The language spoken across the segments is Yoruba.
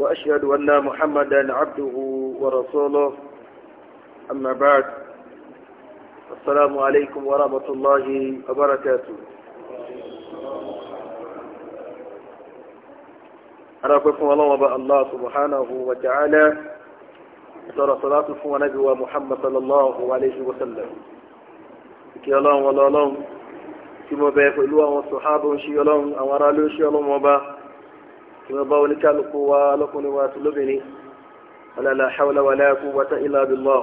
وأشهد أن محمدا عبده ورسوله أما بعد السلام عليكم ورحمة الله وبركاته أراكم الله وبأ الله سبحانه وتعالى صلى صلاة ونبي ومحمد صلى الله عليه وسلم kí ọlọ́run wọlọ́ọ̀lọ́run tí mo bẹ̀ẹ́ pẹ̀lú àwọn sòhábọ̀ ń ṣe ọlọ́run àwọn aráàlú ń ṣe ọlọ́run ọba kí wọ́n bá oníkálukú wa lọ́kùnrin wa tó lóbìnrin alala hawla wala quwwata illa billah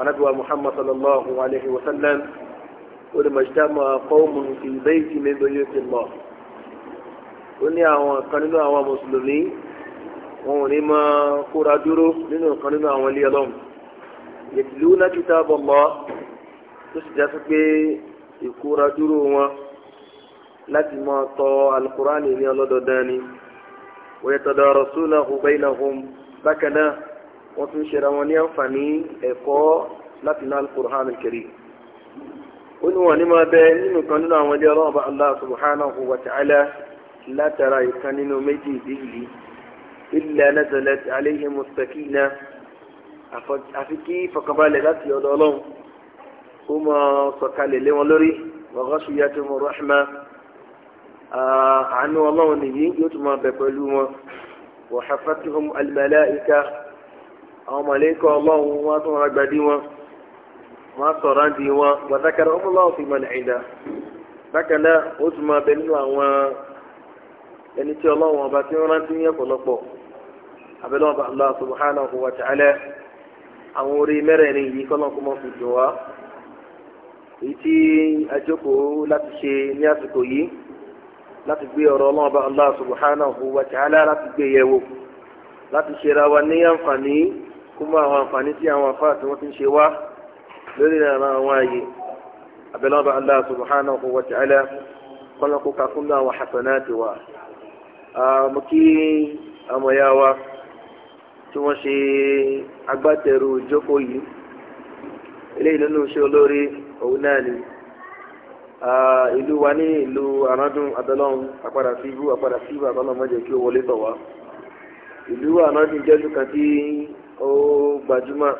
anabi wa muhammad sallallahu alayhi wa sallam ó ní majtama qawmun fi bayti min bayti Allah ó ní àwọn kan nínú àwọn mùsùlùmí wọn ò ní máa kóra dúró nínú kan nínú àwọn ilé ọlọ́run yatluna kitab Allah tó sì já sí pé ìkóra dúró wọn láti máa tọ alukurani ní ọlọ́dọọdán ni wa yatadarasunahu bainahum bákan náà wọ́n tún ṣe ra wọn ní àǹfààní ẹ̀kọ́ láti ná alukurani karim ó ní wọn ní máa bẹ nínú kan nínú àwọn ilé ọlọ́run bá allah subhanahu wa ta'ala látara ìkan nínú méjì ìdíyìí illa nazalat alayhim as-sakina àfi kí fọkànbalẹ̀ láti ọ̀dọ̀ ọlọ́run ó máa sọ̀kalẹ̀ lé wọn lórí wa ghashiyatuhum rahmah. àánú ọlọ́run nìyí yóò tún máa pẹ̀lú wọn wa àwọn ọlọ́run wọn tún wọn wọn inda bákan náà ó tún máa bẹ nínú àwọn ẹni tí ọlọ́run ọba tí wọ́n rántí Allah subhanahu wa ta'ala àwọn orí mẹ́rẹ̀ẹ̀rin yìí láti gbé ọ̀rọ̀ ọlọ́run bá Allah subhanahu wa ta'ala láti gbé yẹ̀wò láti ṣera wa ní àǹfààní kó mọ àwọn àǹfààní tí àwọn afá tí wọ́n ti ń ṣe wá lórí ìlànà àwọn ààyè abẹ́lẹ́ bá Allah subhanahu wa ta'ala kọ́lá kó kakún náà wà hasanati wa. mo kí àmọ̀ wa tí wọ́n ṣe agbátẹrù ìjókòó yìí eléyìí nínú iṣẹ́ olórí òun náà ni ìlú wa ní ìlú anadun abẹ́lọ́hún àpadà sí ibú àpadà sí ibú àbálọ́ mọ́jẹ́ kí ó wọlé tọ̀ wá ìlú anadun jẹ́ ìlú kan tí ó gbajúmọ̀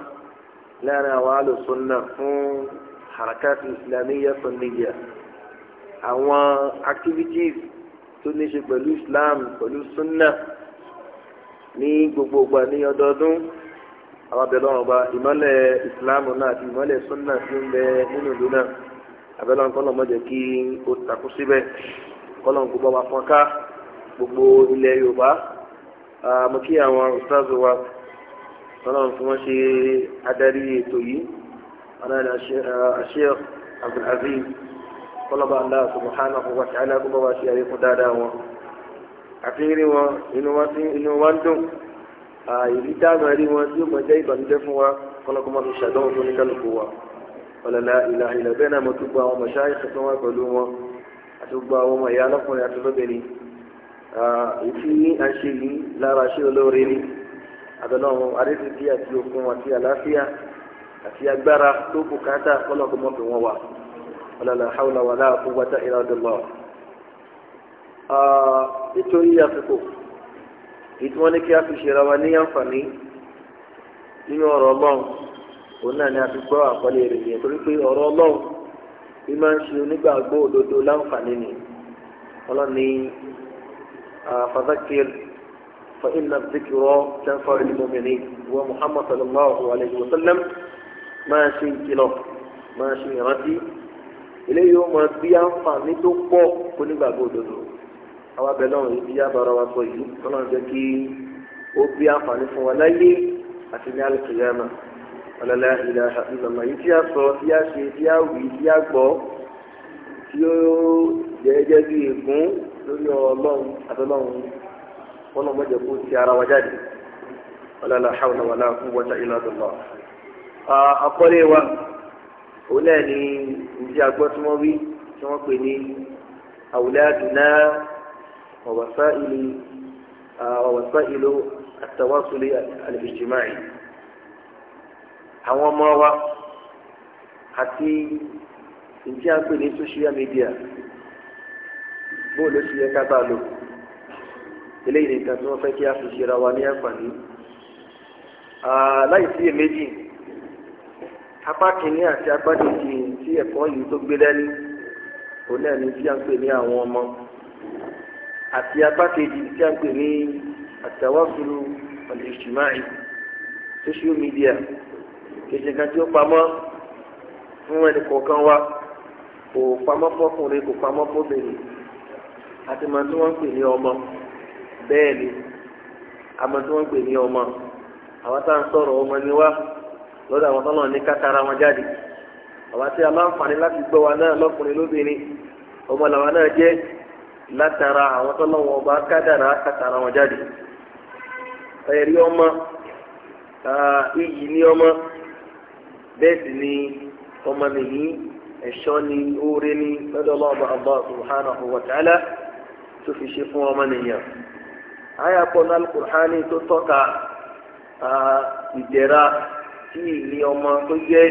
láàrin àwọn alùsùnà fún harakati islamiyya sunniya àwọn activities tó ní ṣe pẹ̀lú islam pẹ̀lú sunna ní gbogbo ìgbà ní ọdọọdún àwọn abẹ́lọ́hún ọba ìmọ̀lẹ̀ islam náà àti ìmọ̀lẹ̀ sunna ti ń bẹ nínú ìlú náà abẹ́lẹ́ kọ́lọ̀ má jẹ́ kí ó takú síbẹ̀ kọ́lọ̀ kó bá wa fọ́n ká gbogbo ilẹ̀ yorùbá mo kí àwọn ustaz wa kọ́lọ̀ tí wọ́n ṣe adarí ètò yìí ọ̀nà Sheikh Abdulaziz kọ́lọ̀ bá Allah subhanahu wa ta'ala kó bá wa ṣe àyẹ̀kún dáadáa wọn àti rí wọn inú wa ń dùn ìrí dáhùn rí wọn tí ó mọ̀ jẹ́ ìbànújẹ́ fún wa kọ́lọ̀ kó má ṣàdánwò tó ní kálukú wa ọ̀làlá ìlà ìlà bẹ́ẹ̀ náà mo tún gba àwọn mọ̀ṣáì tuntun wá pẹ̀lú wọn àti gba àwọn ọmọ ìyá ọlọ́kùnrin àti lóbìnrin ìfi à ń ṣe yìí lára ṣé olóore ni àbẹ̀lẹ̀ ọ̀hún adétìdí àti òkun àti àlàáfíà àti agbára tó kù káńtà kọ́lọ́kùn mọ́tò wọn wà ọ̀làlá hàwùlà wà láàkú wájà ìlà ọ̀dọ̀lọ́ nítorí àsìkò ìtumọ̀ ní kí a fi ṣèrànwá ní àǹfààní nínú ọ̀rọ̀ ọlọ́run òun náà ni a fi gbọ́ àkọlé rẹ̀ yẹn torí pé ọ̀rọ̀ ọlọ́run bí máa ń ṣe onígbàgbọ́ òdodo láǹfààní ni ọlọ́run ní fadhakir fa inna dhikra tanfa'u al-mu'minin wa muhammad sallallahu alayhi wa sallam máa ṣe ìkìlọ̀ máa ṣe ìrántí eléyìí ó máa bí àǹfààní tó pọ̀ onígbàgbọ́ òdodo àwọn abẹ́lẹ́ ọ̀hún ibi yábàárà wa sọ yìí ọlọ́run jẹ́ kí ó bí àǹfààní fún wa láyé àti ní al-qiyamah ọ̀làlá ìlàhà ìlàmà yìí tí a sọ tí a ṣe tí a wí tí a gbọ́ tí ó jẹ́jẹ́ bí ègún lórí ọlọ́run àtọ́lọ́run wọn mọ̀ jẹ́ kó ti ara wa jáde ọ̀làlá hàwọn àwọn aláàfin wọ́tá ìlà dọ̀lá. àkọlé wa òun náà ni ìdí agbọ́ tí wọ́n wí tí wọ́n pè ní àwùlẹ́àdùnà ọ̀wọ̀sá ìlú àtàwásùlẹ̀ àlẹ́ ìjìmáì àwọn ọmọ wa àti ìdí àpè ní social media bóò ló ṣe yẹ ká bá lò eléyìí nìkan tí wọ́n fẹ́ kí a fi ṣera wa ní àǹfààní láì sí èméjì apá kìíní àti apá kejì tí ẹ̀kọ́ yìí tó gbé dání òun náà ni tí a ń pè ní àwọn ọmọ àti apá kejì tí a ń pè ní àtàwáfúru al-ijtima'i social media kejì kan tí ó pamọ́ fún ẹnì kọ̀ọ̀kan wa kò pamọ́ fọkùnrin kò pamọ́ fóbìnrin àti màá tí wọ́n ń pè ní ọmọ bẹ́ẹ̀ ni àmọ́ tí wọ́n ń pè ní ọmọ àwọn tá à ń sọ̀rọ̀ ọmọ ni wá lọ́dọ̀ àwọn tọ́lọ̀ ní kátàrà wọn jáde àwa tí a máa ń fani láti gbọ́ wa náà lọ́kùnrin lóbìnrin ọmọ làwa náà jẹ́ látara àwọn tọ́lọ̀ wọn ọba kádàrà kátàrà wọn jáde ẹ̀rí ọmọ iyì ní ọmọ bẹ́ẹ̀ sì ni ọmọ nìyí ẹ̀ṣọ́ ni oore ni lọ́dọ̀ ọlọ́ọ̀bà Allah subhanahu wa ta'ala tó fi ṣe fún ọmọ nìyàn. àyà pọ̀ ní alukur'ani tó tọ́ka ìdẹ̀ra tí ìní ọmọ tó jẹ́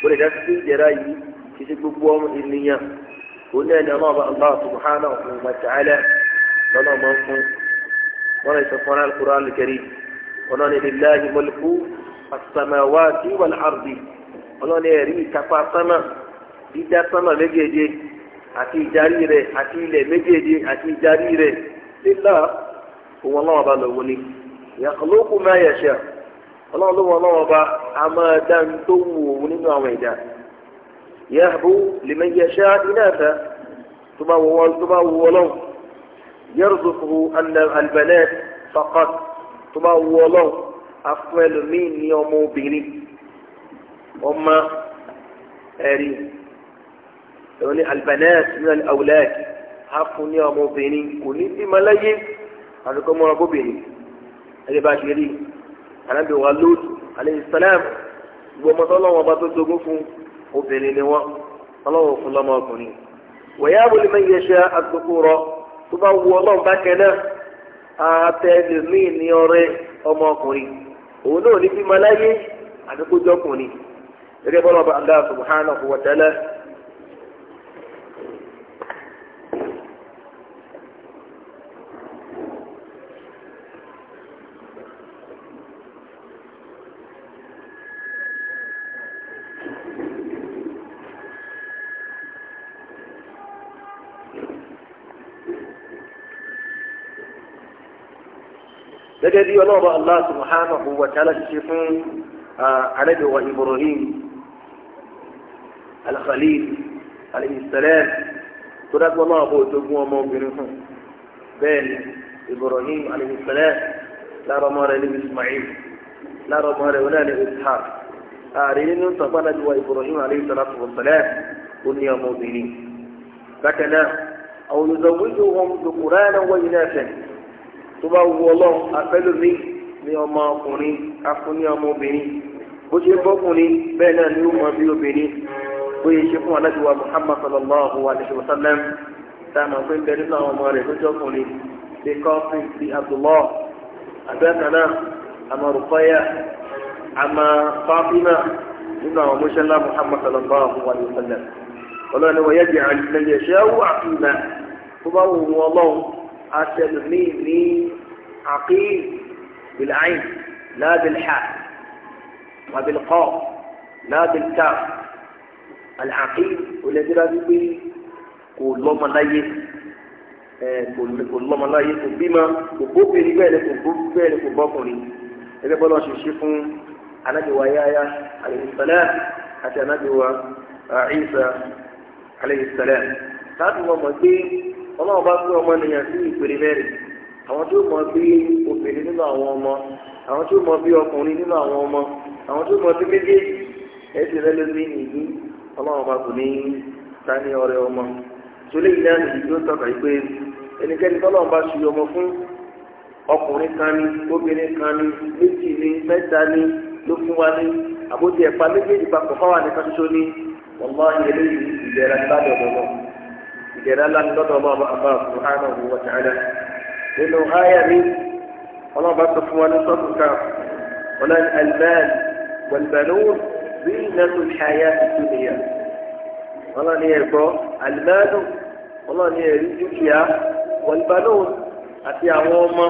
bóde dá sí ìdẹ̀ra yìí kì í ṣe gbogbo ọmọ ènìyàn òun náà ni ọlọ́ọ̀bà Allah subhanahu wa ta'ala lọ́nà ọmọ fún wọn lè sọ fún alukur'ani kẹrì wọn náà ni lillahi mulku as-samawati wal-ardi ọlọ́ni ẹ̀rí ìkápá sánmà dídá sánmà méjèèje àti ìdarí rẹ̀ àti ilẹ̀ méjèèje àti ìdarí rẹ̀ lílà òun ọlọ́wọ́ bá lọ́wọ́ ni yakhluqu ma yasha ọlọ́run ló wọ ọlọ́run ọba a máa dá ní tó wù òun nínú àwọn ẹ̀dá yahbu liman yasha inatha tó bá wù ọlọ́run yarzuquhu al-banat faqat tó bá wù ọlọ́run afún ẹlòmíì ní ọmọ obìnrin ọmọ ẹ̀rí ẹ̀rọ ní albanese ní awulẹ́ẹ̀k afún ní ọmọ obìnrin kò ní bímọ lẹ́yìn àdúgbò mọ́ra bóbìnrin ẹ̀rí bá ṣe rí anábì wa lóòtù aleyhi salam gbọmọ tọ́lọ́wọ́n bá tó dogún fún obìnrin ni wọ́n tọ́lọ́wọ́n fún lọ́mọ ọkùnrin wọ̀nyá wọlé mẹ́yẹ ṣe àdúgbò rọ tó bá wù ọlọ́run bá kẹ́ náà àtẹ̀lẹ́mí ní ọrẹ ọmọkùnrin òun náà ní bímọ láyé àti kó jọkùnrin gẹ́gẹ́ bọ́lá ọba Allah subhanahu wa ta'ala gẹ́gẹ́ bí ọlọ́run Allah subhanahu wa ta'ala ti ṣe fún ànábì wa Ibrahim al-Khalil alayhi salam tó dágbọ́n náà bó dogun ọmọ obìnrin fún bẹ́ẹ̀ ni Ibrahim alayhi salam lára ọmọ rẹ̀ ní Ismail lára ọmọ rẹ̀ wọlé ní Ishaq ààrẹ nínú sọ̀gbọ́n ànábì wa Ibrahim alayhi ó ní ọmọ obìnrin bákan náà àwọn olùdókòwò yóò wọn dùkúrẹ́ náà wọ́n yìí náà fẹ́ẹ́ tó bá wu ọlọ́run afẹ́lómi ní ọmọ ọkùnrin afún ní ọmọ obìnrin bó ṣe bọ́kùnrin bẹ́ẹ̀ náà ni ó mọ bí obìnrin bó ṣe ṣe fún aláṣẹwà Muhammad sallallahu alayhi wa sallam tá a máa pé bẹ́ẹ̀ nínú àwọn ọmọ rẹ̀ tó jọkùnrin ṣe kọ́fí sí Abdullah abẹ́kanáà àmọ́ Rukaya nínú àwọn mọ́ṣálá Muhammad sallallahu alayhi wa sallam ọlọ́run ni wọ́n yẹ التنميم من عقيل بالعين لا بالحاء وبالقاف لا بالكاف العقيل والذي لا يبي كل ما لا يبي kò lọ́mọ láyé kò bímọ kò bóbìnrin bẹ́ẹ̀ ni kò bẹ́ẹ̀ ni kò bọ́kùnrin ẹgbẹ́ bọ́lá ṣe ṣe fún anábìwá yáyá aleyhisselam àti anábìwá Isa aleyhisselam láti wọ́n mọ̀ pé ọlọ́run bá gbé ọmọ nìyẹn sí ìpele mẹ́rin àwọn tí mọ bí obìnrin nínú àwọn ọmọ àwọn tí mọ bí ọkùnrin nínú àwọn ọmọ àwọn tí mọ bí méjèèjì ẹsẹ̀ rẹ ní ìní ọlọ́run bá kò ní ọmọ sólè yìí náà nìyí tó tọ́ka ẹnikẹ́ni tọ́lọ́run bá ṣe ọmọ fún ọkùnrin kan ní obìnrin kan ní méjì ní mẹ́ta ní ló fún wa ní àbójú ìdẹ̀rẹ̀ aláǹdọ́dọ̀ ọlọ́ọ̀bá àbá subhanahu wa ta'ala nínú áyà mi ọlọ́ọ̀bá sọ fún wa ní sọ́tùkà ọ̀nà alban wàlbàlúwò bí nàtò ṣáyà tuntun nìyà ọlọ́ọ̀ni ẹ̀gbọ́ alibanu ọlọ́ọ̀ni ẹ̀rí dúkìá wàlbàlúwò àti àwọn ọmọ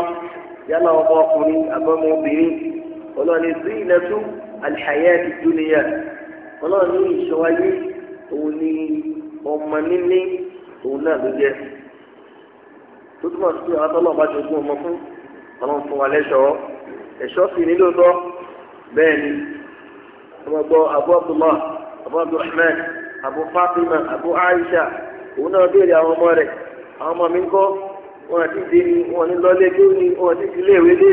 yálà ọmọ ọkùnrin àbọ̀mọ obìnrin ọlọ́ọ̀ni bí nàtò alṣáyà tuntun nìyà ọlọ́ọ̀ni ìṣọwáyé òun ni ọmọ níní òun náà ló jẹ́ tó túmọ̀ sí pé àwọn bá jogún ọmọ fún ọlọ́run fún wa lẹ́ṣọ̀ọ́ ẹ̀ṣọ́ sì nílò tọ́ bẹ́ẹ̀ ni gbọ́ abu abdullah abu abdulrahman abu fatima abu aisha òun náà béèrè àwọn ọmọ ọmọ mi ń kọ́ wọn àti ni wọn ní lọ́lé wọn àti ìdílé ìwé lé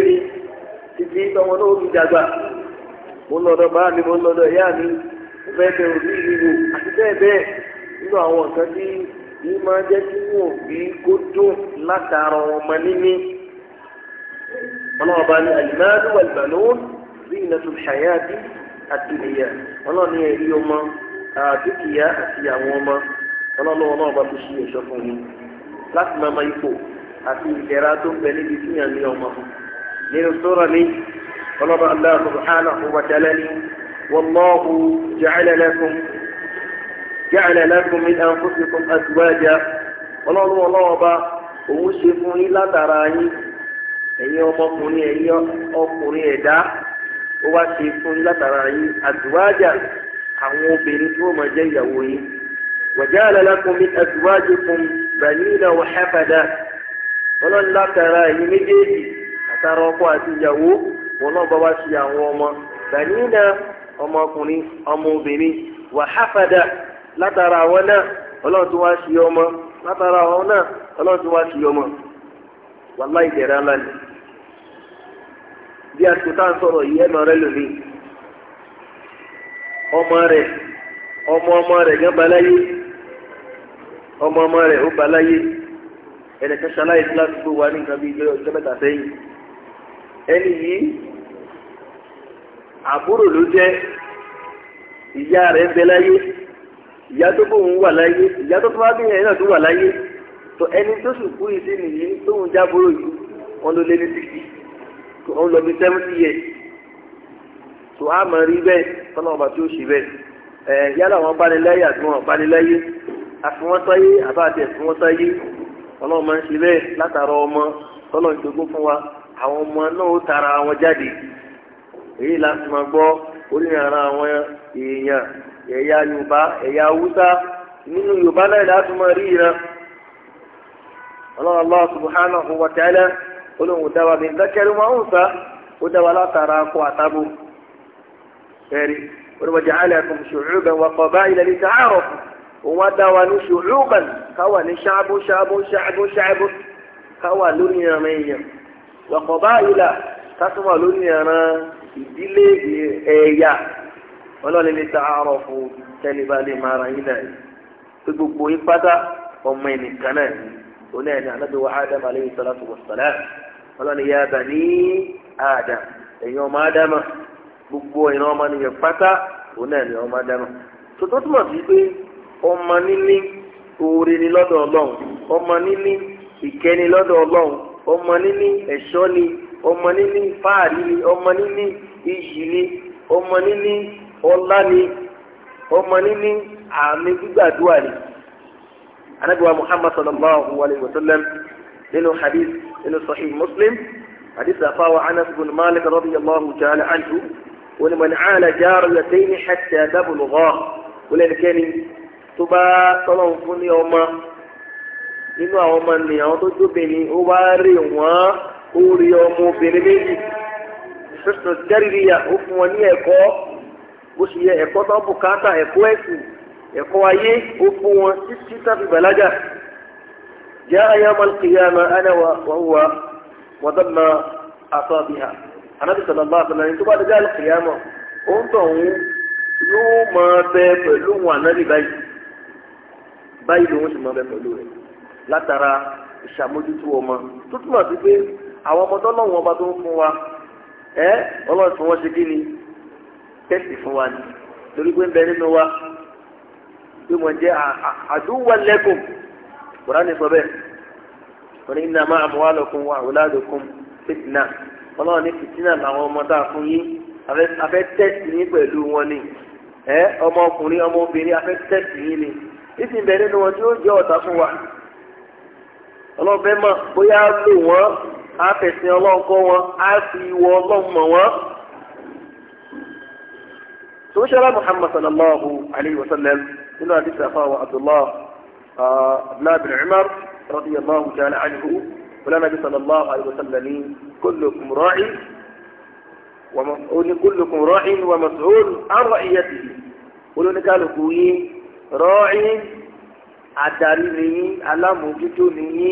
títí tọmọ náà ó fi dàgbà mo lọ́dọ̀ bá mi mo lọ́dọ̀ ìyá mi yìí máa jẹ́ kí wọ́n bí kó dùn látara ọmọ níní. ọlọ́run bá ní àyìnbáyé wà lùbànú bí ìnàtò ṣàyà àti àtìlẹyà ọlọ́run ní ẹ̀rí ọmọ àdúkìá àti àwọn ọmọ ọlọ́run ọlọ́run bá fi ṣe ẹ̀ṣọ́ fún mi láti máa ma ipò àti ìlera tó ń bẹ níbi tí yàn ní ọmọ nínú sọ́ra mi ọlọ́run aláàbò hàn àwọn ọmọ jálẹ́ ni wọ́n mọ́ ọ́ جعل لكم من أنفسكم أزواجا ọlọ́run ọlọ́ọba òun ṣe fún yín látara yín ẹ̀yin ọmọkùnrin ẹ̀yin ọkùnrin ẹ̀dá ó wá ṣe fún yín látara yín àdùwájà àwọn obìnrin tí wọ́n máa jẹ́ ìyàwó yín وجعل لكم من أزواجكم بنين وحفدا ọlọ́run látara ẹ̀yin méjèèjì àtàrà ọkọ àti ìyàwó ọlọ́ọba wá ṣe àwọn ọmọ bàníìnà ọmọkùnrin ọmọbìnrin wàhàfàdà látara àwọn náà ọlọ́run tó wá sí ọmọ látara àwọn náà ọlọ́run tó ọmọ wàhálà ìdẹ̀rẹ̀ ńlá bí àsìkò tá à ń sọ̀rọ̀ yìí ẹ̀nà rẹ ọmọ rẹ ọmọ ọmọ rẹ gán balayé ọmọ ọmọ rẹ ó balayé ṣaláyé tí láyé. ìyá tó bóun wà láyé ìyá tó tó bá bíyàn náà tó wà láyé tó ẹni tó sì kú yìí sí nìyí tóun jábóró yìí wọn ló lé ní sixty wọn lọ bí seventy years tó a mọ̀ rí bẹ́ẹ̀ tọ́lá ọba tí ó ṣe bẹ́ẹ̀ ẹ̀ yálà wọn báni láyé àti wọn báni láyé àfiwọ́nsáyé àbáàtì ẹ̀fíwọ́nsáyé ọlọ́run máa ń ṣe bẹ́ẹ̀ látara ọmọ tọ́lọ̀ ń fún wa àwọn ọmọ náà ó tara wọn jáde èyí láti gbọ́ orí ẹ̀yà yorùbá ẹ̀yà haúsá nínú yorùbá náà láti máa rí ìran ọlọ́run allah subhanahu wa ta'ala olóhùn dáwà mi zakari wọn ń sa ó dáwà látara akọ àtàbò ẹ̀rí wọn wọ́n jẹ́ àlẹ́ àkùn shu'uban wa qaba'ila li ta'arafu òun á dáwà ní shu'uban káwà ní ṣáàbù ṣáàbù ṣáàbù ṣáàbù káwà lónìí ẹ̀rọ èèyàn wa qaba'ila kásùmọ̀ lónìí ẹ̀rọ ìdílé ẹ̀yà. ọlọ́ọ̀lẹ́ lè ta àárọ̀ fún tẹ́lifà lè máa ra yín náà pé gbogbo yín pátá ọmọ ẹnìkan náà oní ẹni wa yá ẹ̀yin ọmọ Adama gbogbo ẹ̀yin ọmọ nìyẹn pátá oní ọmọ Adama tuntun túmọ̀ sí pé ọmọ níní oore ni lọ́dọ̀ Ọlọ́run ọmọ níní lọ́dọ̀ Ọlọ́run ọmọ níní ẹ̀ṣọ́ ni ọmọ níní fáàrí ni ọmọ níní ni ọmọ ọlá ni ọmọ níní àmì gbígbàdúrà ni anabiwa muhammad sallallahu alayhi wa sallam nínú hadith nínú sahih muslim hadith afawa anas bin malik radiyallahu ta'ala anhu wọn mọ̀ ní àlà jaaro yàtẹ́yìn hatta dabulugha wọn lẹ́nu kẹ́ni tó bá tọ́lọ̀ ń fún ní ọmọ nínú àwọn ọmọ nìyà wọn tó jóbìnrin ó wá rí wọn ó rí ọmọ obìnrin méjì sísun jẹ́rìíyà ó fún wọn ní ẹ̀kọ́ bó ṣe yẹ ẹ̀kọ́ tó bùkátà ẹ̀kọ́ ẹ̀sìn ẹ̀kọ́ ayé ó fún wọn títí tábí bàlágà jẹ́ ayọ́mọ kìyàmá anáwà wọ́n wà wọ́n tó ma àtọ́ bí ha anábì sọ̀rọ̀ bá àtọ́ lẹ́yìn tó bá dẹ́gbẹ́ àlùkìyàmá òun tó ń yóò máa bẹ pẹ̀lú wọn ànábì báyìí báyìí lòun sì máa bẹ pẹ̀lú rẹ̀ látara ìṣàmójútó ọmọ tó túmọ̀ sí pé àwọn ọmọdé ọlọ́run ọba tó ń fún wa ẹ́ ọlọ́run tí wọ́n ṣe kí ni tẹ́sì fún wa ni torí pé ń bẹ nínú wa jẹ́ sọ bẹ́ẹ̀ wọ́n ní wa lọ́kùn wa àwòládùkùn fìtínà ọlọ́run ní fìtínà làwọn ọmọ tá a fún yín wọn ni ẹ ọmọkùnrin ọmọbìnrin afẹ́ tẹ́sì yín ni ìsìn bẹ nínú wọn tí ó jẹ́ ọ̀tá fún wa ọlọ́run fẹ́ mọ̀ bóyá lò wọ́n á tó ń ṣẹlẹ̀ muhammad sallallahu alayhi wa sallam nínú àdìsí àfàwọ̀ abdullah ah, abdullah bin umar radiyallahu ta'ala anhu wọlé nàbí sallallahu alayhi wa sallam ní kullukum ra'i wọ́n kullukum ra'i wa mas'ul an ra'iyatihi wọ́n ní kálukú yín ra'i adarí nìyí alámòjútó nìyí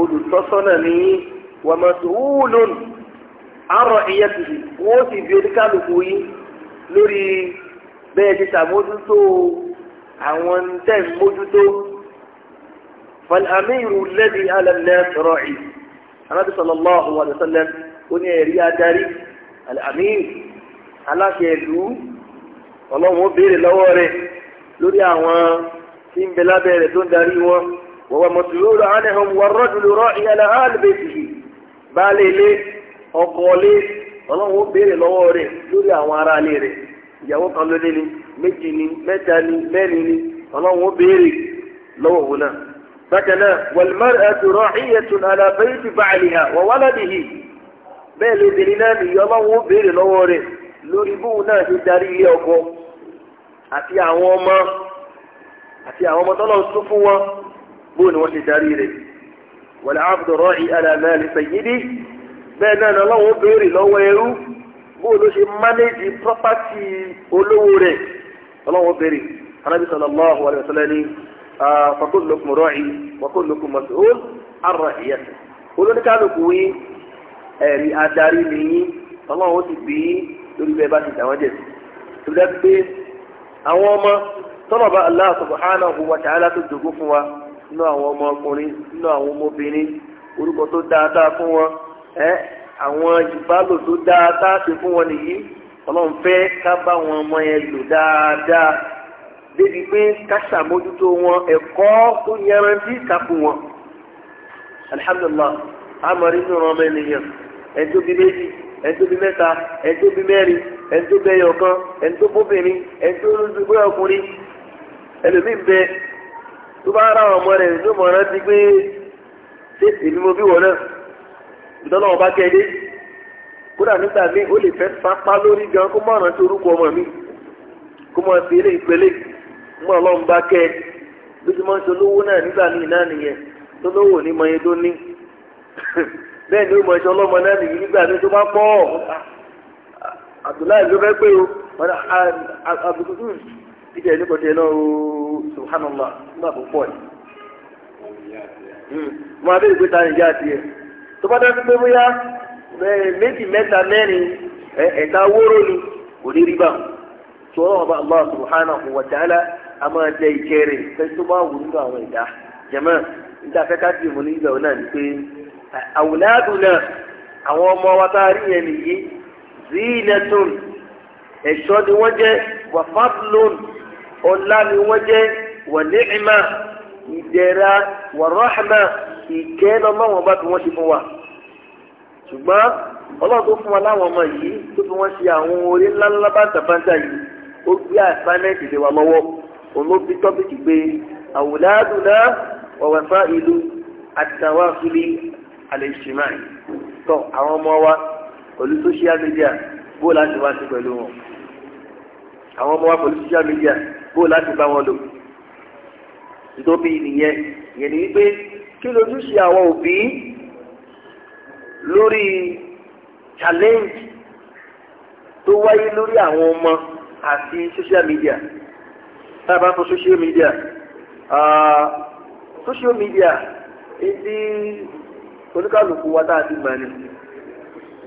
olùtọ́sọ́nà nìyí wa mas'ulun an ra'iyatihi wọ́n sì bí oníkálukú yín lórí bẹ́ẹ̀ ti ṣàmójútó àwọn tẹ̀ ń mójútó fàlàmìrù lẹ́bi alẹ́lẹ́ sọ̀rọ̀ ì anábì sallallahu alaihi wasallam ó ní ẹ̀rí adarí alàmìrù aláṣẹ ìlú ọlọ́run ó béèrè lọ́wọ́ rẹ̀ lórí àwọn tí ń bẹ lábẹ́ rẹ̀ tó ń darí wọn wọ́n wà mọ̀tòlóró àánẹ́hàn wọ́n rọ́dùlóró ìyàlá àlùbẹ́sì bá lè lé ọlọ́run ó béèrè lọ́wọ́ rẹ̀ lórí àwọn ará ilé rẹ̀ ìyàwó kan ló lé ní méjì ní mẹ́ta ní mẹ́rin ní ọlọ́run ó béèrè lọ́wọ́ òun náà. bákan náà walmar'atu ra'iyatun ala bayti ba'liha wa waladihi bẹ́ẹ̀ lóbìnrin náà nìyí ọlọ́run ó béèrè lọ́wọ́ rẹ̀ lórí bóun náà ṣe darí ilé ọkọ àti àwọn ọmọ àti àwọn ọmọ tọ́lọ̀ tún fún wọn bóun ni wọ́n ṣe darí rẹ̀ wal abdu ra'i bẹ́ẹ̀ náà ni ọlọ́run ó béèrè lọ́wọ́ ẹrú bó ló ṣe mánéjì pọ́pátì olówó rẹ̀ ọlọ́run béèrè anábì sallallahu alaihi wa kullukum mas'ul an ra'iyati olóníkálukú yín ẹ̀rí adarí nìyí ọlọ́run ti bí lórí bẹ́ẹ̀ bá ti dà wọ́n jẹ̀ sí ìdá pé àwọn ọmọ ba Allah wa ta'ala tó fún wa nínú àwọn ọmọkùnrin nínú àwọn ọmọbìnrin orúkọ tó dáadáa fún àwọn ìbálò tó dáa tá a ṣe fún wọn nìyí ọlọ́run fẹ́ ká bá wọn ọmọ yẹn lò dáadáa débi pé ká ṣàmójútó wọn ẹ̀kọ́ tó yẹrantí kápò wọn alihamdulilah amari nínú ọmọ ènìyàn ẹjọ́ bíi méjì ẹjọ́ bíi mẹ́ta ẹjọ́ bíi mẹ́rin ẹjọ́ bíi ẹyọkan ẹjọ́ bóbìnrin ẹjọ́ olùdókòwò ọkùnrin ẹlòmíín bẹ tó bá ara ọmọ rẹ̀ ló mọ̀ ọ́n rántí pé ṣé èmi mo bí wọ náà. ìdánwò ọba kẹ́ẹ́dé kódà nígbà míì ó lè fẹ́ sápá lórí gan kó mọ̀ràn tí orúkọ ọmọ mi kó mọ̀ sí ilé ìpele mọ̀ ọlọ́run bá kẹ́ ẹ lójúmọ́ ṣe olówó náà nígbà ní náà nìyẹn tó lówó ní ní bẹ́ẹ̀ ni ó mọ ẹṣọ ọlọ́mọ náà nìyí nígbà tó bá tó bá dájú pé bóyá méjì mẹ́ta mẹ́rin ẹ̀ka wóró ni kò ní rí bá wọn tó ọlọ́run bá Allah subhanahu wa ta'ala a máa jẹ ìkẹrẹ fẹ́ tó bá wù nínú àwọn ìdá jẹ̀mọ́ níta fẹ́ ká dìbò ní ìgbà náà ni pé awladuna àwọn ọmọ wa tá a rí yẹn nìyí zinatun ẹ̀ṣọ́ ni wọ́n jẹ́ wà fadlun ọlá ni wọ́n jẹ́ wà ni'ma ìdẹ̀ra wà rahma ìkẹ́ lọ́lọ́wọ́n bá fi wọ́n ṣe fún wa ṣùgbọ́n ọlọ́run tó fún wa láwọn ọmọ yìí tó fi wọ́n ṣe àwọn orí ńláńlá bàǹtàbàǹtà yìí ó gbé àìsánẹ́ẹ̀tì lé wa lọ́wọ́ olóbi tọ́pìkì pé àwòládùnà wàwàfà ìlú àtàwà fúli àlèṣìmáì tọ́ àwọn ọmọ wa pẹ̀lú social media bó láti wá sí pẹ̀lú wọn àwọn ọmọ wa pẹ̀lú social media bó láti bá wọn lò ìtòbí nìyẹn ìyẹn ni wípé kí lójúṣe àwọn òbí lórí challenge tó wáyé lórí àwọn ọmọ àti social media tá a social media social media ibi oníkàlùkù wa tá a ti mọ̀ ni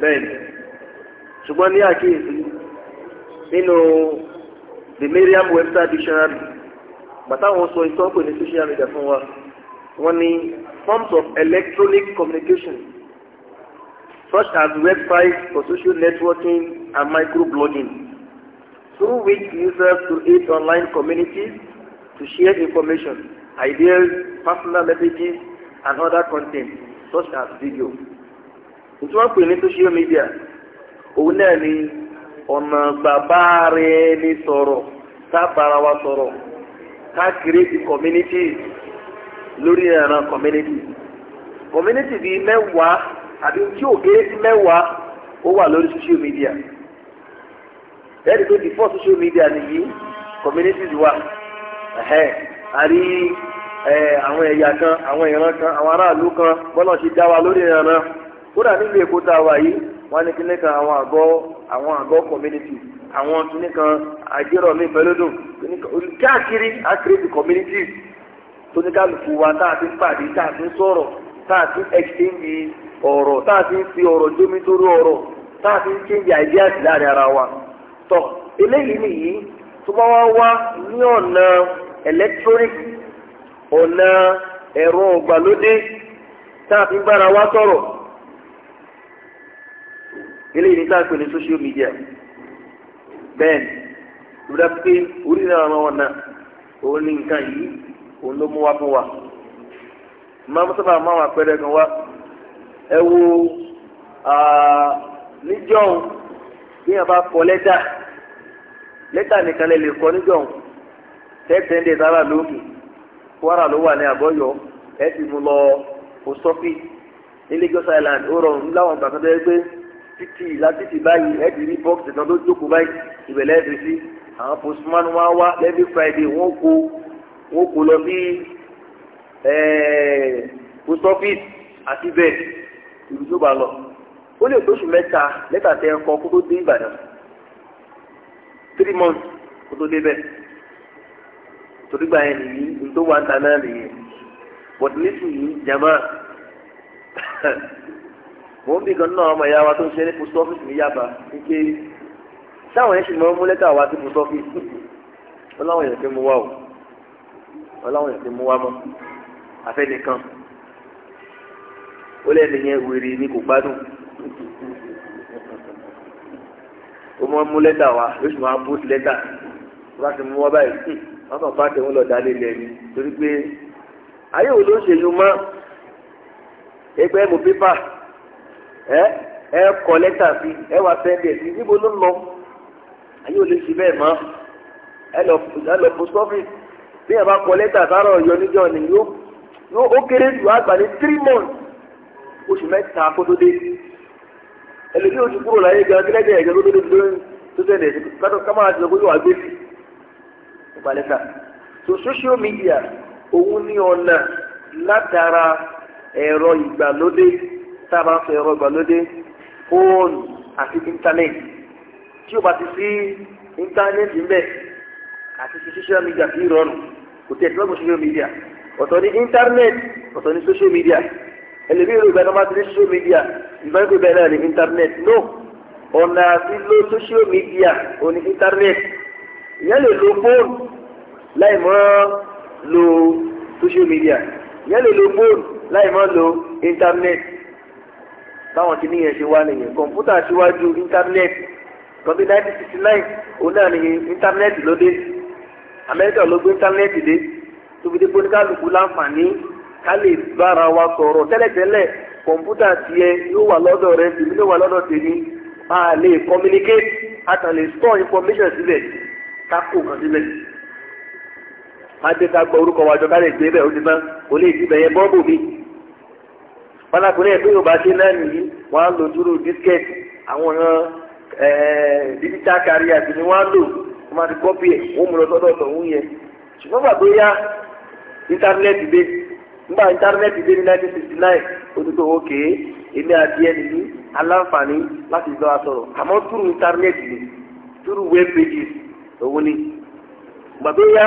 bẹ́ẹ̀ ni ṣùgbọ́n ní àkíyèsí nínú the Merriam Webster dictionary bàtà wọn sọ ìtọ́pẹ̀ ní social media fún wa wọ́n ní forms of electronic communication such as websites for social networking and microblogging through which users create online communities to share information, ideas, personal messages and other content such as video. Nti wọ́n pè ní social media òun náà ni ọ̀nà bàbá rẹ̀ ní sọ̀rọ̀ sábàra wa sọ̀rọ̀ ká create communities. lórí ẹran community community bíi mẹ́wàá àbí tí ò kéré sí mẹ́wàá ó wà lórí social media ẹni tó before social media nìyí communities wà àrí àwọn ẹ̀yà kan àwọn ìran kan àwọn aráàlú kan bọ́lá ṣe dá wa lórí ẹran kódà èkó tá a wà yìí wọ́n ní kíní kan àwọn àgọ́ àwọn àgọ́ community àwọn kíní kan mi pẹ̀lú dùn communities. tó ní kálukú wa tá a ti ń pàdé tá a ti ń sọ̀rọ̀ tá a ti ń exchange ọ̀rọ̀ tá a ti ń fi ọ̀rọ̀ jómi torí ọ̀rọ̀ tá a ti ń change láàrin ara wa tọ́ eléyìí nìyí tó bá wá wá ní ọ̀nà electronic ọ̀nà ẹ̀rọ ọ̀gbàlódé tá a wa sọ̀rọ̀ eléyìí ní tá ní social media bẹ́ẹ̀ ni lórí pé orí náà wọn náà òun ní nǹkan yìí. òun ló mú fún wa máa ń sábà máa wà pẹ́rẹ́ gan wa ẹ wo níjọ́hún bí bá kọ lẹ́tà lẹ́tà nìkan lè lè kọ níjọ́hún tẹ́tẹ́n dé Kwara ló wà ní àbọ̀yọ̀ ẹ mú Lagos Island ó rọrùn láwọn gbàgbé bẹ́ẹ̀ pé títì látìtì báyìí ẹ ti rí bọ́ọ̀sì kan tó jókòó báyìí ìbẹ̀lẹ́ àwọn postman wá wá wọ́n kò lọ sí eh, post office àti bẹ́ẹ̀ ìlú tó bá lọ ó lè tóṣù mẹ́ta lẹ́tà tẹ ẹ̀kọ́ kó tó dé Ìbàdàn three months kó tó dé bẹ́ẹ̀ torí gbà yẹn nìyí nítorí wà ń ta náà nìyẹn but nísìnyí jama mò ń bí kan náà ọmọ ìyá wa tó ń ṣe ní post office ní Yaba wípé sáwọn yẹn sì máa ń mú lẹ́tà wá sí post office ó láwọn yẹn fi mú wá o ọlọ́run ìsìn mú wa mọ́ afẹ́nìkan ó lẹ́nu yẹn wèrè ni kò gbádùn ó mọ́ mú lẹ́tà wá oṣù máa bó lẹ́tà wọ́n ti mú wa báyìí hmm, wọ́n kàn fáàtì òun lọ dálé lẹ́ni torí pé ayé wo ló ń ṣèlú mọ́ ẹgbẹ́ mo pépà ẹ ẹ kọ lẹ́tà sí ẹ wá sẹ́ndì ẹ̀ sí níbo ló ń lọ ayé wo ló ń ṣe bẹ́ẹ̀ mọ́ ẹ lọ post office bí ẹ bá kọ lẹ́tà sáárọ̀ ọ̀yọ́ níjọ́ ni yóò ó kéré jù àgbà ní three months oṣù mẹ́ta kó tó dé ẹlòmíì oṣù kúrò láyé gan kílẹ̀jẹ̀ ẹ̀jẹ̀ tó dé lórí tó tẹ̀lé kátó kámá àti ọkọ̀ yóò wá gbé sí ọgbà lẹ́tà so social media òun ní ọ̀nà látara ẹ̀rọ ìgbàlódé tá a bá ń sọ ẹ̀rọ ìgbàlódé fóònù àti íńtánẹ́ẹ̀tì tí o bá ti sí íńtánẹ́ẹ̀tì ń àti sí social media fi rọrùn kò tí social media ọ̀tọ̀ ní internet ọ̀tọ̀ ní social media ẹlẹ́bí ìlú ìgbà tó ní social media ìgbà tó bẹ̀rẹ̀ ní internet no ọ̀nà àti lo social media òní internet ìyẹn lè lo fóònù láì mọ́ lo social media ìyẹn lè lo fóònù láì mọ́ lo internet táwọn ti níyẹn ṣe wá nìyẹn kọ̀ǹpútà ṣíwájú internet kọ́ńtínẹ́ẹ̀tì sixty nine òun internet ló amẹ́ríkà ló gbé íńtánẹ́ẹ̀tì dé tóbi dé pé kálukú láǹfààní ká lè bára wa sọ̀rọ̀ tẹ́lẹ̀tẹ́lẹ̀ kọ̀ǹpútà tiẹ̀ yóò wà lọ́dọ̀ rẹ tèmi yóò wà lọ́dọ̀ tèmi máa lè communicate àtàlè store information síbẹ̀ kákò kan síbẹ̀ gbọ́ orúkọ wájọ ká lè gbé bẹ́ẹ̀ ó ti kò lè bọ́ọ̀bù mi. pálákùnrin ṣe náà nìyí wọ́n á dúró disket àwọn eh, mmadụ kọpie ụmụrụ ọdọdọ nwunye chifọba bụ ya intanetị be mba intanetị be 1969 ọtụtụ oke eme adịe n'ihu ala mfani láti zọ atọrọ ama tụrụ intanetị be tụrụ web pages owuni mgbe bụ ya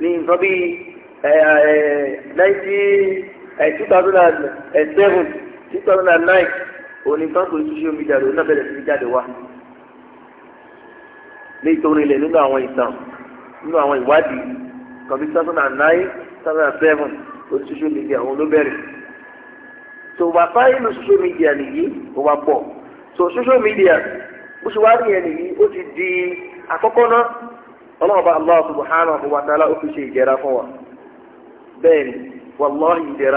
2007 2009 onye ntọ nkwụ soshal midia ọ na-abịa na sosial nítorí ilẹ̀ nínú àwọn ìtàn nínú àwọn ìwádìí kan media òun ló bẹ̀rẹ̀ so wà fáyínú social media nìyí ó wà pọ̀ so social media bó ṣe wá rí yẹn nìyí ó ti di àkọ́kọ́ náà ọlọ́run bá allah subhanahu wa ta'ala ó fi ṣe ìjẹ́ra fún wa bẹ́ẹ̀ ni wàlláhi media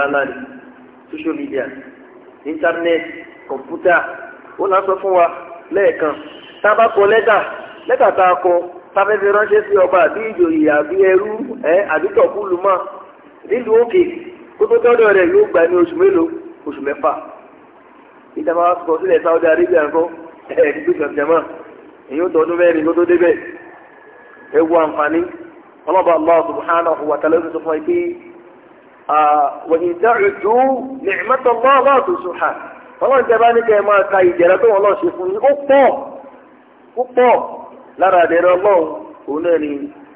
ó náà sọ fún wa lẹ́ẹ̀kan lẹ́tà tá a kọ sáfẹ́fẹ́ ránṣẹ́ sí ọba àbí ìjòyè àbí ẹrú ẹ àbí tọ̀kúlù mọ́ nílùú òkè kótó tọ́dọ̀ rẹ̀ yóò gbà ní oṣù mélòó oṣù mẹ́fà ìjàmbá wa sọ sílẹ̀ Saudi Arabia ńkọ́ ẹ̀ẹ́dìgbò jàmjàmá èyí ó tọdún mẹ́rin kótó débẹ̀ ẹ wo àǹfààní ọlọ́ba Allah subhanahu wa ta'ala ló fún ẹ pé wọ́n ìdá ìdú ní kẹ́ lára àdẹ̀rẹ̀ ọlọ́run òun náà ni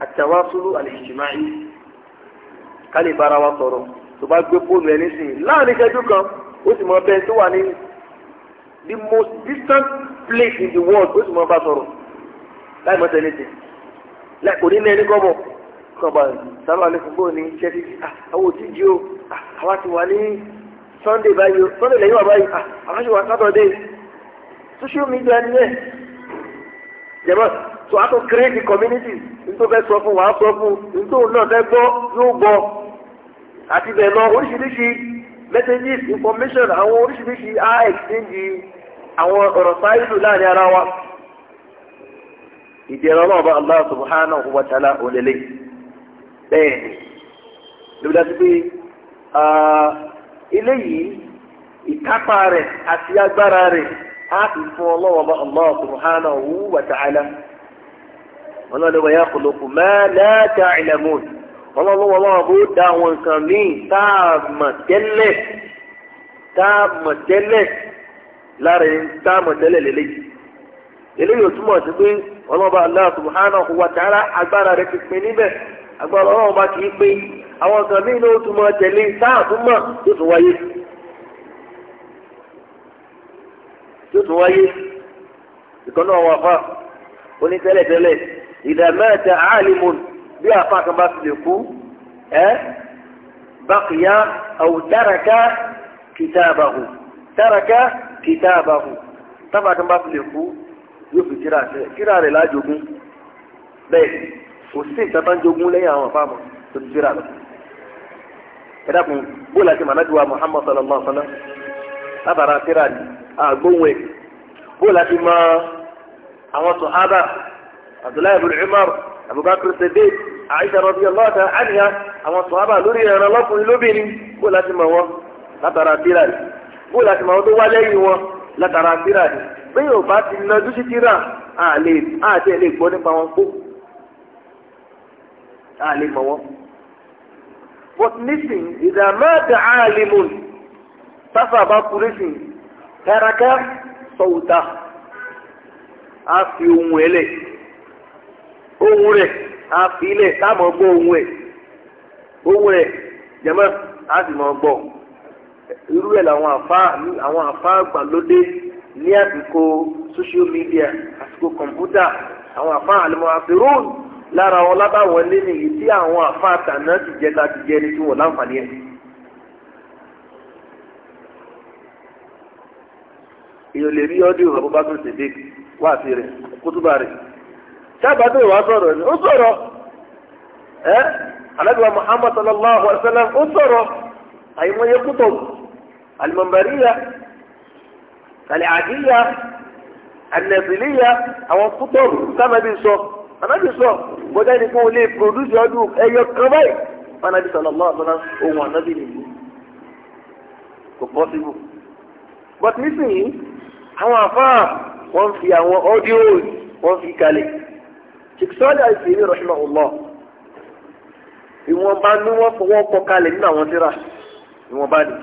àtàwásúlù àlèjìmáì kálí bára wa sọ̀rọ̀ tó bá gbé fóònù ẹ nísìnyí láàrin ìṣẹ́jú kan ó sì mọ bẹ́ẹ̀ tó wà ní the most distant place in the world ó sì mọ bá sọ̀rọ̀ láì mọ́ tẹ́lẹ̀ tẹ́ láì kò ní ní ẹni kọ́ bọ̀ kọba sábà ní fúnbó ní chelsea àwọn òtíjì o ah, àwa ti wà ní sunday báyìí o sunday lẹ́yìn wà báyìí ah, àwa ti wà saturday social media ni ẹ jẹ̀mọ́ so a to create community nítorí sọ fún wa sọ fún nítorí náà yóò àti lọ oríṣiríṣi information àwọn oríṣiríṣi a exchange àwọn láàrin ara wa náà bá Allah subhanahu wa ta'ala pé ah, ìkápá àti agbára a ti fún ọlọ́wọ́ bá Allah subhanahu wa ta'ala ọlọ́dọ̀ wọ́n yá kọlọ́kù ma la ta'lamun ọlọ́wọ́ wọn bó da àwọn nǹkan míì tá a mọ̀ tẹ́lẹ̀ tá a mọ̀ tẹ́lẹ̀ lára tá a mọ̀ tẹ́lẹ̀ lélẹ́yìí eléyìí ò túmọ̀ sí pé ọlọ́ba Allah subhanahu wa ta'ala agbára rẹ̀ ti pin níbẹ̀ agbára ọlọ́wọ́ bá kì í pé àwọn nǹkan míì ló túmọ̀ tẹ̀lé tá a túmọ̀ tó tún wáyé tó tún wáyé ìkan náà wà fà ó ní tẹ́lẹ̀tẹ́lẹ̀ ìdá mẹ́ta àálìmùn bí àfa kan bá fi lè kú ẹ́ bákìyà aw taraka kìtàbàhù taraka kìtàbàhù tábà kan bá fi lè kú yóò fi kíra rẹ̀ kíra rẹ̀ lájogún bẹ́ẹ̀ kò sí ìta bá ń jogún lẹ́yìn àwọn àfa mọ̀ tó ti kíra lọ. ẹ dákun bóòlù àti màmá ti sallallahu alaihi wa sallam lábàrá kíra ni àgbóhùn ẹ̀ bóòlù àti mọ àwọn sọ̀hábà abdullahi ibn umar abubakar sadiq aisha radiyallahu ta'ala anha àwọn sọ̀hábà lórí ẹ̀ràn lọ́kùnrin lóbìnrin bóòlù àti mọ wọn látara tírà ni bóòlù àti mọ wọn tó wá lẹ́yìn wọn látara tírà ni bí yóò bá ti lọ dúṣí tírà àlè àti ẹ̀ lè gbọ́ nípa wọn kó àlè mọ̀ wọn. but nísìn ìdààmú àti àlè sáfà bá kú tẹ́rakẹ́ sọ̀wùtà á fi ohun ẹ̀ lẹ̀ ohun rẹ̀ á fi ilẹ̀ táàmù ọgbọ́ ohun ẹ̀ ohun ẹ̀ jẹ̀mọ́ á sì mọ̀ ọgbọ́ irú ẹ̀ làwọn àfáà gbàlódé ní àsìkò social media àsìkò kọ̀mpútà àwọn àfáà àlùmọ̀ àfẹ́rọ́ọ̀nù lára wọn lábàwọlé nìyí tí àwọn àfáà tàná ti jẹ ta ti jẹ ní tí wọn láǹfààní ẹ̀. èèyàn lè rí ọ́díò Abubakar Siddiq wá sí rẹ̀ kútúbà rẹ̀ sábàtì wà sọ̀rọ̀ ni ó sọ̀rọ̀ ẹ́ alágbèbá Muhammad sallallahu alayhi wa sallam ó sọ̀rọ̀ àyìnbóyè kútó alimambariya aliadiya anẹsiliya àwọn kútó sábàbí sọ anabi sọ bọ́dá ni kò lè produce ọdún ẹyọ kan báyìí anabi sallallahu alayhi wa sallam ohun anabi nìyí kò possible but nísìnyí. àwọn àfáà wọ́n fi àwọn ọ́díò wọ́n fi kalẹ̀ ṣìkìsọ́lá ìṣèlú rahimahullah ìwọ̀nba ní wọ́n fọwọ́ kọ kalẹ̀ nínú àwọn tíra ìwọ̀nba ni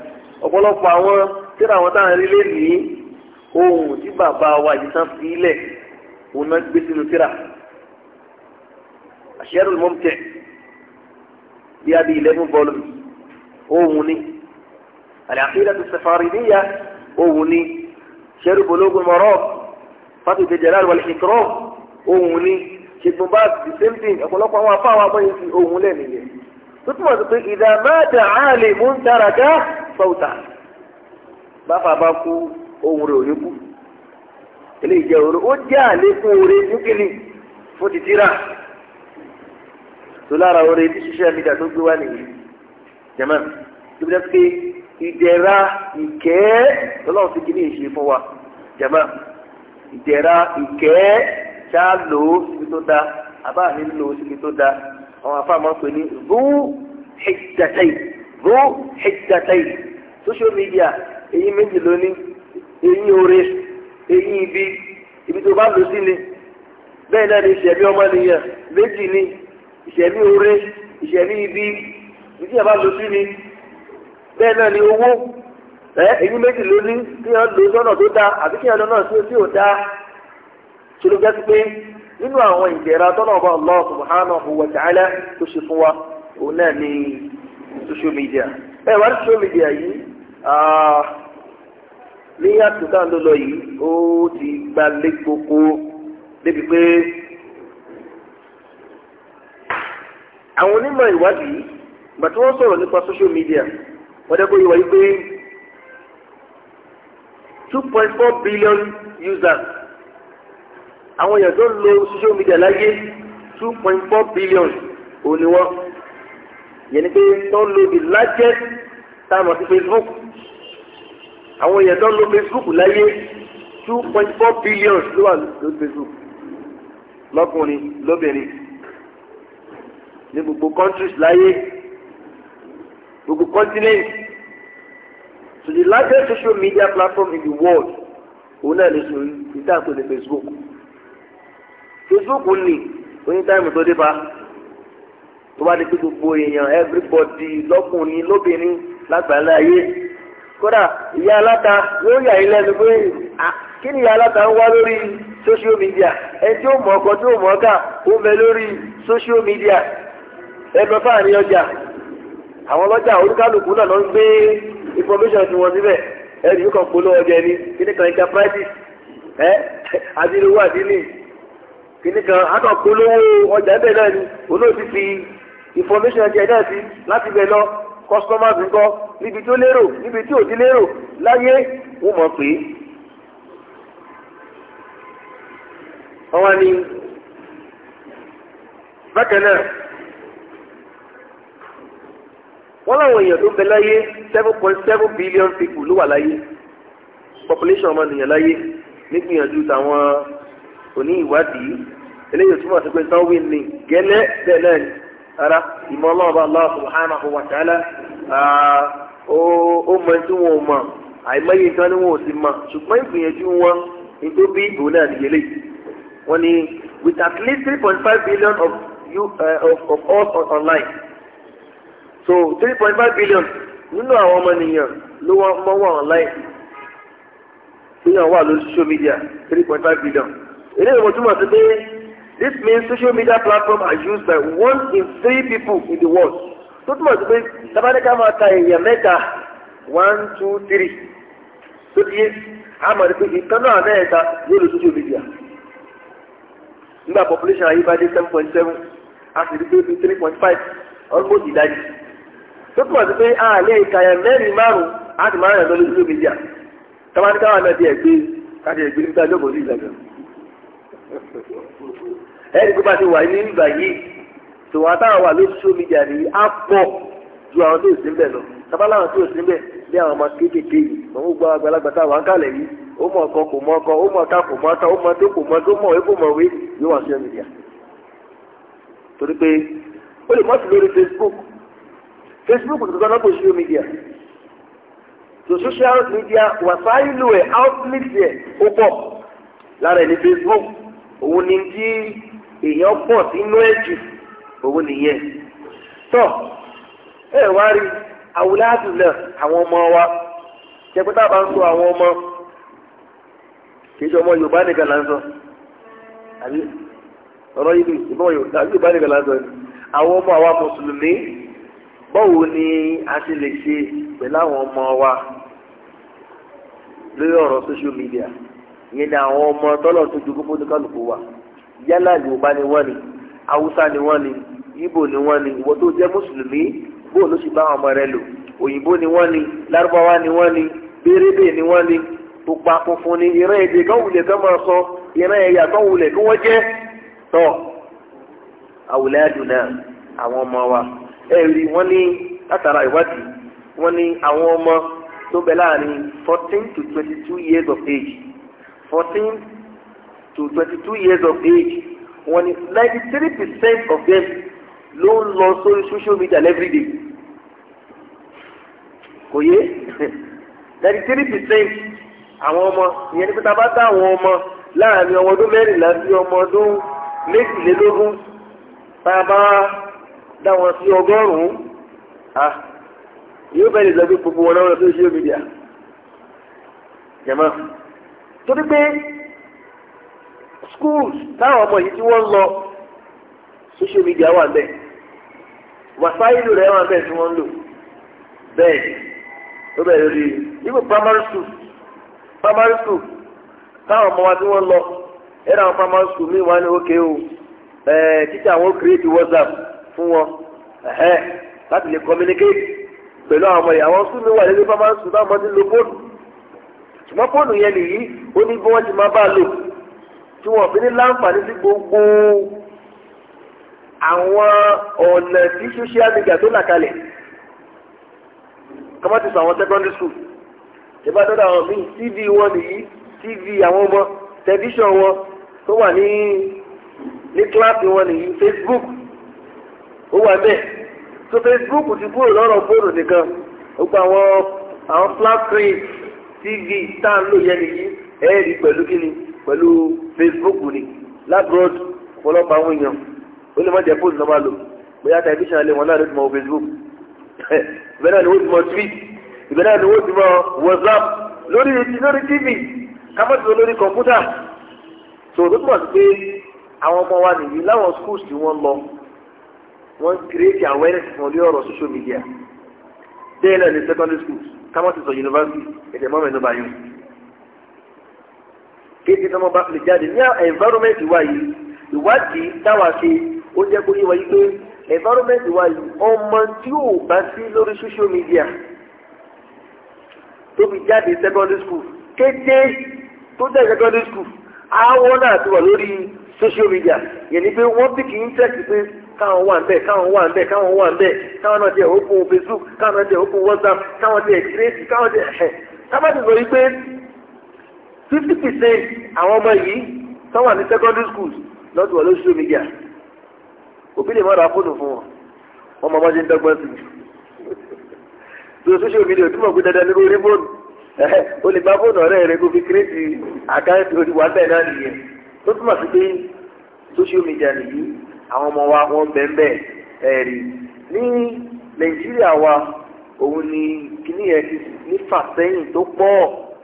ọ̀pọ̀lọpọ̀ àwọn tíra àwọn táwọn ilé ní ohun tí bàbá wa yìí tán fi ilẹ̀ òun náà gbé sínú tíra àṣẹ́rù mọ́mtẹ̀ bí a bí eleven volume ohun ni àlẹ́ àfihàn tó sẹ̀fàrì níyà ohun ni ṣẹ́rí bológun mọ̀rọ́ fásitì jalal wal ikram ohun ni ṣègùn bá the same thing ọ̀pọ̀lọpọ̀ àwọn afọ àwọn abọ́yé fi ohun lẹ́nu yẹn tó túmọ̀ sí pé idha mata alimun taraka sawta báfa bá kú ohun rẹ̀ ò ní kú eléyìí jẹ́ orí ó jẹ́ àlékún orí nìkìlì fún ti tó lára orí bí ṣiṣẹ́ mi dà tó gbé wá nìyí jẹ́mọ́ ìdẹ̀ra ìkẹ́ ọlọ́run ti kíní ìṣe fún wa jama ìdẹ̀ra ìkẹ́ ṣá síbi tó da àbá mi síbi tó àwọn pè ní social media èyí méjì lóní èyí oore èyí ibi ibi tó bá lò sí ni bẹ́ẹ̀ náà ni ìṣẹ̀mí ọmọnìyàn méjì ni ibi ibi tí bá bẹ́ẹ̀ náà ni owó ẹ èyí méjì ló ní kí wọ́n lo sọ́nà tó dáa àbí kí wọ́n lọ náà sí ò dáa ṣe ló pé nínú àwọn ìjẹ́ra tọ́nà ọba tó ṣe fún wa òun náà ni social media ẹ wá ní social media yìí ní àtúntà ló lọ yìí ó ti gbogbo débi pé àwọn onímọ̀ ìwádìí gbàtí wọ́n sọ̀rọ̀ nípa social media. wọ́n dẹ́kun yìí wọ́n yìí pé two point four billion users àwọn èèyàn tó ń lo social media láyé two point four billion òní wọn yẹn ni pé tó ń lo the largest time of Facebook àwọn èèyàn tó ń lo Facebook láyé two point four billion ló wà lórí Facebook lọ́kùnrin lóbìnrin ní gbogbo countries láyé. To be continent. So the largest social media platform in the world òun náà lè sọ ìta àpò ní Facebook. Facebook ní onítáìmù tó dé bá tó bá di pé gbogbo èèyàn everybody lọ́kùnrin lóbìnrin lágbàlá ayé kódà ìyá aláta yóò yà yín lẹ́nu pé kí ni ìyá aláta ń wá lórí social media ẹ tí ó mọ̀ ọkọ tí ó mọ̀ ọ́ kà ó mẹ lórí social media ẹ bẹ fáàrin ọjà. àwọn ọlọ́jà oníkálukú náà ló ń gbé information tí wọn síbẹ̀ ẹ̀rí yóò kàn polówó ọjà ẹni kíní kan enterprises ẹ̀ adínlówó àdínlì kíní kan àtọ̀ polówó ọjà ẹ̀bẹ̀ náà ni fi information ẹ̀jẹ̀ náà sí láti bẹ̀ lọ customers ńkọ́ níbi tó lérò níbi tí ò ti lérò láyé wọ́n mọ̀ pé wọ́n wọ́n láwọn èèyàn tó ń bẹ láyé seven point seven billion people ló wà láyé population ọmọnìyàn láyé nígbìyànjú táwọn òní ìwádìí eléyìí túmọ̀ sí pé sanwó ni gẹ́lẹ́ bẹ́ẹ̀ náà ni ara ìmọ̀ ọlọ́ọ̀bá Allah subhanahu wa ta'ala ó mọ tí wọn ò mọ̀ àìmọye nǹkan ni wọn ò sì mọ̀ ṣùgbọ́n ìgbìyànjú wọn ní tó bí ìbò náà nìyẹlẹ́ wọn ni with at least three point five billion of you uh, of, of us online so three point five billion nínú àwọn ọmọnìyàn ló wọ́n mọ́ wọ́n online èèyàn wà lórí social media three point five billion èdè ìwọ̀n túmọ̀ sí pé this means social media platform are used by one in three people in the world tó túmọ̀ sí pé tabaníkà máa ta èèyàn mẹ́ta one two three tó ti yé àmọ́ ní pé ìtàn náà mẹ́ẹ̀ta yóò lo social media nígbà population ayé bá dé seven point seven a sì rí three point five almost ìdájì. tó túmọ̀ sí pé a lè kàyà mẹ́rin márùn-ún ti máa ń rìn lórí ìlú mídíà tọ́mọdé káwọn náà ti káti ẹ̀ gbé lóko sí ìgbàgbọ́. ẹ̀rí kó bá ti wà ní ìgbà yìí wà ni á ju àwọn tó sí ń bẹ̀ lọ tabaláwọn tó sí ń bẹ̀ bí àwọn ọmọ kéékèèké yìí àwọn gbọ́ àgbàlagbà táwọn akálẹ̀ yìí ó mọ̀ ọkọ kò ọkọ ó ọta kò ọta ó tó kò tó yóò torí pé ó lè sí lórí Facebook Facebook tó tọ́lá kò social media so social media wàsáìlú ẹ̀ outlet ẹ̀ ó pọ̀ lára ẹ̀ ní Facebook òun ni tí èèyàn pọ̀ sínú ẹ̀ jù òun nìyẹn tọ́ ẹ wá rí awùládùlẹ̀ àwọn ọmọ wa jẹ́pẹ́tà bá ń sọ àwọn ọmọ kìí ṣe ọmọ Yorùbá nìkan là ń sọ àbí ọ̀rọ̀ yìí ni ìbọn Yorùbá nìkan là ń sọ ni àwọn ọmọ àwa mùsùlùmí báwo ni a ṣe lè ṣe pẹ̀lú àwọn ọmọ wa lórí ọ̀rọ̀ social media ìyẹn ni àwọn ọmọ tọ́lọ̀ tó ju gbogbo oníkàlùkù wa yálà yorùbá ni wọ́n ni haúsá ni wọ́n ni ibo ni wọ́n ni ìwọ tó jẹ́ mùsùlùmí bóò ló sì bá àwọn ọmọ rẹ lò òyìnbó ni wọ́n ni lárúbáwá ni wọ́n ni bérébè ni wọ́n ni pupa funfun ni ìran èdè kan wulẹ̀ kan máa sọ ìran ẹ̀yà kan wulẹ̀ kí wọ́n jẹ́ tọ́ àwùlẹ́ àdùnnà àwọn ọmọ wa ẹ̀rí wọ́n ní látara ìwádìí wọ́n ní àwọn ọmọ tó bẹ láàrin fourteen to twenty two years of age fourteen to twenty two years of age wọ́n ní ninety three percent of them ló ń lọ sórí social media every day kò yé ninety three percent àwọn ọmọ ìyẹn ní pé a bá dá àwọn ọmọ láàrin ọmọ ọdún mẹ́rìnlá sí ọmọ ọdún méjìlélógún tá a bá dá wọn sí ọgọ́rùn-ún yóò bẹ̀rẹ̀ lọ bí gbogbo wọn lọ́wọ́ lọ́sọ̀rọ̀ social media jẹ̀mọ́ torí pé schools táwọn ọmọ yìí tí wọ́n ń lọ social media wà bẹ́ẹ̀ wàsáìlú rẹ̀ wà bẹ́ẹ̀ tí wọ́n ń lò bẹ́ẹ̀ ló bẹ̀rẹ̀ rí ibò primary school primary school táwọn ọmọ wa tí wọ́n lọ ẹ̀rọ àwọn primary school mi wà ní òkè o ẹ̀ẹ́ eh, create whatsapp fún wọn láti lè communicate pẹ̀lú àwọn ọmọ ìyàwó súnmi wà lórí fáwọn sùn táwọn ọmọdé lo fóònù ṣùgbọ́n fóònù yẹn nìyí ó ní bí wọ́n ti máa bá a lò tí wọ́n fi ní láǹfààní sí gbogbo àwọn ọ̀nà tí social media tó là kalẹ̀ kọ́mọ́ ti sọ àwọn secondary school ìbá dọ́dọ̀ àwọn míì tv wọn nìyí tv àwọn ọmọ tẹlifíṣàn wọn tó wà ní ní kíláàsì wọn nìyí facebook ó wà bẹ́ẹ̀ So Facebook ti kúrò lọ́rọ̀ fóònù nìkan gbogbo àwọn àwọn flat screen TV tá à ń lò yẹn nìyí ẹ̀ẹ́dì pẹ̀lú kíni pẹ̀lú Facebook ni labrod ọ̀pọ̀lọpọ̀ àwọn èèyàn ó lè má jẹ́ fóònù náà má lò bóyá tẹlifíṣàn alẹ́ wọn náà ló ti mọ Facebook ìbẹ̀ náà ni wọ́n ti mọ tweet ìbẹ̀ náà ni wọ́n ti mọ WhatsApp lórí lórí TV kámọ́tò lórí kọ̀ǹpútà tòótọ́ tó wà sí pé àwọn ọmọ wa nìyí láwọn schools tí wọ́n lọ wọ́n ń create awareness fún ọdún ọ̀rọ̀ social media bẹ́ẹ̀ náà ní secondary school káwọn ti sọ university èdè mọ́mọ́ ẹ̀dọ́ba yìí kéde tó mọ́ bá fi jáde ní environment wa yìí ìwádìí táwa ṣe ó jẹ́ kó yé wa yìí pé environment wa yìí ọmọ tí ò bá sí lórí social media tó fi jáde secondary school kéde tó jẹ́ secondary school àwọn náà ti wà lórí social media yẹn ni pé wọ́n bí kì í tẹ̀sí pé káwọn wà nbẹ káwọn wà nbẹ káwọn wà nbẹ káwọn náà jẹ open facebook káwọn náà jẹ open whatsapp káwọn jẹ express káwọn jẹ ẹhẹ kábàdì sọ wípé fifty percent àwọn ọmọ yìí tó wà ní secondary schools lọ́dún wọn ló ṣe media òbí lè má ra fóònù fún wọn wọn máa má ṣe ń dọ́gbọ́n sí i lórí social media òtún mọ̀ pé dandan ní orí fóònù o lè gba fóònù ọ̀rẹ́ rẹ kó fi kírètì àkáǹtì orí wàhálà náà nìyẹn tó túmọ̀ sí pé social media nìyí àwọn ọmọ wa wọ́n bẹ́ẹ̀ ẹ̀rí ní nàìjíríà wa òun ni kíní yẹn ti ní fàsẹ́yìn tó pọ̀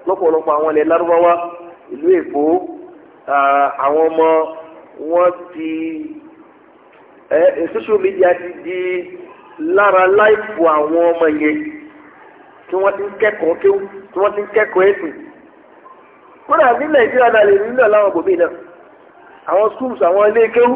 lọ́pọ̀lọpọ̀ àwọn ilẹ̀ lárúbáwá ìlú èkó àwọn ọmọ wọn ti social media ti di lára láìpù àwọn ọmọ yẹn tí wọ́n ti ń kẹ́kọ̀ọ́ kéwù tí wọ́n ti ń kẹ́kọ̀ọ́ ẹ̀sìn kódà ní nàìjíríà náà lè nílò láwọn bòmí náà àwọn schools àwọn ilé kéwù.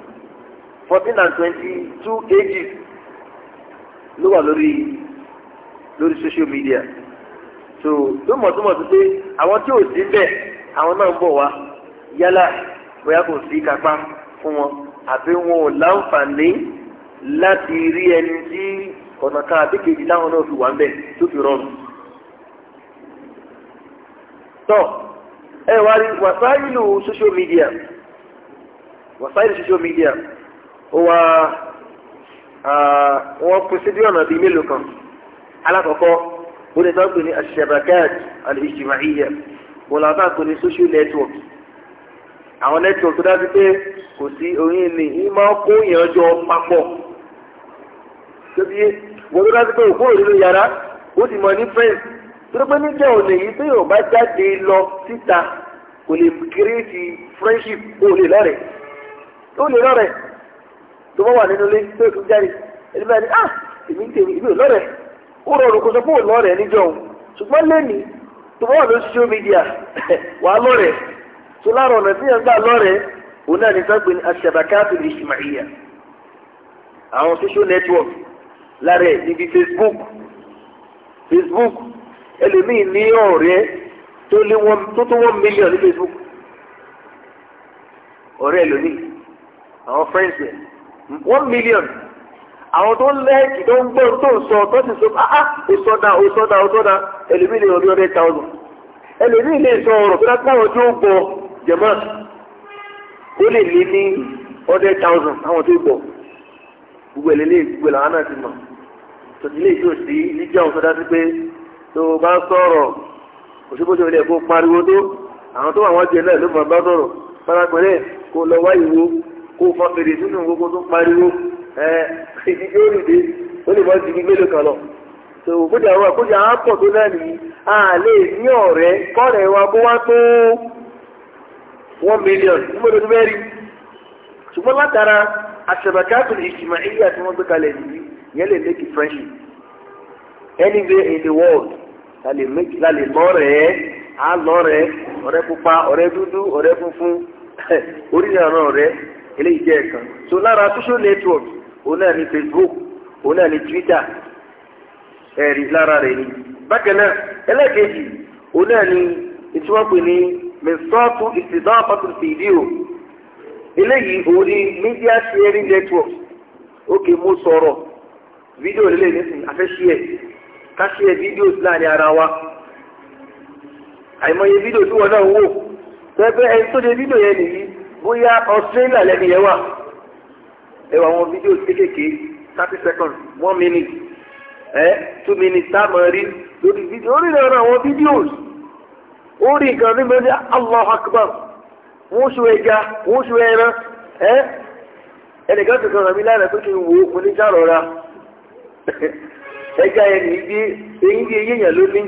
fourteen and twenty two kg ló wà lórí lórí social media so ló mọ̀ tó mọ̀ tó pé àwọn tí ò sí bẹ́ẹ̀ àwọn náà ń bọ̀ wá yálà bóyá kò sí kápá fún wọn àbí wọn ò láǹfààní láti rí ẹni tí ọ̀nà kan àbí kejì láwọn náà fi wà ń bẹ̀ tó fi rọrùn. tọ́ ẹ wá rí wàsáìlù social media wàsáìlù social media. wa wọ́n kún ọ̀nà bíi mélòó kan alákọ̀ọ́kọ́ ó lè tán ní ashabakat al wọn ní social network àwọn network tó dájú pé kò sí oyin ni yín máa kó yẹn papọ̀ tóbi wọn tó dájú pé òkú òrìlú yàrá ó ti mọ ní friends tó pé níjẹ́ òní yìí tó yóò bá jáde lọ síta kò lè kírètì friendship lè lè tó bá wà nínú ilé tó ah èmi ń tèmi ìbí ò ó rọrùn kó sọ pé ò lọ́rẹ̀ níjọ́ òun ṣùgbọ́n lẹ́ni tó bá wà social media wà lọ́rẹ̀ tó lára ọ̀nà tí yẹn gbà lọ́rẹ̀ òun náà ní sọ́gbìn aṣàbàkátù ìṣìmáìyà àwọn social network lára níbi Facebook Facebook ẹlòmíì ní ọ̀rẹ́ tó lé wọn tó tó one million àwọn tó lẹ́ẹ̀kì tó ń gbọ́ tó sọ tó sì sọ áá ah, ah, ó sọdá ó sọdá ó lè rí ọdẹ táwọn ẹlòmí lè sọ ọ̀rọ̀ tó dákú tó gbọ́ jẹ̀mọ́ ó lè lé ní ọdẹ táwọn tó gbọ́ gbogbo ẹ̀lẹ́lẹ́ gbogbo làwọn náà ti mọ̀ tòtí lè yóò sí níjà òun sọdá sí bá sọ̀rọ̀ òṣèbóṣe pariwo tó àwọn tó kó o fèrè sínú gbogbo tó pariwo ìdí yóò rìndé ó lè mọ ìdí mélòó kan lọ. tó o gbọ́dọ̀ àwọn àkójọ tó náà nìyí a lè ní ọ̀rẹ́ kọ́rẹ́ wa kó wá tó one million ní mo ṣùgbọ́n látara ìṣìmọ̀ ìyá tí wọ́n gbé kalẹ̀ yẹn lè make friendship anywhere in the world á ọ̀rẹ́ pupa ọ̀rẹ́ dúdú ọ̀rẹ́ funfun eléyìí jẹ́ ẹ̀kan so lára social network òun náà ni facebook òun náà ni twitter ẹ̀rí lára rẹ̀ ni bákan náà ẹlẹ́ẹ̀kejì òun náà ni ìtúwọ́pẹ̀ ni mẹ́sọ́ọ̀tù ìsìndánwàpàtù fídíò eléyìí òun ni media sharing network ókè mo sọ̀rọ̀ fídíò lélẹ̀ nísìnyí afẹ́ṣí ẹ̀ káṣí ẹ̀ fídíò láàrin ara wa àìmọye fídíò tí wọn náà wò tẹ́gbẹ́ tó de fídíò yẹn nìyí bóyá Australia lẹ́nu yẹn wà ẹ wà wọn fídíò kékèké thirty seconds one minute ẹ two minutes tá a mọ̀ rí lórí fídíò orí náà àwọn fídíòs orí nǹkan mímọ́ ní Allah akbar wọ́n sọ ẹja wọ́n sọ ẹran ẹ ẹnìkan tó kan àmì lára tó ti wò ó fún rọra ẹja yẹn bí eyín bí eyín yẹn ló ní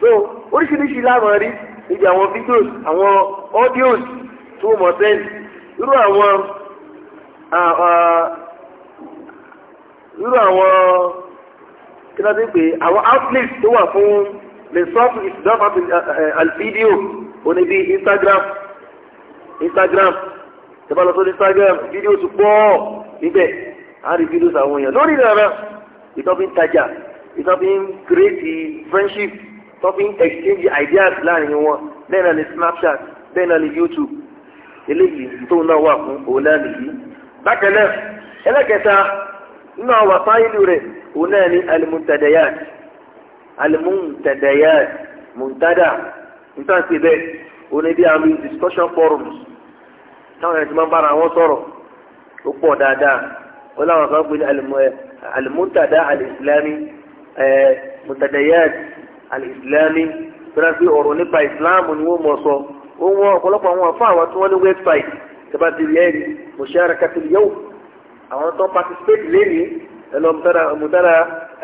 so oríṣiríṣi rí. níbi àwọn videos àwọn audios tó mọ̀ sẹ́yìn irú àwọn irú àwọn kí ló dé pé àwọn outlet tó wà fún lè sọ́ọ̀fù ìsìdáfà àlfídíò òní bíi Instagram Instagram tẹ́bá lọ sórí Instagram fídíò tó pọ̀ níbẹ̀ á rí fídíò àwọn èèyàn lórí ìlànà ìtọ́fín tajà ìtọ́fín kírètì friendship tó fi ń exchange ideas láàrin wọn bẹ́ẹ̀ náà ni snapchat bẹ́ẹ̀ náà ni youtube eléyìí tó náà wà fún òun náà nìyí. bákan náà ẹlẹ́kẹta nínú àwọn fáìlì rẹ̀ òun náà ni alimuntadayat alimuntadayat muntada nípa ṣe bẹ́ẹ̀ òun ni bí àwọn discussion forums táwọn ẹ̀sìn máa ń bára wọn sọ̀rọ̀ ó pọ̀ dáadáa wọ́n láwọn kan pè ní alimuntada alislami mutadayat al-islami tọ́lá sí ọ̀rọ̀ nípa ìsìláàmù ni wọ́n mọ̀ sọ ohun ọ̀pọ̀lọpọ̀ àwọn àfa àwọn tí wọ́n ní website tẹ́bá ti rí ẹ̀rí musharakatil yawm àwọn tó participate lẹ́ni ẹ̀lọ́ mutara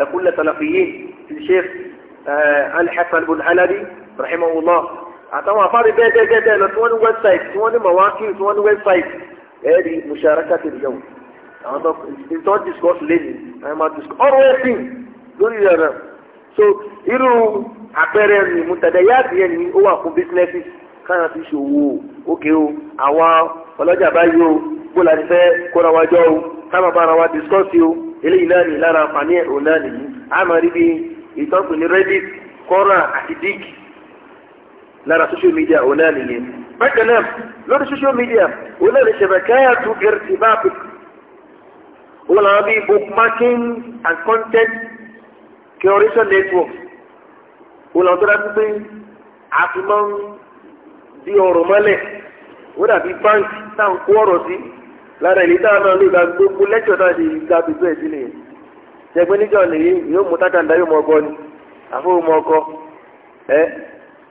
ẹ̀kúnlẹ̀ salafiyin ti sheikh eh, al-hasan bin halabi rahimahullah àtàwọn àfáàrí bẹ́ẹ̀ bẹ́ẹ̀ bẹ́ẹ̀ bẹ́ẹ̀ lọ tí wọ́n ní website tí wọ́n ní mawaki tí wọ́n ní website ẹ̀rí musharakatil yawm àwọn tó ń discuss lẹ́ni ọ̀rọ̀ ẹ̀sìn lórí rẹ̀ náà so irú àpẹẹrẹ ni mùtàdá yáàtì yẹn ni ó wà fún bísínẹ́sì káyọ̀ fi ṣòwò òkè o àwọn ọlọ́jà báyìí o bó la ti fẹ́ kóra wa jọ o táwọn bára wa discuss o eléyìí náà ní lára àǹfààní ẹ̀ òun náà nìyí àmọ́ rí bí ìtọ́pù ní reddit kọ́ra àti dig lára social media òun náà nìyẹn. bákan náà lórí social media òun náà lè ṣèbàkáyà tó gẹ̀rẹ́tì bá a pè. wọ́n làwọn bíi bookmarking and content curation network wọn làwọn tó dájú pé a fi máa ń di ọ̀rọ̀ mọ́lẹ̀ wọ́n dàbí báńkì táwọn kó ọ̀rọ̀ sí lára ìlú táwọn náà lè gba gbogbo lẹ́tọ̀ náà lè gba gbogbo ẹ̀ sí nìyẹn jẹgbẹ́ níjọ́ nìyí yóò mú tákàndá yóò mọ ọkọ ni àfọwọ́ mọ ọkọ ẹ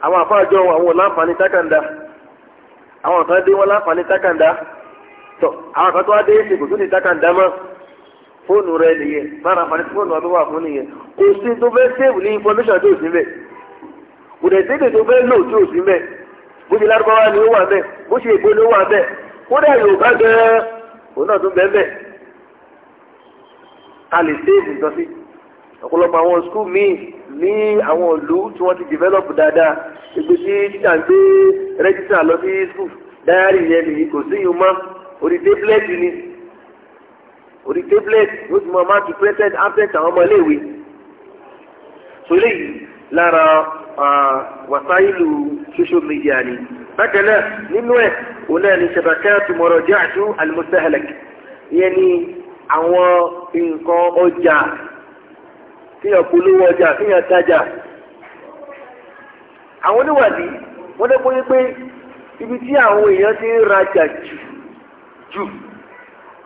àwọn àfáàjọ àwọn láǹfààní tákàndá àwọn kan wọn láǹfààní tákàndá tọ àwọn kan tó wá dé ṣègùn ní tákàndá mọ́. fóònù rẹ nìyẹn lára àǹfààní fóònù ọdún wà fún nìyẹn kò sí tó fẹ́ sèwù ní information tó mẹ́ tó fẹ́ lò tó mẹ́ lárúbáwá ni ó wà mẹ́ ni ó wà mẹ́ kódà yorùbá a lè sèwù skul míì ní àwọn ìlú tí wọ́n ti develop dáadáa ìgbé tí títà ń gbé skul dayari yẹn nìyí kò sí yìí mọ́ ni. orí tablet yóò ti mọ máàkì printed absent àwọn ọmọ iléèwé so eléyìí lára wàsáìlù social media ni bákan náà nínú ẹ̀ òun náà ni shabakatu muraja'atu al-mustahlak ìyẹn ni àwọn nǹkan ọjà kíyàn polówó ọjà kíyàn tajà àwọn oníwàdìí wọ́n dẹ́ pé ibi tí àwọn èèyàn ti ń rajà jù jù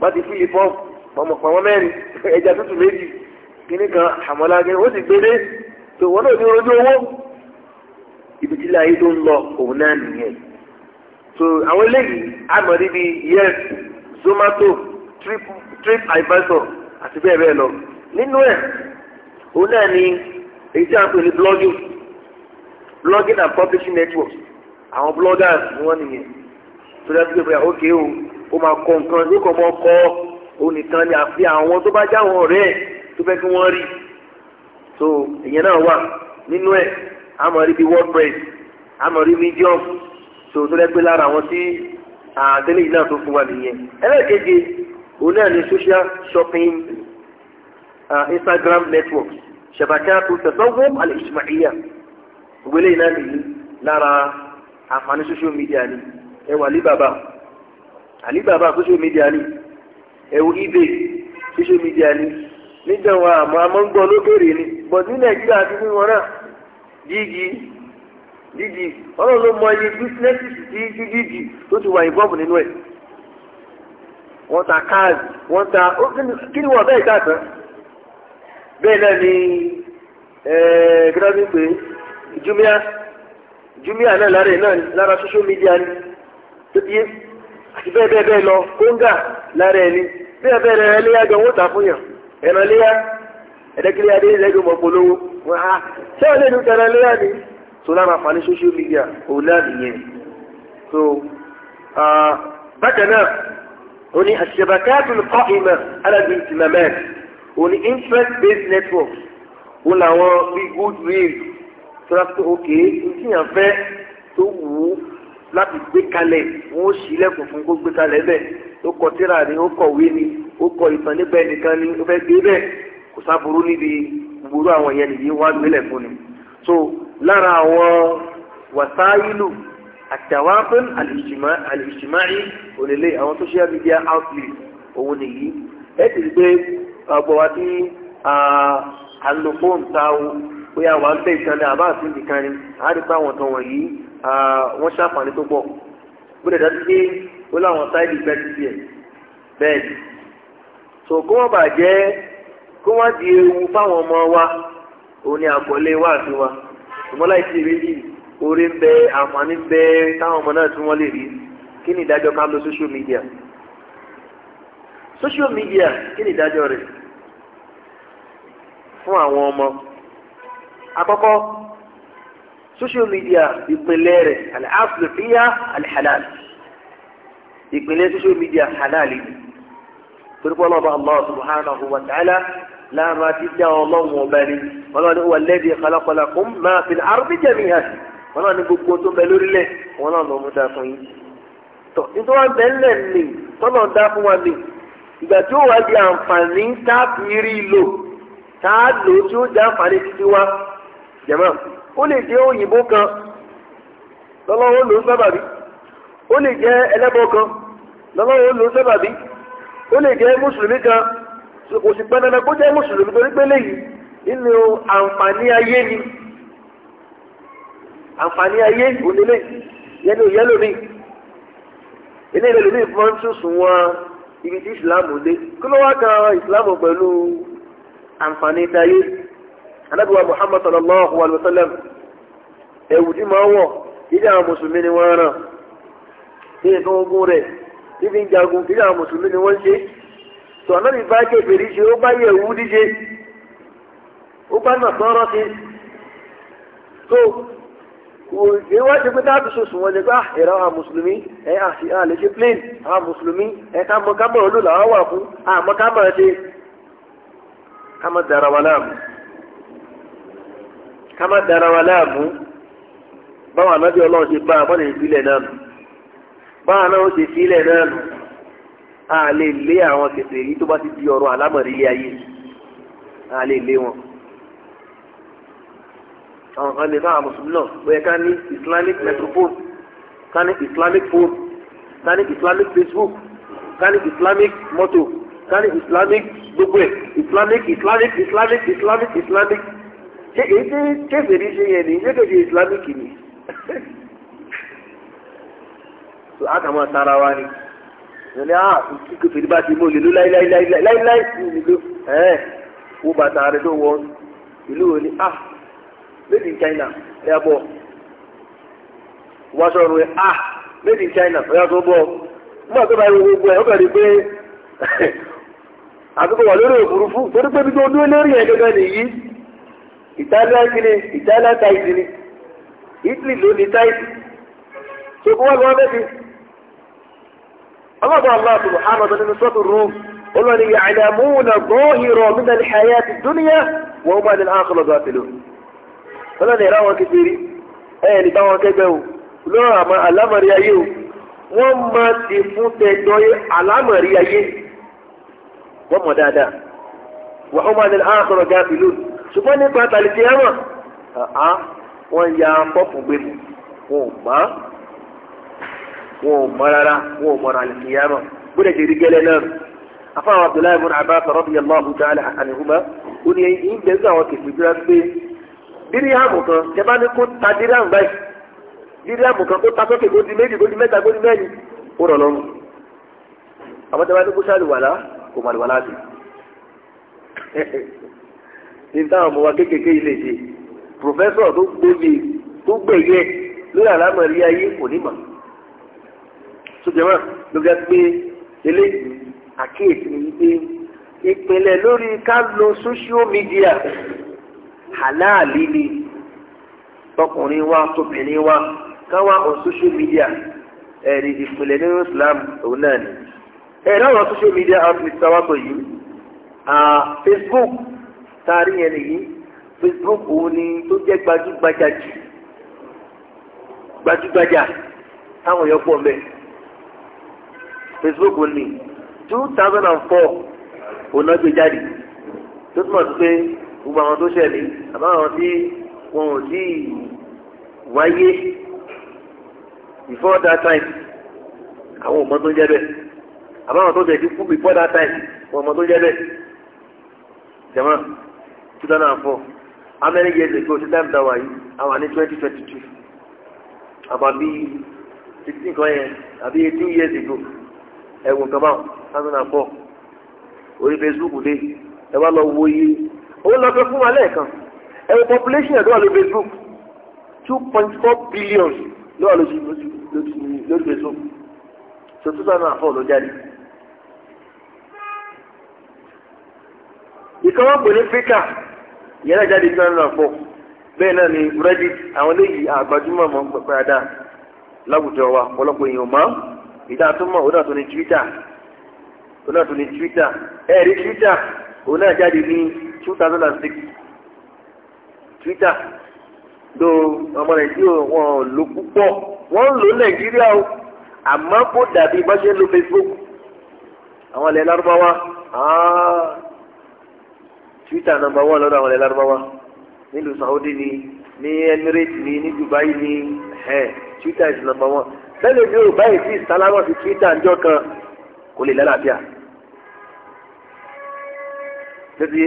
wọ́n ti fílì fọ́ọ̀mù pọ̀mọ̀ pọ̀mọ̀ mẹ́rin ẹja tútù méjì kíní kan àmọ́lágẹ́ ó sì gbélé tó wọ́n náà ní ojú owó ibi tí láyé tó ń lọ òun náà nìyẹn so àwọn eléyìí àmọ́rí bíi yes zomato trip trip advisor àti bẹ́ẹ̀ bẹ́ẹ̀ lọ nínú ẹ̀ òun náà ni èyí tí a ń pè ní blogging blogging and publishing networks àwọn bloggers ni wọ́n nìyẹn tó dájú pé bóyá ókè o ó máa kọ nǹkan ní kọ́ mọ́ onìkan ni àfi àwọn tó bá jáwọn ọ̀rẹ́ ẹ̀ tó fẹ́ kí wọ́n rí so ìyẹn náà wà nínú ẹ̀ àmọ́ rí wordpress àmọ́ medium so tó lẹ́gbẹ́ lára àwọn tí àtẹ́lẹ́ yìí náà tó fún wa nìyẹn ẹlẹ́ẹ̀kejì òun náà ni social shopping uh, Instagram networks ṣàbàkàtú tẹ̀sánwó alìsìmáìyà ìwélé náà nìyí lára àǹfààní social media ni ẹ wà ní bàbá alibaba social media ni ẹ̀wù ebay social media ni nígbà wọn àmọ́ amọ́ngbọ́n lókèrè ni but ní nàìjíríà ti fún wọn náà jíjí jíjí ọlọ́run ló mọ iye bísínẹ́sì tí jíjí tó ti wà ìbọ́ọ̀bù nínú ẹ̀ wọ́n ta káàdì wọ́n ta kí ni wọ́n bẹ́ẹ̀ ta tán bẹ́ẹ̀ náà ni gírọ́bì pé jumia jumia náà lára ẹ̀ náà lára social media ni tó ti àti bẹ́ẹ̀ bẹ́ẹ̀ bẹ́ẹ̀ lọ kóńgà lára ẹni bẹ́ẹ̀ bẹ́ẹ̀ rẹ̀ ẹlẹ́yà jọ wọ́n tà fún yàn ẹ̀ràn léyà ẹ̀dẹ́kẹ́lẹ́ adé ẹ̀dẹ́gbẹ́ mọ̀ polówó wọn á ṣé ọ̀lẹ́ ìlú tẹ̀rẹ̀ léyà ni so lára àǹfààní social media òun náà nìyẹn so bákan náà òun ni àṣẹbàkáàtù kọ́ ìmọ̀ alábi ìtìmọ̀mẹ́ òun ni interest based networks òun làwọn bíi goodwill tó rà pé ok n tíyàn fẹ́ tó wù ú láti gbé kalẹ̀ wọn ó ṣí lẹ́kùn fún kó gbé kalẹ̀ bẹ́ẹ̀ ó kọ tíra ni ó kọ wé ni ó kọ ìtàn níbẹ̀ nìkan ni ó fẹ́ gbé bẹ́ẹ̀ kò sáburú níbi gbogbo àwọn yẹn nìyí wá gbélẹ̀ fún ni. so lára àwọn wàsáìlù àtàwáfún àlìṣìmáì òlélẹ àwọn social media outlet òun nìyí ẹ ti rí pé ọgbọ wa tí àlùfóònù ta o bóyá wà ń bẹ ìkànnì àbá àti ìkànnì àádìpá àwọn ọ̀tọ̀ wọ̀nyí wọ́n ṣàǹfààní tó pọ̀ bó dẹ̀dá sí pé ó láwọn sáìdì bẹ́ẹ̀ ti tiẹ̀ bẹ́ẹ̀ ni so kó wọ́n bà jẹ́ kó wọ́n di ewu fáwọn ọmọ wa òun ni àkọlé wa àti wa ìmọ̀lá ìṣeré yìí orí ń bẹ àǹfààní ń bẹ táwọn ọmọ náà tí wọ́n lè rí kí ni ìdájọ́ ká lo social media social media kí ni ìdájọ́ rẹ̀ fún àwọn ọmọ àkọ́kọ́ social media ìpínlẹ̀ rẹ̀ al-aflifiyya al-halal ìpínlẹ̀ social media halal yìí torípọ̀ lọ́ba allah subhanahu wa ta'ala láàmú àti dá ọlọ́run ọba ni wọn náà ní wà lẹ́bi khalaqala fún máa fi arúgbó jẹ̀mí hàn wọn náà ní gbogbo tó bẹ lórílẹ̀ wọn náà lọ́ mú dá fún yín tọ́ nítorí wọn bẹ́ẹ̀ lẹ̀ ní tọ́lọ̀ dá fún wa ní ìgbà tí ó wà di àǹfààní táàpì rí lò táà lò tí ó jẹ́ àǹfààní títí wa jẹ̀mọ́ ó lè jẹ́ òyìnbó kan lọ́lọ́wọ́ ló ń sábàbí ó lè jẹ́ ẹlẹ́bọ kan lọ́lọ́wọ́ ló ń sábàbí ó lè jẹ́ mùsùlùmí kan kò sì pẹ́ dandan kó jẹ́ mùsùlùmí torí pé léyìí nínú àǹfààní ayé ni àǹfààní ayé onílé yẹnu yẹlò mi ilé ìlú mi fọ́n tún sùn wọn ibi tí ìsìlámù dé kí ló wá kan ìsìlámù pẹ̀lú àǹfààní tayé anabiwa muhammad sallallahu alayhi wa sallam ẹ̀wù tí máa wọ̀ ilé àwọn mùsùlùmí ni wọ́n rán bí nǹkan ogun rẹ̀ ibi ń jagun ilé àwọn mùsùlùmí ni wọ́n ṣe tó anabi bá kébèrè ṣe ó bá yẹ̀wù díje ó bá nà sọ́rọ́ sí tó ìwádìí pé dáàbò sọ sùn wọn ni pé ah, ẹ̀rọ àwọn mùsùlùmí ẹ̀ àti àlè ṣe plane àwọn mùsùlùmí ẹ̀ ká mọ ká mọ̀ olú làwọn wà fún àmọ́ ká mọ̀ ṣe ká mọ̀ dára wa láàmú ká má dara wa láàmú báwọn anábì ọlọ́run ṣe bá abọ́dé ìfilẹ̀ náà nù báwọn náà ó ṣe filẹ̀ náà nù a lè lé àwọn kẹsẹ̀ yìí tó bá ti di ọ̀rọ̀ alámọ̀rí ilé ayé a lè lé wọn. àwọn kan lè fún àwọn mùsùlùmí náà bóyá ká ní islamic metropole ká ní islamic phone ká ní islamic facebook ká ní islamic moto ká ní islamic gbogbo ẹ̀ islamic islamic islamic islamic islamic. islamic ṣé èyí tí kéfèrí ṣe yẹn ni ṣé kéfèrí islamic ni so a kà máa tara wa ni wọ́n ní ah tí kéfèrí bá ti mú olè ló ìlú ẹ̀ wọ́n bá tààrẹ tó wọ́n ìlú wo ni ah made in China ẹ̀ bọ̀ wọ́n sọ̀rọ̀ ah made in China ẹ̀ tó bọ̀ nígbà tó bá yẹ gbogbo ẹ̀ ó kàn ní pé àtúkọ̀ wà lórí òfurufú torí pé bí tó dúró lórí nìyí. Italian kini Italian tight ni Italy ló ní tight ṣùgbọ́n wọn lọ́wọ́ bẹ́ẹ̀ ọlọ́dọ̀ Allah subhanahu wa ta'ala nínú sọ́tù Rome olórí ya'lamuna zahiran min al-hayat ad-dunya wa hum 'an al-akhirati ghafilun olórí ìrà wọn kékeré ẹ̀yẹ nípa wọn kẹgbẹ́ o lọ́rọ̀ àmọ́ alámọ̀rí ayé o wọ́n máa ti fún tẹ̀jọ́ alámọ̀rí ayé wọ́n mọ̀ dáadáa wa hum 'an al-akhirati ghafilun ṣùgbọ́n nípa tàlìkì ẹ̀wọ̀n wọ́n ya pọ́pù gbẹ̀mù wọn ò mọ́ wọn ò mọ́ rárá wọn ò mọ́ tàlìkì ẹ̀wọ̀n bóde ti rí gẹ́lẹ́ náà afáwọn abdullahi ibn abbas radiyallahu ta'ala anhuma ó ní ẹ̀yìn bẹ́ẹ̀ sọ àwọn kìfì tó rẹ́ pé díríàmù kan tẹ bá ní kó ta díríàmù báyìí díríàmù kan kó ta sókè kó di méjì kó di mẹ́ta kó di mẹ́rin ó rọ̀ lọ́rùn àwọn tẹ bá ní kó sálùwàlá kò màlùwàlá sí ní táwọn ọmọ wa kéékèèké yìí lè ṣe pòfẹ́sọ̀ tó gbèbè tó gbèyẹ lórí àlámọ̀rí ayé kò ní mọ̀ sójúmọ́ ló ga pé eléyìí àkíyèsí ni wípé ìpìlẹ̀ lórí ká lo social media halali ni tọkùnrin wa tóbìnrin wa ká wá on social media ẹ̀rí ìpìlẹ̀ Islam òun náà ni ẹ̀rọ àwọn social media outlet sáwá sọ yìí Facebook taari yẹn nìyí facebook òun ni tó jẹ́ gbajúgbajà jù gbajúgbajà táwọn èèyàn pọ̀ mẹ́ facebook òun ni two thousand and four òun náà gbé jáde tó túmọ̀ sí pé gbogbo àwọn tó ṣẹlẹ̀ àbá àwọn tí wọn ò sí wáyé before that time àwọn ọmọ tó ń jẹ́ bẹ́ẹ̀ àbá àwọn tó ṣẹ̀ kú before that time wọn ọmọ tó ń jẹ́ bẹ́ẹ̀ jẹ́mọ́ two thousand four how many years ago ti time da wa yìí àwa ní twenty twenty two àwa bí sixteen kan yẹn àbí eighteen years ago ẹ̀wọ̀n kan báwọn two thousand four orí Facebook dé ẹ wá lọ wo iye ó lọ fẹ́ fún wa lẹ́ẹ̀kan ẹ̀wọ̀n population ẹ̀ ló wà lórí Facebook two point four billion ló wà lórí Facebook so two thousand four ló jáde. ìkànnì pè ní fíkà ìyẹn náà jáde tí wọ́n lọ pọ̀ bẹ́ẹ̀ náà ni reddit àwọn eléyìí àgbájúmọ̀ mọ́ pẹ̀pẹ́radà láwùjọ wa ọ̀pọ̀lọpọ̀ èèyàn mọ́ ìdá tó mọ̀ òun ní twitter òun náà ní twitter ẹ̀ẹ́dì twitter òun náà jáde ní two thousand and six twitter tó ọmọ nàìjíríà wọn ò lò púpọ̀ wọ́n ń lò nàìjíríà o àmọ́ kó dàbí bá ṣe ń lo facebook àwọn ilẹ̀ lárúbáwá ah, twitter nọ́mbà one lọ́dọ̀ àwọn ilẹ̀ Lárúbáwá nílùú Saudi ni ní Emirates ni ní Dubai ni ẹ̀ twitter is number one bẹ́ẹ̀ lóde ò báyìí tí ìsàlámọ̀ sí twitter ńjọ́ kan kò lè lálàáfíà tẹ́tí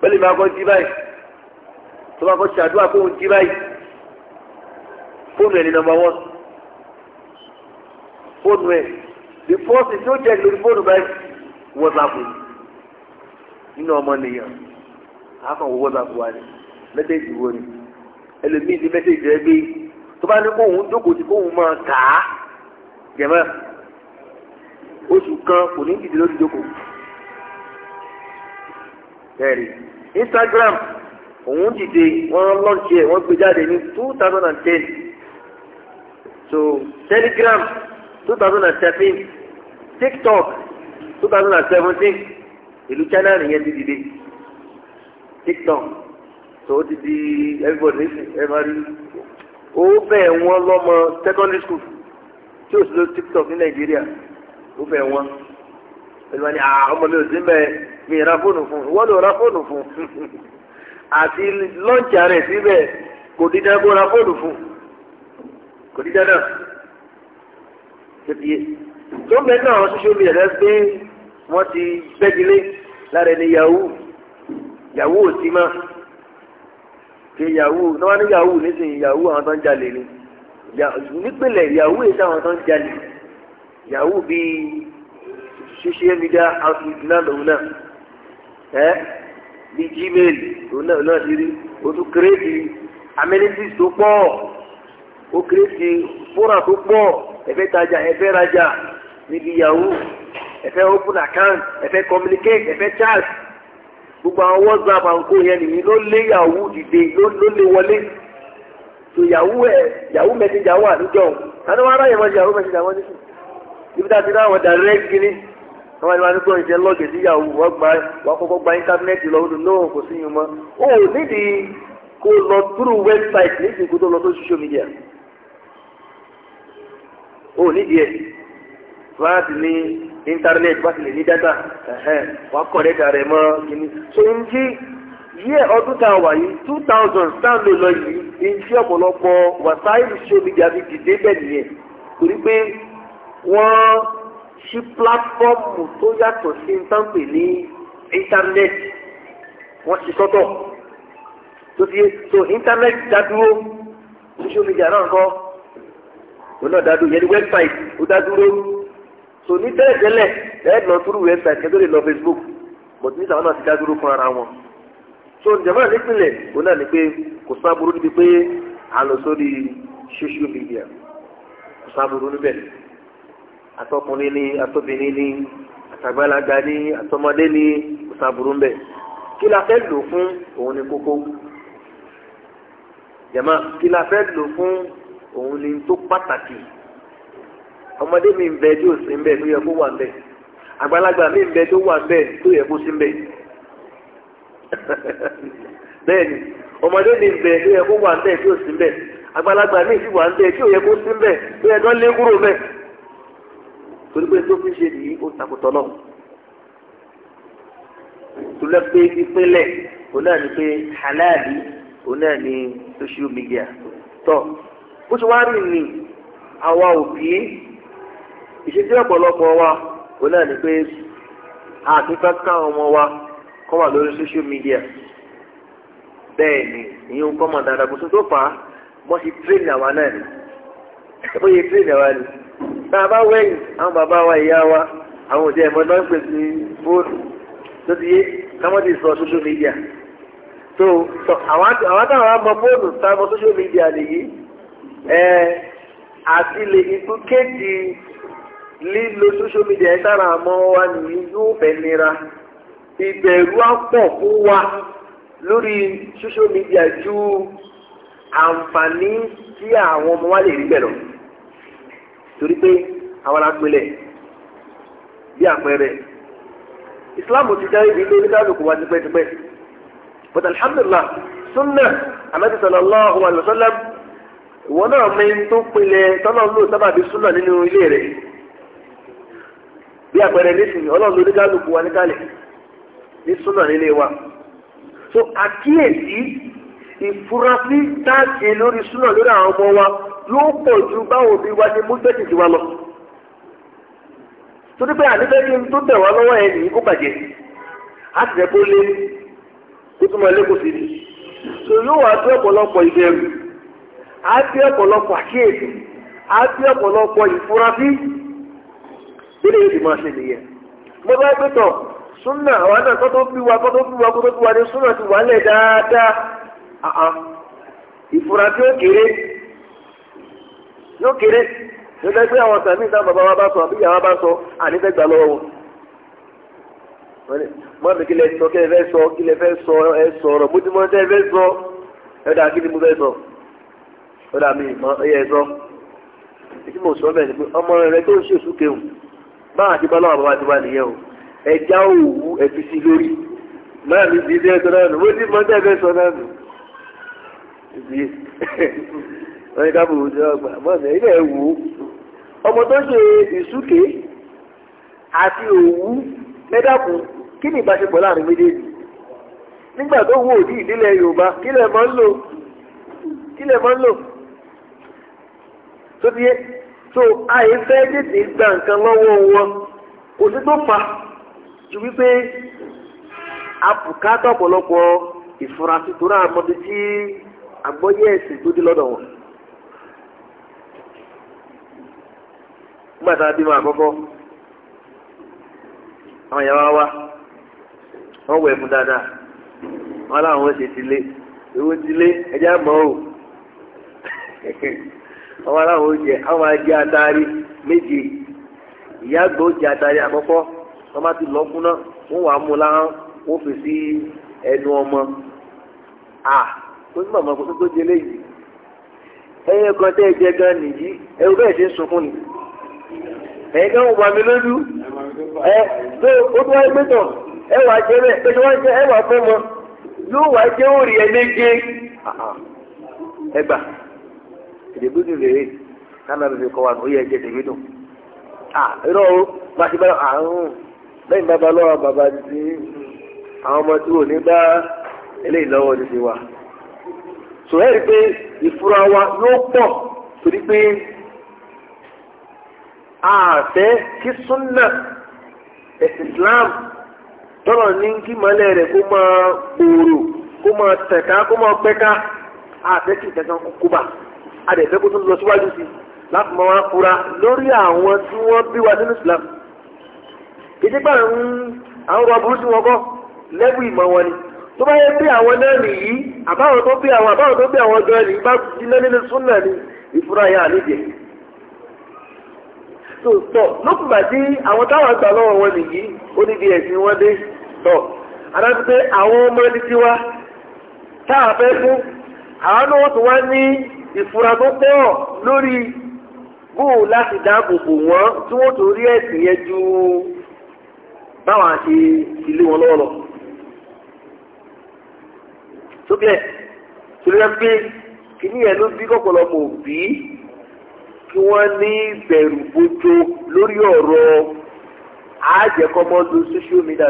pẹ́lú ìbá kọ́ jí báyìí tó bá kọ́ ṣàdúrà fóun jí báyìí fóònù ẹ̀ ní nọ́mbà one fóònù ẹ̀ the first thing tó jẹ́ lórí fóònù báyìí whatsapp yìí nínú ọmọ nìyàn a kàn wọ́n wọ́sàpù wa ni mẹ́tẹ́ẹ̀jì wo ni ẹlòmíì ti mẹ́tẹ́ẹ̀jì rẹ gbé tó bá ní kóhun jókòó tí kóhun máa kà á jẹ̀mọ́ oṣù kan kò ní dìde lórí jókòó bẹ́ẹ̀ni Instagram òun dìde wọ́n lọ́ọ̀ṣì ẹ̀ wọ́n gbé jáde ní two thousand and ten so Telegram two thousand and thirteen TikTok two thousand and seventeen ìlú China nìyẹn ti dìde TikTok tó ti di everybody everybody ó bẹ̀ wọ́n lọ́mọ secondary school tí ó sì lọ TikTok ní Nàìjíríà ó bẹ̀ wọ́n ìlúwa ni ọmọ mi ò sí mẹ́ mi ra fóònù fún un wọ́n lò ra fóònù fún un àti lọ́ọ̀jì rẹ̀ síbẹ̀ kò dídá kó ra fóònù fún un kò dídá náà tó ti yé tó ń bẹ náà social media rẹ gbé wọ́n ti bẹ́gilé lára ẹni yahoo yahoo ò sí mọ́ ṣe yahoo náà wọ́n ní yahoo nísìnyí yahoo àwọn tó ń jalè ni nípìnlẹ̀ yahoo èyí táwọn tó ń jalè yahoo bíi ṣíṣe mídíà outfit náà lòun náà ẹ bíi gmail lòun náà lọ́nà ti rí o tún kírètì amenities tó pọ̀ o kírètì fóra tó pọ̀ ẹ tajà ẹ rajà níbi yahoo ẹ fẹ́ open account ẹ fẹ́ communicate ẹ fẹ́ chat gbogbo àwọn whatsapp àǹkó yẹn nìyí ló lé yahoo dìde ló lé wọlé tó yahoo ẹ yahoo messenger wà níjọ òun àti wọn aráyè wọn yahoo messenger wọn nísìn ibi tá a ti náà wọn direct kiri àwọn ẹni wọn ní gbọ́dọ̀ ìṣẹ́ lọ́ọ̀gì sí yahoo wọn gba wọn kọ́kọ́ gba íńtánẹ́ẹ̀tì lọ́wọ́ náà kò sí yun mọ́ o nídìí kó lọ through website nídìí kó tó lọ tó social media o nídìí ẹ̀ fúláàtì ní. Internet bá ti lè ní dátà wà kọ̀ dẹ́ta rẹ̀ mọ́ kíní. so n jí yíyẹ ọdún tá a wà yìí two thousand tá a lò lọ yìí n jí ọ̀pọ̀lọpọ̀ wàsáìlì ṣòmídìí àti dìde bẹ́ẹ̀ nìyẹn torí pé wọ́n ṣí pílátífọ́ọ̀mù tó yàtọ̀ sí ìtànpè ní íńtánẹ́ẹ̀tì wọ́n ṣe sọ́tọ̀ tó ti so internet dádúró social media náà kọ́ òun náà dádúró yẹn ní wẹ́bsáìtì ó dádúró tò ní tẹ́lẹ̀tẹ́lẹ̀ lẹ́yìn lọ túrú website kẹ́tọ́ lè lọ facebook but ní sàwọn náà ti dádúró fún ara wọn. so ìjàmbá náà nípìnlẹ̀ òun náà ni pé kò sábúrú níbi pé à ń lọ sórí social media kò sábúrú níbẹ̀ àtọkùnrin ni àtọbìnrin ni àtàgbàlagbà ni àtọmọdé ni kò sábúrú níbẹ̀ kí la fẹ́ lò fún òun ni kókó jàmbá kí la fẹ́ lò fún òun ni tó pàtàkì ọmọdé mi ń bẹ tí ò sí ń bẹ tó yẹ kó wà ń bẹ àgbàlagbà mi ń bẹ tó wà ń bẹ tó yẹ kó sí ń bẹ bẹ́ẹ̀ni ọmọdé mi ń bẹ tó yẹ kó wà ń bẹ tó sí ń bẹ àgbàlagbà mi sì wà ń bẹ tí ò yẹ kó sí ń bẹ tó yẹ kó lé kúrò bẹ torí pé tó fi ṣe nìyí ó takùtọ̀ náà tó pé ìpínlẹ̀ òun náà ni pé halali òun náà ni social media tọ́ bó ti wá rìn ní àwa òbí ìṣesí ọ̀pọ̀lọpọ̀ wa òun náà ni pé àtúntà káwọn ọmọ wa kọ́ wà lórí social media bẹ́ẹ̀ ni ìyẹn kọ́ mọ̀ dáadáa kò tó tó fà á wọ́n ti tírèdì àwa náà ni ó yẹ tírèdì àwa ni tá a bá wẹ̀yìn àwọn bàbá wa ìyá wa àwọn òde ẹ̀mọ́ náà ń pè sí fóònù tó ti yé kámọ́tì sọ social media so àwọn táwọn àmọ́ fóònù táwọn social media nìyí ẹ̀ àti lè ikú kéèdì lílo social media ẹ̀ sára àmọ́ wa nìyí yóò fẹ́ nira ìbẹ̀rù á pọ̀ fún wa lórí social media ju àǹfààní tí àwọn ọmọ wa lè rí bẹ̀ lọ torí pé àwọn alágbélẹ̀ bí àpẹẹrẹ islam ti dá ibi ilé oníkálukú wa tipẹ́tipẹ́ but alhamdulilah sunna amadu sallallahu alayhi wa sallam ìwọ náà mi tó pinlẹ̀ tọ́lọ́ lò sábàbí sunna nínú ilé rẹ̀. bí àpẹẹrẹ nísìnyí ọlọ́run ló ní kálukú wa níkàlẹ̀ ní súnà wa so àkíyèsí ìfurasí táàkì lórí súnà lórí àwọn ọmọ wa yóò pọ̀ ju báwo bí wa ti wa lọ torí pé àníbẹ́ kí n tó tẹ̀ wá lọ́wọ́ ẹ̀ nìyí kó bàjẹ́ á ti rẹ̀ kó lé kó tún sí ni so yóò bí lè yìí máa ṣe nìyẹn mo bá gbé tọ̀ súnà àwọn náà kótó bí wa kótó bí wa kótó bí wa ní súnà ti wà lẹ̀ dáadáa àhán ìfura tí ó kéré yóò kéré yóò fẹ́ gbé àwọn sàmì ìta bàbá wa bá sọ àbí ìyá wa bá sọ ànífẹ́ gbà lọ́wọ́ wọn mọ mi kí lè sọ kí lè fẹ́ sọ kí lè fẹ́ sọ ẹ sọ̀rọ̀ bó ti mọ ẹ fẹ́ sọ ẹ dà kí ni mo fẹ́ sọ ẹ dà mí ẹ yẹ sọ èyí mo sọ bẹ́ẹ̀ ni pé ọmọ rẹ tó ń ṣèṣù kéwù báwọn àti bọ́lá bàbá ti wá nìyẹn o ẹja òwú ẹfi sí lórí máa mi ti dé ẹsọ náà nù mo ti mọ dé ẹfẹ sọ náà nù ìdí wọn ní káàbù òwúrọ̀ ọgbà mọ́ọ̀nà ilẹ̀ wò ó ọmọ tó ṣe ìsúkè àti òwú mẹ́dàkùn kí ni ìbáṣepọ̀ láàrin méjèèjì nígbà tó wò ní ìdílé yorùbá kí lè máa ń lò kí lè máa ń lò tó ti yé so àìfẹ́ tètè gba nǹkan lọ́wọ́ wọn kò sí tó fa ju wípé àbùkátà ọ̀pọ̀lọpọ̀ ìfurasí tó náà mọ́bi tí àgbọ́yé ẹ̀sìn tó dé lọ́dọ̀ wọn. gbàtà bímọ àkọ́kọ́ àwọn ìyàwó wa wọ́n wẹ̀ fún dáadáa wọ́n láwọn ṣe ti lé owó ti lé àwọn aráwọ̀ oúnjẹ àwọn ajé atari méje ìyá àgbà oúnjẹ atari àkọ́kọ́ wọ́n bá ti wọ́n mú fi sí ẹnu ọmọ à ó ní màmá kótó tó di kan tẹ́ ẹ jẹ gan nìyí ẹ bẹ́ẹ̀ ṣe ń ni kan wà mí lójú ẹ tó o tó ẹ jẹ ìdìbò dùn lè rè kánà mi fi kọ́ wa ó yẹ jẹ tèmi dùn à irọ́ o bá ti bá àrùn lẹ́yìn bàbá lọ́wọ́ bàbá ti àwọn ọmọ tí ò ní bá eléyìí lọ́wọ́ ti ti wa sọ̀rọ̀ rí pé ìfura wa yóò pọ̀ torí pé àfẹ́ kí súnà ẹ̀sìn Islam tọ́rọ̀ ní kí mọ́lẹ̀ rẹ̀ kó máa gbòòrò kó máa tẹ̀ka kó máa pẹ́ka àfẹ́ kí ìtẹ̀ka kó kó bá adẹ̀fẹ́ kó tó lọ síwájú sí láti mọ wọn fura lórí àwọn tí wọ́n bí wa nínú Islam kìí gbà ń àwọn ọba burúkú wọn kọ́ lẹ́bù ìmọ̀ wọn ni tó bá yẹ bí àwọn náà nìyí àbáwọn tó bí àwọn àbáwọn tó bí àwọn gan ni bá jiná nínú súnà ni ìfura yà nídìí tó tọ̀ lókùnbà tí àwọn táwọn gbà lọ́wọ́ wọn nìyí ó níbi ẹ̀sìn wọn dé tọ̀ adájú pé àwọn ọmọ ẹni tiwa táà fẹ́ fún àwọn náà wọ́n wá ní ìfura tó pọ̀ lórí bóò láti dáàbò bò wọ́n tí wọ́n tó rí ẹ̀sìn yẹn ju báwọn àti ilé wọn lọ́wọ́ lọ. sókè torí wọn pé kìíní yẹn ló bí kọ́pọ̀lọpọ̀ òbí kí wọ́n ní bẹ̀rù bójó lórí ọ̀rọ̀ àjẹkọ́mọ lo social media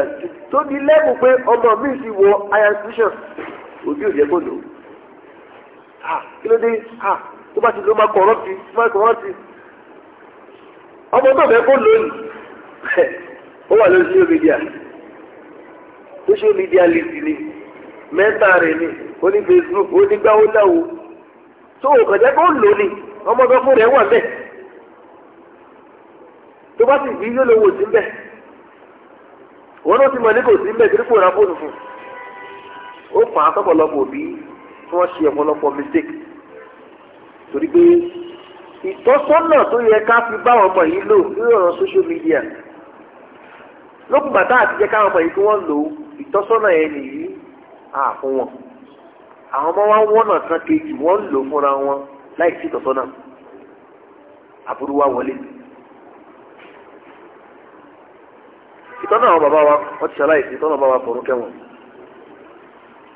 tó ní lẹ́bùn pé ọmọ mi ti wọ higher institution òbí ò jẹ́ kó lò ó. kí ló ọmọ tó kó lónìí ó wà lórí social media ni mẹ́ta rẹ̀ ni ó ní Facebook ó ní gbáwó tó o kọjá kó lónìí ọmọ tó fún rẹ̀ wà bẹ́ẹ̀ tó bá sì yóò sí ti mọ̀ ní kò sí tí wọ́n ṣe ọ̀pọ̀lọpọ̀ mistake torí pé ìtọ́sọ́nà tó yẹ ká fi bá ọmọ yìí lò lórí ọ̀rọ̀ social media lókùn bàtà àti jẹ́ káwọn ọmọ yìí kí wọ́n lò ó ìtọ́sọ́nà yẹn nìyí à fún wọn àwọn ọmọ wa wọ́nà kan kejì wọ́n ń lò fúnra wọn láì sí ìtọ́sọ́nà àbúrò wa wọlé ìtọ́nà àwọn bàbá wa wọ́n ti ṣàlàyé ìtọ́nà bàbá wa fọ̀rọ̀ kẹ́wọ̀n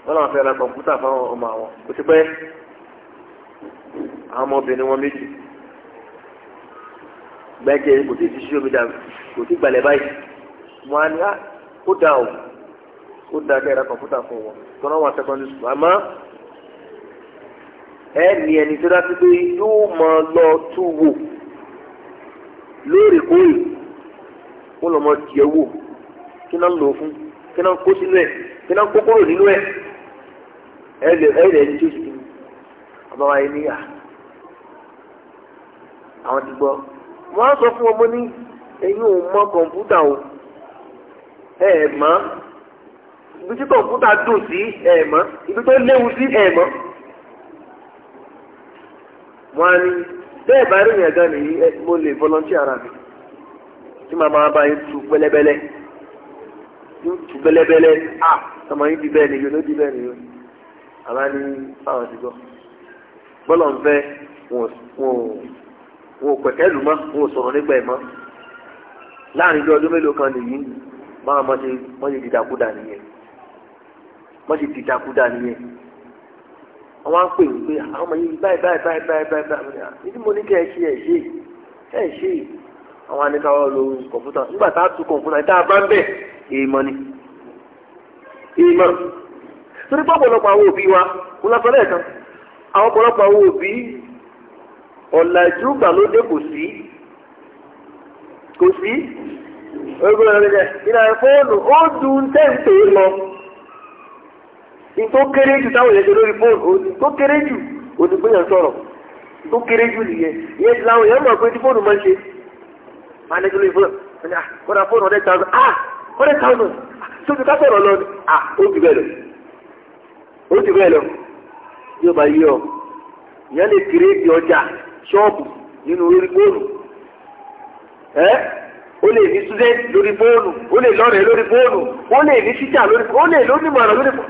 wọ́n làwọn fẹ́ ra kọ̀ǹpútà fáwọn ọmọ àwọn kò ti pẹ́ àwọn ọmọbìnrin wọn méjì gbẹ́jẹ́ kò tí ì ti ṣí omi dà kò tí ì gbalẹ̀ báyìí mo á ní á ah, ó da o ó da kẹ́ ra kọ̀ǹpútà fún wọn tọ́lá wọn secondary school àmọ́ ẹ ní ẹni tó dájú pé yóò máa lọ tún wò lóòrèkóòrè wọ́n lọ́ mọ tiẹ̀ wò kí náà lò ó fún kí náà kó sínú ẹ̀ kí náà kó kúrò nínú ẹ̀ ẹlẹ ẹlẹ ẹni tó yìí ọba wa yẹ níyà àwọn ti gbọ́ wọn á sọ fún ọmọ ní ẹ̀yin ò mọ kọ̀ǹpútà o ẹ ẹ mọ̀ ibi tí kọ̀ǹpútà dùn sí ẹ mọ̀ ibi tó léwu sí ẹ mọ̀ wọn á ní bá rí ìyẹn gan nìyí mo lè volunteer ara mi tí màá máa bá yín tu pẹ̀lẹ́pẹ̀lẹ́ tu pẹ̀lẹ́pẹ̀lẹ́ ah sọmọ yín di bẹ́ẹ̀ nìyí ló di bẹ́ẹ̀ nìyí àbá ní fáwọn ti gbọ́ bọ́lọ̀ ń fẹ́ wọn ò pẹ̀kẹ́ lù mọ́ wọn ò sọ̀rọ̀ nígbà ẹ̀ mọ́ láàrin bí ọdún mélòó kan nìyí báwọn mọ́ ṣe mọ́ ṣe dìdàkudà nìyẹn mọ́ ṣe dìdàkudà nìyẹn àwọn á pè wípé àwọn ọmọ yìí báyìí báyìí báyìí báyìí báyìí báyìí níbi mo ní kẹ́ ẹ ṣe ẹ ṣe ẹ ṣe àwọn anìkàwọ́ lo kọ̀ǹpútà nígbà tá a tu kọ̀ǹpútà tá a bá ń bẹ̀ èèmọ̀ ni èèmọ̀. torí pé àwọn òbí wa kò lọ sọ àwọn ọ̀pọ̀lọpọ̀ àwọn òbí ọ̀làjú gbàlódé kò sí kò sí ogun ẹ̀rẹ́dẹ̀ ìlànà fóònù ó dùn tẹ́ǹpé lọ kéré jù táwọn èèyàn lórí fóònù tó kéré jù sọ̀rọ̀ tó kéré jù nìyẹn ìyẹn ti láwọn èèyàn mọ̀ pé tí fóònù máa ń ṣe máa fóònù ó ti bẹ́ẹ̀ lọ yóò bá yí ọ ìyẹn lè kírètì ọjà ṣọ́ọ̀bù nínú orí fóònù ẹ ó lè ní student lórí fóònù ó lè lọ́rẹ̀ẹ́ lórí fóònù ó lè ní tíjà lórí fóònù ó lè lónìmọ̀ràn lórí fóònù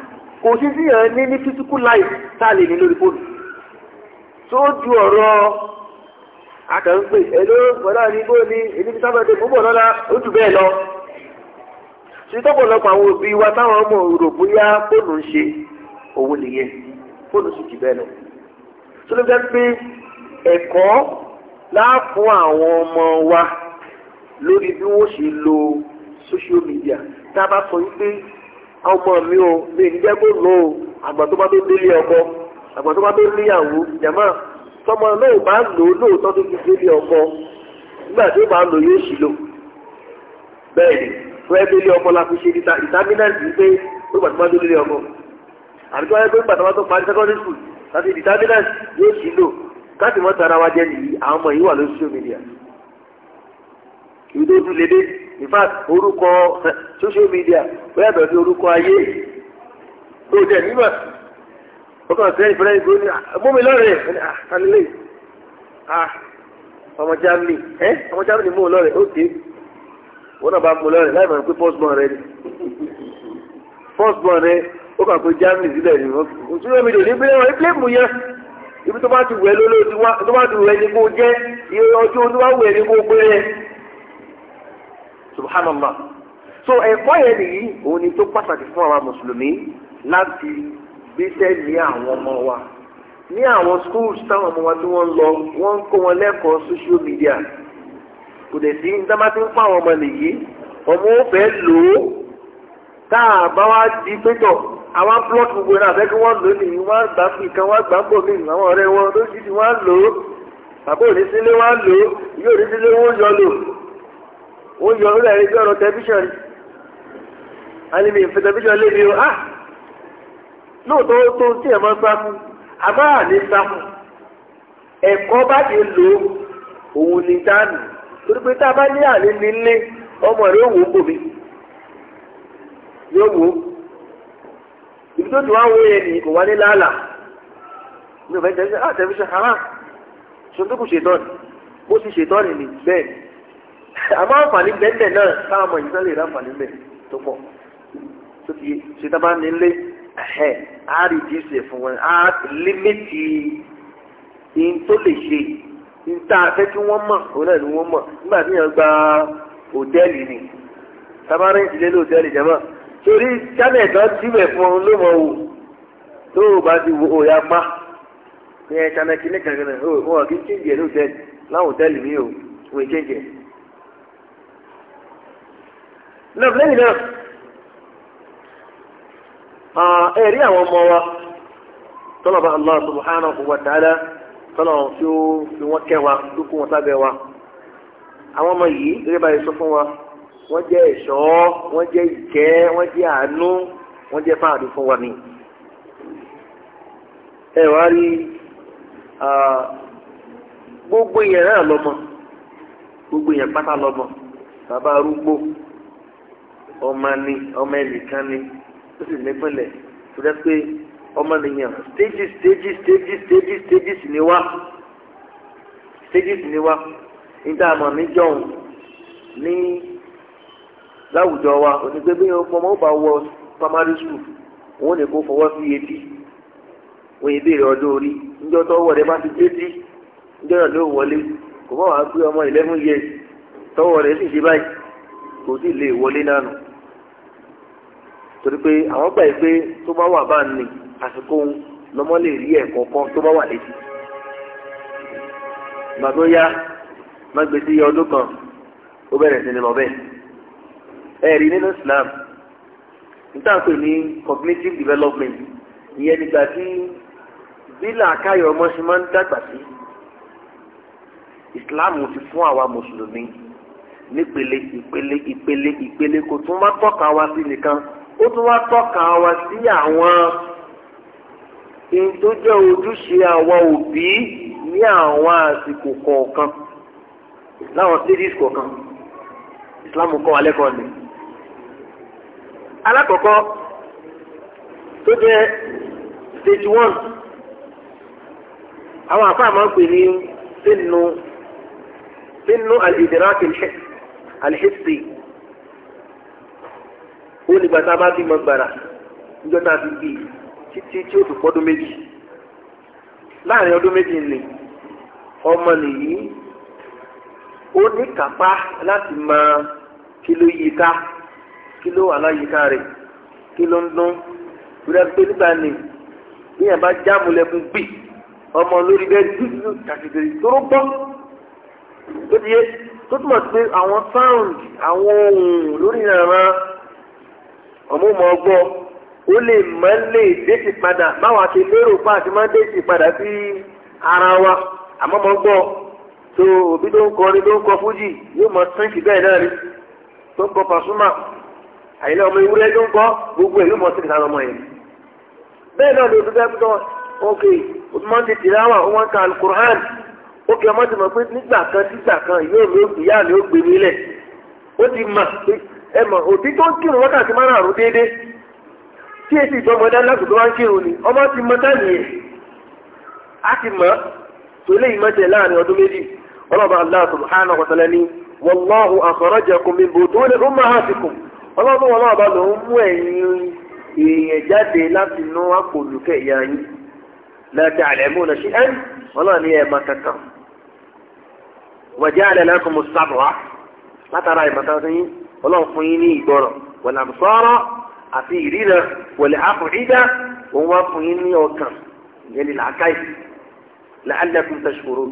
kò sí sí yẹn ní ní physical life tá a lè ní lórí fóònù tó ju ọ̀rọ̀ akànpè ẹ̀ló bọ̀dá ní bó ni èmi ti sábà dé púpọ̀ lọ́la ó jù bẹ́ẹ̀ lọ ṣùgbọ́n ọ̀pọ̀lọpọ̀ àwọn òbí wa táwọn ọmọ òrò bóyá fóònù ń ṣe owó lè yẹ fóònù sì jù bẹ́ẹ̀ lọ. tó ló jẹ́ pé ẹ̀kọ́ láàfún àwọn ọmọ wa lórí bí wọ́n ṣe lo social media tá a bá sọ wípé ọmọ mi ò lè ní jẹ́ kó lò ó àgbà tó bá tó délé ọkọ àgbà tó bá tó níyàwó jàmáà tọmọ náà bá lò ó lóòótọ́ tó fi délé ọkọ nígbà tí ó bá lò yóò ṣì lò bẹ́ẹ̀ ni fún ẹ́ délé ọkọ la fi ṣe ìtàmínà sí pé ó gbàdúrà délé ọkọ àbí tí wọ́n yẹ pé gbàtà wọn tó parí secondary school láti determinant yóò sì lò káàtì mọ́ tara wa jẹ́ nìyí àwọn ọmọ yìí wà lórí social media ìdó tún lédè in fact orúkọ eh, social media ó yàtọ̀ sí orúkọ ayé tó jẹ́ nígbà ó kàn sẹ́yìn fẹ́rẹ́ ìgbó ní ah, àmúmi lọ́rẹ̀ ẹ̀ àlélẹ́ ah, ah ọmọ germany ẹ eh, ọmọ germany mú un lọ́rẹ̀ ó dé wọn náà bá mú un lọ́rẹ̀ láì mọ̀ pé first born rẹ ni first born rẹ ó kà pé germany sílẹ̀ ni wọ́n òṣùwọ̀n mi lè ní bí wọ́n ilé mú yẹn ibi tó bá ti wẹ̀ ló ló ti wá tó bá ti wẹ̀ ni kò jẹ́ iye ọjọ́ tó bá wẹ̀ ni kò gbé yẹn subhanallah so ẹ̀kọ́ yẹn nìyí òun ni tó pàtàkì fún àwa mùsùlùmí láti gbéṣẹ́ ní àwọn ọmọ wa ní àwọn schools táwọn ọmọ wa tí wọ́n ń lọ wọ́n ń kó wọn lẹ́kọ̀ọ́ social media kò dẹ̀ sí ní dábàá tí ń pa àwọn ọmọ nìyí ọmọ ó fẹ́ lò ó tá a bá wá di pétọ̀ àwọn plot gbogbo náà fẹ́ kí wọ́n lò ní wọ́n gbà fi kan wọ́n gbà ń bọ̀ mí àwọn ọ̀rẹ́ wọn lójijì wọ́n lò ó bàbá òní sílé wọ́n lò ó ìyá òní sílé wọ́n yọ lò ó yọ ó lẹ́rìí bí ọ̀rọ̀ tẹlifíṣàn alimi tẹlifíṣàn lé mi o ah lóòótọ́ tó tí ẹ̀ máa ń sáfù àbá àní sáfù ẹ̀kọ́ bá ti lò ó òun ni dánù torí pé tá a bá ní àní nílé ọmọ rẹ̀ ó wò ó ibi tó dùn àwọn yẹn ni kò wá ní làálà mi ò fẹ́ tẹ́lifíṣẹ́ ah tẹ́lifíṣẹ́ haram ṣe tó kù ṣètọ́ni bó ti ṣètọ́ni ni bẹ́ẹ̀ àmọ́ àǹfààní bẹ́ẹ̀ náà táwọn ọmọ ìṣẹ́ lè rà àǹfààní bẹ́ẹ̀ tó pọ̀ tó ti ṣètọ́ bá ní lé ẹ̀hẹ́ á rí jíṣe fún wọn á límítì ihun tó lè ṣe ihun tá a fẹ́ kí wọ́n mọ̀ òun náà ni wọ́n mọ̀ nígbà tí yẹn gba hòtẹ́ẹ̀lì ni tábàárẹ̀ ìdílé lóòtẹ́ẹ̀lì jẹ́ mọ́ torí channel kan síbẹ̀ fún ọ ló mọ̀ wò o bá ti wo òyà pa ní ẹ channel kìíní kankan náà o wọn kì í change ẹ ní hòtẹ́ẹ̀lì láwọn hòtẹ́ẹ̀lì mi ò wọ́n change lẹ́yìn náà ẹ rí wa Allah subhanahu wa ta'ala tọ́lọ̀ tí wọ́n kẹ́ wa tó yi wọn sábẹ́ wa wọ́n jẹ́ ẹ̀ṣọ́ wọ́n jẹ́ ìkẹ́ wọ́n jẹ́ àánú wọ́n jẹ́ fáàrí fún wa ni. ẹ wá rí gbogbo èèyàn náà lọ́mọ gbogbo èèyàn pátá lọ́mọ bàbá arúgbó ọmọ ni ọmọ ẹnìkan ni ó sì nípìnlẹ̀ tó dẹ́ pé ọmọ nìyẹn stages stages stages stages stages ni wá stages ni wá nígbà àmọ́ níjọ́ ní. láwùjọ wa onígbé bí ọmọ ọba wọ primary school òun lè kó fọwọ́ sí etí òun ìbéèrè ọdún orí níjọ́ tó wọ̀ rẹ bá ti dé sí níjọ́ náà ló wọlé kò má wàá pé ọmọ eleven years tọwọ́ rẹ sì ṣe báyìí kò sì lè wọlé nánu torí pé àwọn gbà yìí pé tó bá wà bá ń nì àsìkò lọmọ lè rí ẹ̀kọ́ kan tó bá wà létí ìgbà yá má gbèsè ọdún kan ó bẹ̀rẹ̀ sí bẹ́ẹ̀ ẹ̀rí nínú Islam níta pè ní cognitive development ìyẹn nígbà tí bí làákàyọ̀ ọmọ ṣe máa ń dàgbà sí Islam ti fún àwa mùsùlùmí nípele ìpele ìpele ìpele kò tún wá tọ́ka wa sí nìkan ó tún wá tọ́ka wa sí àwọn tó jẹ́ ojúṣe àwa òbí ní àwọn àsìkò kọ̀ọ̀kan láwọn stages kọ̀ọ̀kan Islam kọ́ wa lẹ́kọ̀ọ́ nìyí alákọ̀ọ́kọ́ tó jẹ́ stage one àwọn àfáà máa ń pè ní sínú sínú al-idraki al-hissi ó nígbà tá a bá bímọ gbàrà níjọ́ tá a fi bì títí tí ó fi pọ́dún méjì láàrin ọdún méjì ni ọmọ nìyí ó ní kápá láti máa kí ló yí ká kilo ló wà láyìíká rẹ̀ kí ń dún rẹ̀ pé nígbà ni níyàn bá jáàmù lẹ́kùn gbì ọmọ lórí bẹ́ẹ̀ dúdú kàkìtìrì tó ló gbọ́ tó ti yé tó túmọ̀ sí pé àwọn sound àwọn ohun lórí ìrànlá ọmọ ọmọ ọgbọ́ ó lè má lè déètì padà báwa ti lérò pa àti má déètì padà sí ara wa àmọ́ ọmọ ọgbọ́ tó òbí ló ń kọrin ló ń kọ fújì yóò mọ sínkì bẹ́ẹ̀ náà rí tó ń kọ pàṣúmà àyìnlá ọmọ ewúrẹ́ ló ń gbọ́ gbogbo ẹ̀ ló mọ̀ síbi sára ọmọ yẹn. bẹ́ẹ̀ náà ló dúdú ẹgbẹ́ ok ọmọdé ti ráwà ó wọ́n ka alukur'an ok ọmọdé mọ̀ pé nígbà kan sígbà kan yóò ló ìyá mi ó gbé mi lẹ̀ ó ti mà ẹ mọ̀ òbí tó ń kírun wákàtí márùn àrùn déédéé tí èsì ìjọmọdé alágbègbè wá ń kírun ni ọmọ ti mọ táyì yẹn á ti mọ̀ tòlé ìmọ̀jẹ̀ láàrin ọdún méjì ọlọ́ba aláàtúmọ̀ hánà kọ̀tàlẹ́ni wọ́n lọ́hùn àkọ́rọ́jẹ̀kùn mi bò tó lè ó máa hàn sí ọlọ́run wọn náà bá lọ ń mú ẹ̀yin èèyàn jáde láti nú àpòlùkẹ́ ìyá yín láti àlẹ́mú náà ṣe ẹ́n wọn náà ní ẹ̀ma kankan wọ̀jẹ́ àlẹ́ lẹ́kùn mu sábà látara ìmọ̀ta sí yín ọlọ́run fún yín ní ìgbọràn wọ̀lá sọ́rọ̀ àti ìríra wọ̀lẹ̀ àfòrídà òun wá fún yín ní ọkàn ìyẹn ní làákàyè làálẹ́kùn tẹ̀sùkúrò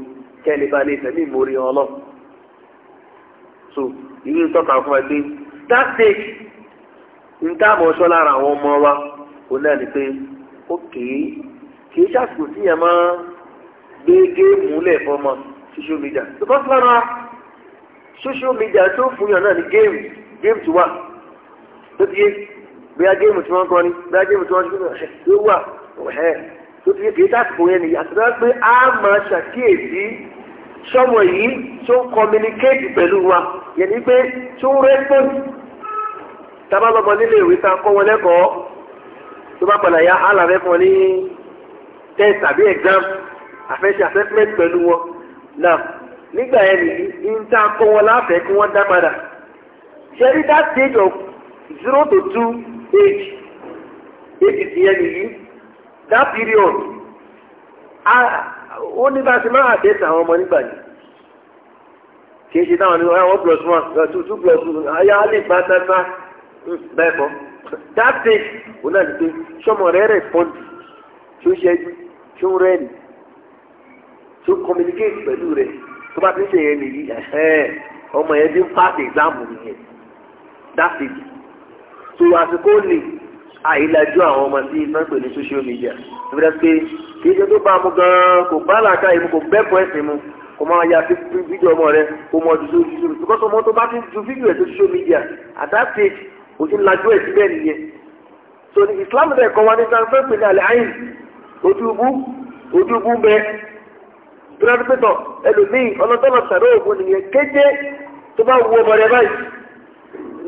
kẹ́lẹ́ bá lè ìmórí ọlọ́ tactic nta dáàbọ̀ sọ lára àwọn ọmọ wa ó náà ni pé ó kéé kìí ṣàkóso tí yẹn máa gbé géèmù lẹ̀ fọmọ social media because lára social tó fún náà ni géèmù géèmù ti wà tó ti yé bóyá géèmù tí wọ́n kọ́ ni bóyá géèmù tí wọ́n ti gbé tó wà tó ti yé kìí yẹn ni sọ́mọ yìí tó ń communicate pẹ̀lú wa yẹni pé tó ń respond tábà lọ́mọ nílé ìwé tá a kọ́ wọn lẹ́kọ̀ọ́ tó bá padà ya alàrẹ fún ọ ní test àbí exam àfẹ́ṣe assessment pẹ̀lú wọn náà nígbà yẹn nìyí ń tá kọ́ wọn láàfẹ́ kí wọ́n dá padà ṣẹ́rí that stage of zero to two age age ti yẹn nìyí that period. Ah, ó ní bá a ti máa àdéhùn àwọn ọmọ nígbà yìí kì í ṣe táwọn ní one plus one uh, two two plus two ayé á lè bẹ́ẹ̀ kọ́ that thing òun náà ní pé sọmọ rẹ rẹ pọ́ǹdì tí ó ṣẹ́jú tí ó rẹ́ẹ̀nì tí ó communicate pẹ̀lú rẹ̀ tó bá ti ń ṣe yẹn nìyí ọmọ yẹn ti ń pass exam nìyẹn that thing so àsìkò lè àìlàjú àwọn ọmọ sí ìfẹ́ pẹ̀lú social media tó bẹ́ẹ̀ pé kì í ṣe tó bá mu gan-an kò bá làákà yìí mu kò bẹ́ẹ̀kọ́ ẹ̀sìn mu kò máa ya sí fídíò ọmọ rẹ kò mọ ju sóṣù because ọmọ tó bá ti ju fídíò ẹ̀ tó social media at that stage kò ti lajú ẹ̀ síbẹ̀ nìyẹn so ní Islam rẹ̀ kọ́ wa ní sanfẹ́ pẹ̀lú àlẹ́ àyìn ojúbú ojúbú bẹ pírẹ́sìpẹ̀tọ̀ ẹlòmíì ọlọ́tọ́lọ́ sàrẹ́ ògùn nìyẹn kéde tó bá wọ ọmọ rẹ báyìí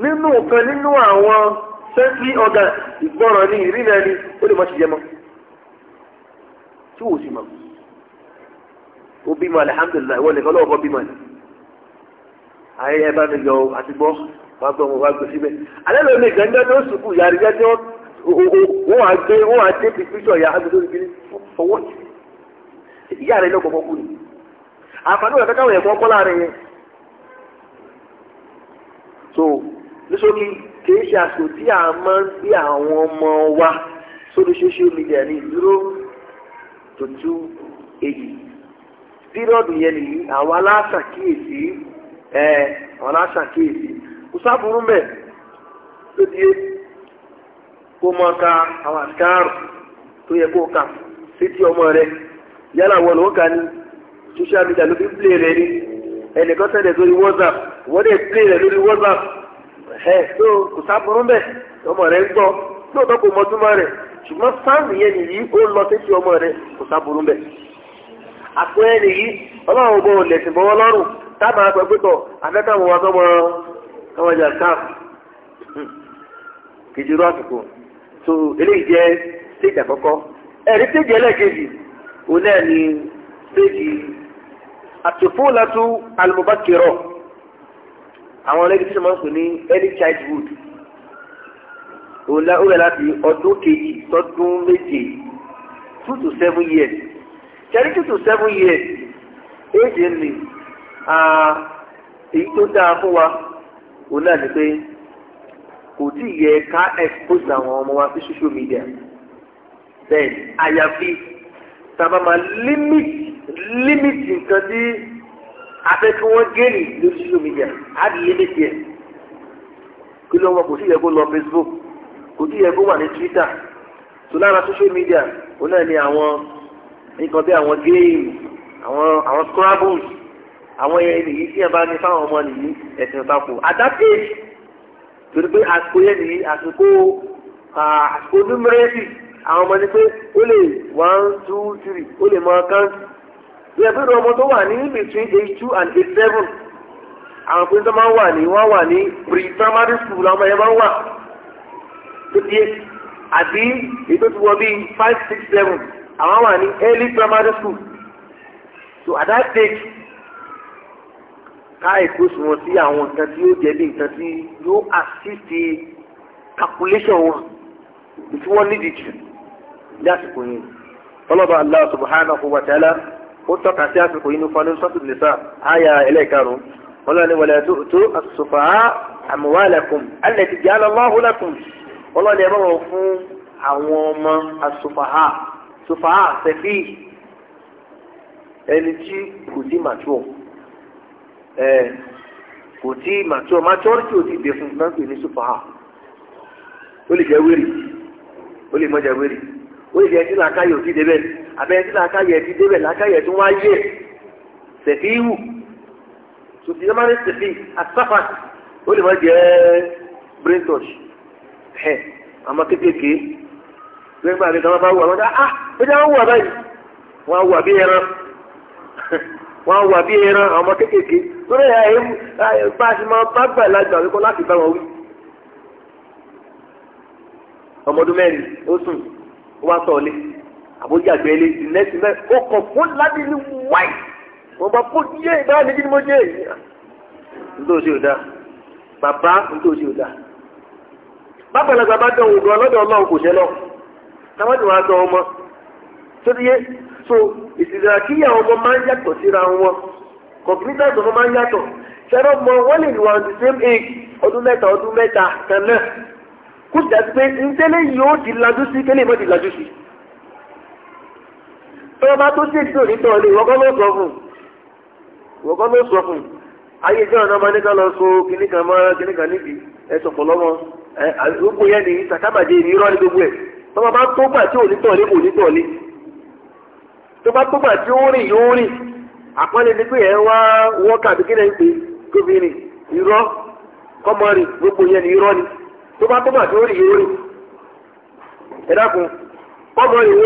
nínú kan nínú àwọn sẹ́ńtì ọ̀gá ìgbọràn ní ìrìnà ni tí wò sí ma ó bímọ alihamudulilayi wọ́n nìkan lọ́wọ́ bọ́ bímọ ni ayé ẹ bá mi yọ àti gbọ́ wá gbọ́ wọn wá gbé síbẹ̀ alẹ́ lómi gẹ́gẹ́ ní oṣù kù yàrá yẹn tí wọ́n wọ́n á gbé wọ́n á gbé pípísọ̀ yà ágbé lórí kiri fọwọ́ tì ìyá rẹ̀ lọ́kọ̀ọ́kọ́ kú ni àǹfààní rẹ̀ kẹ́kẹ́ àwọn ẹ̀kọ́ kọ́ láàrin so nítorí kì í ṣe àsòtí à máa àwọn ọmọ wa sórí social media ní ìdúró to two èyí pírọ̀dù yẹn nìyí àwọn aláṣàkíyèsí ẹ àwọn aláṣàkíyèsí kò sábúrú mẹ ló di kó mọ ka àwọn àtikáàrù tó yẹ kó kà sétí ọmọ rẹ yálà wọn ló kà ní social media ló fi ń play rẹ ní ẹnìkan sẹ́dẹ̀ lórí WhatsApp wọ́n dẹ̀ play rẹ lórí WhatsApp ẹ̀ tó kò sábúrú mẹ ọmọ rẹ ń gbọ́ lóòótọ́ kò mọ túmọ̀ rẹ̀. ṣùgbọ́n sáàmù yẹn nìyí ó lọ sétí ọmọ rẹ kò sábúrú mbẹ àpò ẹ nìyí ọlọ́run bò lẹ̀sìn bọ́wọ́ lọ́rùn tábà pẹ̀ pẹ́tọ̀ afẹ́kàwọn wa tọmọ kọmọjà sáf kejìlú àsìkò tó eléyìí jẹ́ stéèjì àkọ́kọ́ ẹ̀rí stéèjì ẹlẹ́ẹ̀kejì òun náà ni stéèjì àtòfóòlàtú àwọn tí wọ́n máa ń pè ní early childhood òǹlà ó rẹ̀ láti ọdún kejì sọ́dún méje two to seven years ṣẹ́rí two to seven years éèdè ni èyí tó dáa fún wa òun náà ni pé kò tí ì yẹ ká expose àwọn ọmọ wa sí social media bẹ́ẹ̀ àyàfi tàbá máa limit limit nǹkan tí afẹ́ kí wọ́n gẹ́nì lórí social media á di limit yẹn kí ló ń wọ kò sí yẹ kó lọ Facebook kò yẹ kó wà ní twitter tó lára social media ó náà ní àwọn nǹkan bí àwọn géèmù àwọn àwọn scrabbles àwọn yẹn nìyí tí ẹ bá ní fáwọn ọmọ nìyí ẹ̀sìn ìtakò adaptive torí pé àsìkò yẹn nìyí àsìkò àsìkò numerasi àwọn ọmọ ni pé ó lè one two three ó lè máa káńtì bí ẹgbẹ́ ìrọ̀ ọmọ tó wà ní between age two and age seven àwọn pé tó máa ń wà ní wọ́n wà ní pre primary school àwọn ọmọ yẹn máa ń wà tó díẹ̀ àbí ètò ti wọ bíi five six àwọn wà ní early primary school so at that stage ká èkó sùn wọn sí àwọn nǹkan tí yóò jẹ́ bí nǹkan tí yóò assist calculation wọn tí wọ́n nídìí jù lásìkò yìí ọlọ́ba Allah subhanahu wa ta'ala ó tọ́ka sí àsìkò yìí ní fanu sọ́tún nìsa àyà ẹlẹ́ẹ̀karùn-ún wọn lọ́ni wala tu'tu as-sufaha'a amwalakum allati ja'ala Allahu lakum ọlọ́ni ẹ bọ̀wọ̀ fún àwọn ọmọ asòfàhà sòfàhà sẹ́fì ẹni tí kò tí màtúọ̀ ẹ kò tí màtúọ̀ màtúọ̀rìtì ò ti dé fún náà pè ní sòfàhà ó lè jẹ́ wèrè ó lè mọ́jà wèrè ó lè jẹ́ ẹtí làákàyè ò ti débẹ̀ àbẹ́ ẹtí làákàyè ti débẹ̀ làákàyè tó wá yé sẹ̀fì wù sòfì ẹ má ní sẹ̀fì asáfà ó lè mọ́ jẹ́ brain touch. ẹ̀ àmọ́ kékèké bá wù àwọn ah ó àwọn wù àbáyé wọ́n wù àbí ẹran wù àbí ẹran àwọn ọmọ lórí bá a ṣe máa bá gbà láti bá wọn wí. ó sùn ó wá kọ̀ fún ní wáì bá fún yé ni mo jẹ́ èyí. bábàlàgbà bá dán ògùn ọlọ́dọ̀ ọlọ́run kò jẹ́ lọ tábàdùn wa dán ọmọ sódíyé so ìsìlára kíyà ọmọ máa ń yàtọ̀ síra wọn kọ̀mpútà ọmọ máa ń yàtọ̀ sẹ́rọ̀ mọ wọ́n lè wà the same age ọdún mẹ́ta ọdún mẹ́ta kan náà kó sì dájú pé ntẹ́lẹ̀ di lajú sí kẹ́lẹ́ ìmọ̀ di lajú sí. tọ́wọ́ bá tó sí èsì ònítọ́ ọ̀lẹ́ ìwọ́kọ́ ló sọ fún ló sọ fún ayé gbogbo yẹn n'i sàkàbàjẹ́ ìní ní gbogbo ẹ̀ tọ́ba bá tó gbà tí ò ní tọ̀lé kò ní tọ̀lé tó bá tó gbà tí ó rìn yóò rìn àpọ́nlé ni pé wá wọ́ọ̀kà bí lẹ́yìn pé rìn kọ́mọ rìn gbogbo yẹn ni tó bá tó gbà tí ó rìn yóò rìn ẹ dákun kọ́mọ rìn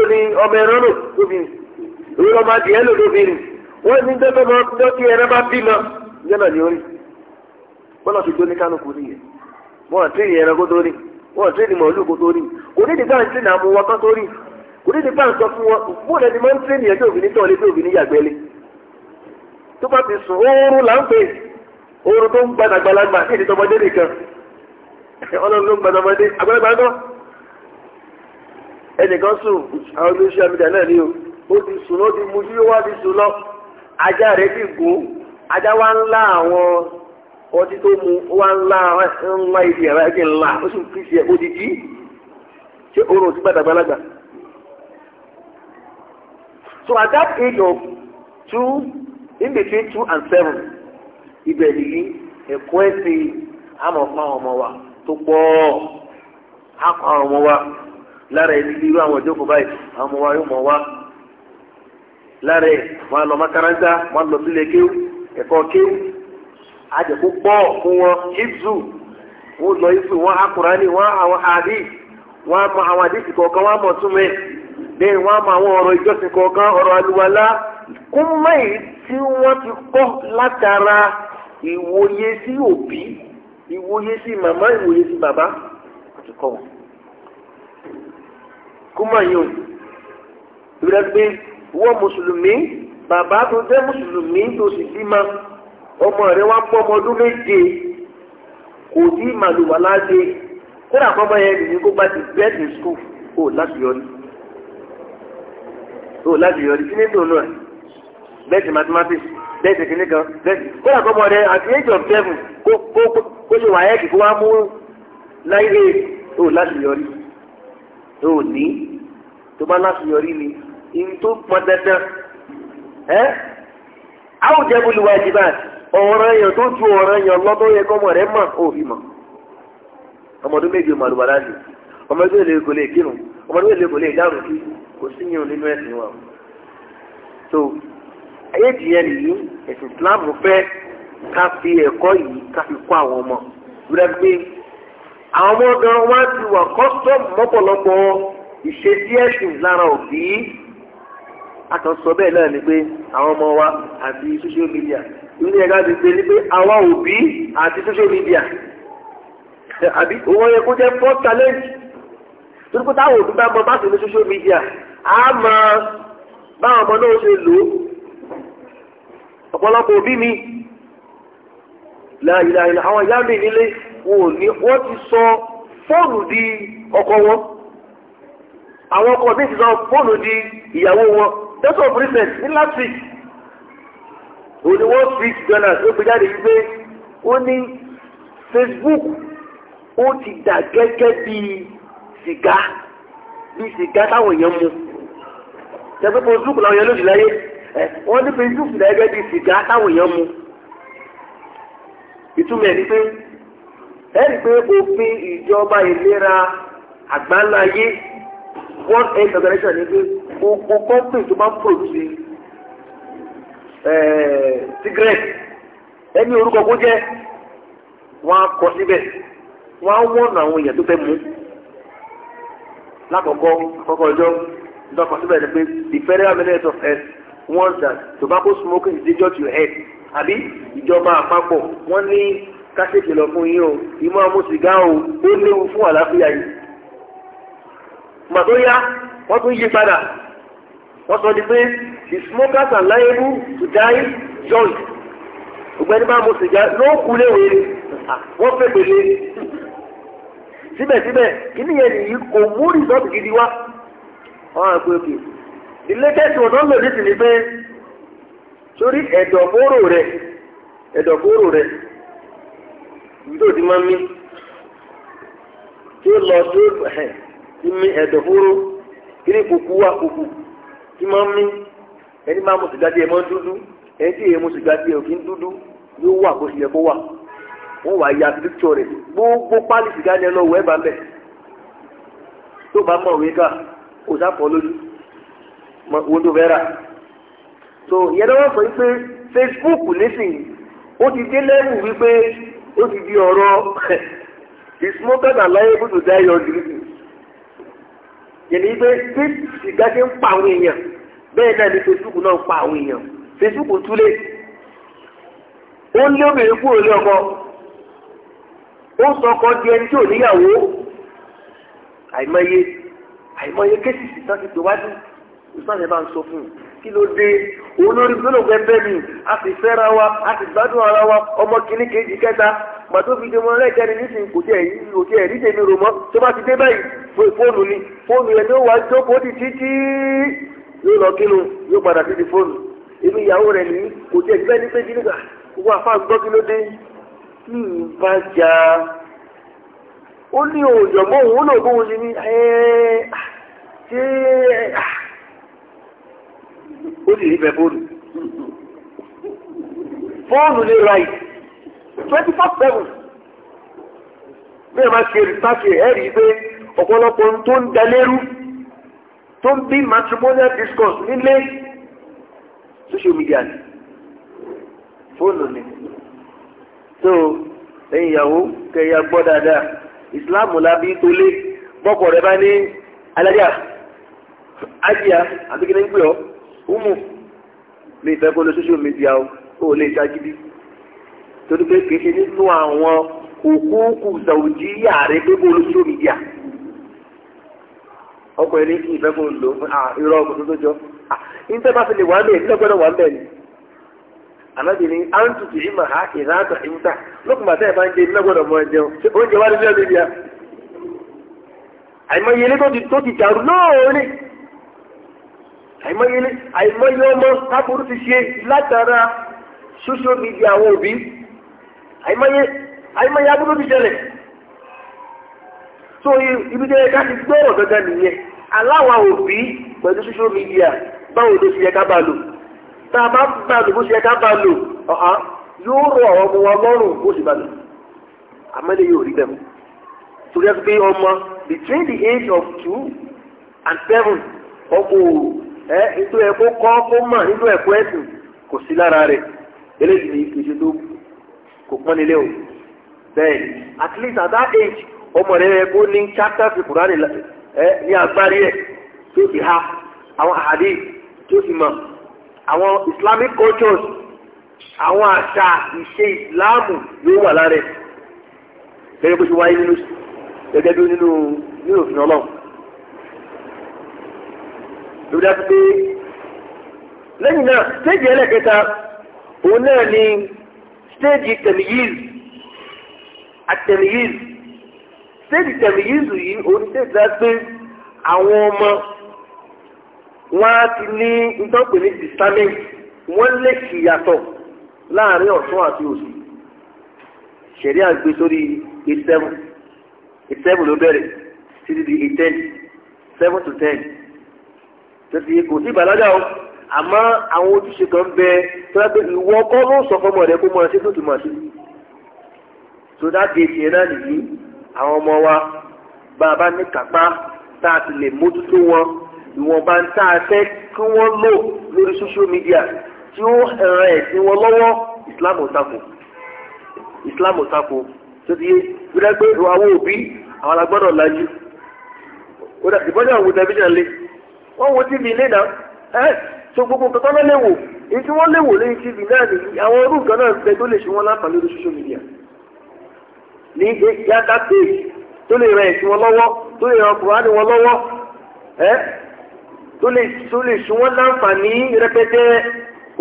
wo ni wọ́n àti ìyẹn ẹranko tó rí wọn àti ìdìmọ̀ olùkó tó rí kò ní ìdìgbà ń tìǹà mú wọn tó rí kò ní ìdìgbà ń sọ fún wọn máa ń tó bá ti sùn oorun là ń pè oorun tó ń ní nìkan ọlọ́run ló ń àgbàlagbà náà ẹnìkan sùn àwọn náà ni o ó ti sùn ó ti yíyó wá ti sùn lọ ajá ti gùn ọtí tó mu wá ńlá ńlá ibi ara ẹgbẹ́ ńlá ó sì fi ṣe odidi ṣe oorun So at that age of two in between two and seven ibẹ̀ nìyí ẹ̀kọ́ ẹ̀sìn àmọ̀ ọmọ wa tó pọ̀ á ọmọ wa lára ẹni irú àwọn ìjókòó ọmọ makaranta wọ́n á lọ sílé kéwù àjẹkù pọ̀ fún wọn ibzu wọn lọ ibzu wọn akurani wọn àwọn àdí wọn mọ àwọn àdìsí kọ̀ọ̀kan wọn mọ̀ túmẹ̀ bẹ́ẹ̀ wọn mọ àwọn ọ̀rọ̀ ìjọsìn kọ̀ọ̀kan ọ̀rọ̀ àlùwalá kúmọ̀ yìí tí wọ́n ti kọ́ látara ìwòye sí òbí ìwòye sí màmá ìwòye sí bàbá wọ́n kọ́ wọn. kúmọ̀ yìí o ìrẹ́gbẹ́ wọ́n mùsùlùmí bàbá tó jẹ́ mùsùlùmí tó sì bímọ. ọmọ rẹ wá ń ọmọ ọdún méje kò ní màlúwà láti kódà kọ́ ọmọ yẹn nìyí kó bá ti skul kó o láti yọrí kó o láti yọrí kí ní dùn náà bẹ́ẹ̀dì mathematics bẹ́ẹ̀dì kìíní kan bẹ́ẹ̀dì kódà kọ́ ọmọ rẹ àti age of seven kó kó kó ṣe wà ẹ́ẹ̀kì kó wá mú láyé kó o láti yọrí kó o ní tó bá láti yọrí ni ìyẹn tó pọn dandan ẹ́ àwùjẹ́ bó ọ̀ràn yẹn tó ju ọ̀ràn yẹn lọ́dún yẹ kọ́mọ rẹ̀ mà ó mọ̀ ọmọdún méje mọ àlùbàlà ni ọmọdún èlé kò lè kírun ọmọdún èlé kò lè kí kò sí yẹn nínú ẹ̀sìn wa so ayé nìyí ẹ̀sìn fẹ́ ká fi ẹ̀kọ́ yìí ká fi kọ́ àwọn ọmọ pé àwọn ọmọ ti wà mọ́pọ̀lọpọ̀ ìṣesí ẹ̀sìn lára òbí àtọ̀sọ bẹ́ẹ̀ náà ni pé àwọn ọmọ wa àti social media ní ẹ̀gá ti ṣe ní pé àwa òbí àti social media àbí òun yẹ kó jẹ́ first challenge torí pé táwọn òbí bá mọ bá sì ní social media á mọ báwọn ọmọ náà ṣe lò ó ọ̀pọ̀lọpọ̀ òbí mi láàyè àyìnlá àwọn ìyá mi nílé wọn ò ní wọ́n ti sọ fóònù di ọkọ wọn àwọn ọkọ mi ti sọ fóònù di ìyàwó wọn that's all recent ní last week òní wall street journal tó gbé jáde wípé ó ní facebook ó ti dà gẹ́gẹ́ bí sìgá bí sìgá táwọn èèyàn mu tẹ́gbẹ́ facebook làwọn èèyàn lòdì láyé wọ́n ní facebook dà gẹ́gẹ́ bí sìgá táwọn èèyàn mu ìtumọ̀ ẹ̀ ni pé ẹ̀rí pé òfin ìjọba ìlera àgbáńláyé world health organization ni pé gbogbo company tó bá ń produce tigret eh, ẹni orúkọ kó jẹ́ wọ́n á kọ síbẹ̀ wọ́n á wọ́n àwọn èèyàn tó fẹ́ mú lákọ̀ọ́kọ́ àkọ́kọ́ ọjọ́ lọ́kọ síbẹ̀ ni pé the federal Minister of health warns that tobacco smoking is dangerous to your health àbí ìjọba àpapọ̀ wọ́n ní kásìkì lọ fún yín o ìmọ̀ àmú sìgá o ó léwu fún àlàáfíà yìí màtó yá wọ́n tún yí padà wọ́n sọ di pé the smokers are liable to die joint ọ̀gbẹ́ni bá mo sìgá ló kú léwe wọ́n pèpè lé síbẹ̀síbẹ̀ kíní yẹn nìyí kò mú rìsọ́ọ̀tì gidi wá ọ̀hún àgbẹ̀ òkè ilé tẹ́sí ọ̀dọ́ lòdì sí ni pé sórí ẹ̀dọ̀fóró rẹ̀ ẹ̀dọ̀fóró rẹ̀ yóò ti máa mí tí ó lọ tó ti mí ẹ̀dọ̀fóró kí ni wá máa mí. ẹni máa mu sìgá díẹ̀ mọ́ dúdú ẹni tí èèyàn mu sìgá díẹ̀ òkì ń dúdú yóò wà bó ṣe yẹ kó wà wọ́n wà ya píkítọ̀ rẹ̀ gbogbo pálí sìgá ni ẹ lọ wọ bá ń bẹ̀ tó bá mọ̀ wíkà kò sáfọ́ lójú wo tó fẹ́ rà so ìyẹn lọ́wọ́ sọ wípé Facebook nísìnyí ó ti dé lẹ́rù wípé ó ti di ọ̀rọ̀ the smoker na liable to die your drinking yẹn ni wípé bí sìgá ṣe ń pa àwọn èèyàn. bẹ́ẹ̀ náà ni Facebook náà pa àwọn èèyàn Facebook túlé ó ń obìnrin kúrò lé ọkọ ó sọ ọkọ di ẹni tí ò níyàwó àìmọye àìmọye kéèsì sì tán ti tòwájú ìsọ̀rọ̀ bá ń sọ fún un kí ló dé olórí a sì fẹ́ra wa a sì gbádùn ara wa ọmọ kìíní kejì kẹta màtó fi dé mọ ẹlẹ́jẹ̀ni nísìnyí kò tiẹ̀ yí kò tiẹ̀ rí tèmi rò mọ́ tó bá ni fóònù yẹn ló wá jókòó ti yóò lọ kínu yóò padà sí ti fóònù èmi ìyàwó rẹ̀ nìyí kò tiẹ̀ gbẹ́ ní péjì nígbà gbogbo àfa gbọ́ kí ló dé ní ìbá jà ó ní òòjọ̀gbọ́n òun ó lò bóun ṣe ní ṣé ah. ó sì rí bẹ fóònù fóònù lè ra yìí twenty four seven bí ẹ máa ṣe rìpáṣẹ ẹ rí i pé ọ̀pọ̀lọpọ̀ tó ń dalérú tó ń bí matrimonial discourse nílé social media ni fóònù ni tó ẹ̀yin ìyàwó kẹyà gbọ́ dáadáa Islam lábí tó lé bọ́kọ̀ rẹ bá ní alájà ájíà àti kí ni ń pè ọ́ umu mi ìfẹ́ kó lo social media o kó o lè ṣáàgídí torí pé kìí ṣe nínú àwọn òkú kù zàwùjí yàrá pé lo social media ọkọ̀ ẹni kí ìfẹ́ fún lò fún ah, irọ́ ọkùnrin tó jọ ah, níta bá fi lè wà mẹ́ẹ̀ lọ́gbọ́dọ̀ wà mẹ́ẹ̀ ni ànábìrin à ń tutù ìmọ̀ ha ìrántà ìmúta lókùnbà tẹ́ ẹ̀ bá ń jẹ lọ́gbọ́dọ̀ mọ́ ẹjẹun oúnjẹ wá lójú ẹ̀mí bíi àìmọye ilé tó ti dàrú lóòrè àìmọye ilé àìmọye ọmọ káfúrú ti ṣe látara social media àwọn òbí àìmọye àìmọye abúlé ti ṣẹlẹ̀ so ibi jẹ́ ká ti gbọ́rọ̀ gangan nìyẹn aláwa òbí pẹ̀lú social media báwo ló ṣe yẹ ká bá lò tá a bá bá lò bó ṣe yẹ ká bá lò ọ̀hán yóò rọ àwọn ọmọ wa lọ́rùn bó ṣe bá lò àmọ́lẹ̀ yóò rí bẹ́ẹ̀ torí ẹ pé ọmọ between the age of two and seven ọkọ̀ ẹ ètò ẹ̀kọ́ kọ́ kó mọ̀ nínú ẹ̀kọ́ ẹ̀sìn kò sí lára rẹ̀ eléyìí ni kì í kò pọ́n o bẹ́ẹ̀ at least at that age ọmọ rẹ yẹ kó ní chapter fi la ẹ ní agbárí ẹ ha àwọn ahadi tí mọ àwọn Islamic cultures àwọn àṣà ìṣe ìsìláàmù yóò wà lára ẹ gẹ́gẹ́ bó ṣe wáyé nínú gẹ́gẹ́ bí nínú nínú òfin Ọlọ́run pé náà stéèjì òun náà ni stéèjì stéèdì tẹ̀míyìzù yìí òun stéèdì dá pé àwọn ọmọ wọn á ti ní ntọ́pẹ̀ ní distamẹ́ǹt wọ́n lè kì yàtọ̀ láàrin ọ̀tún àti òsì ṣẹ̀rí àgbẹ̀ sórí eight seven eight seven ló bẹ̀rẹ̀ títí di eight ten seven to ten tẹ̀sí kò sí ìbàlágà o àmọ́ àwọn ojúṣe kan bẹ tọ́lápẹ́ ìwọ kọ́ ló sọ fọmọ rẹ kó mọ̀ ṣe tó ti mọ̀ ṣe. so that day yẹn náà nìyí àwọn ọmọ wa bá a bá ní kápá tá a ti lè mójútó wọn ìwọ̀nba tá a fẹ́ kí wọ́n lò lórí social media tí ó ràn ẹ̀sìn wọn lọ́wọ́ islam ò takò islam ò takò tó ti yé gbẹdẹgbẹ àwọn òbí àwọn alágbọ́dọ̀ lajú ìbọn àwọn tẹlifíṣàn lé wọ́n wo tv lé náà ẹ́ so gbogbo nǹkan tó lọ́lẹ́wò èyí tí wọ́n léwò lórí tv náà nìyí àwọn orú náà ń lè ṣe wọ́n láǹfààní lórí social media. ní ya péjì tó lè ran ẹ̀sìn wọn lọ́wọ́ tó lè wọn lọ́wọ́ ẹ tó lè tó lè wọn láǹfààní rẹpẹtẹ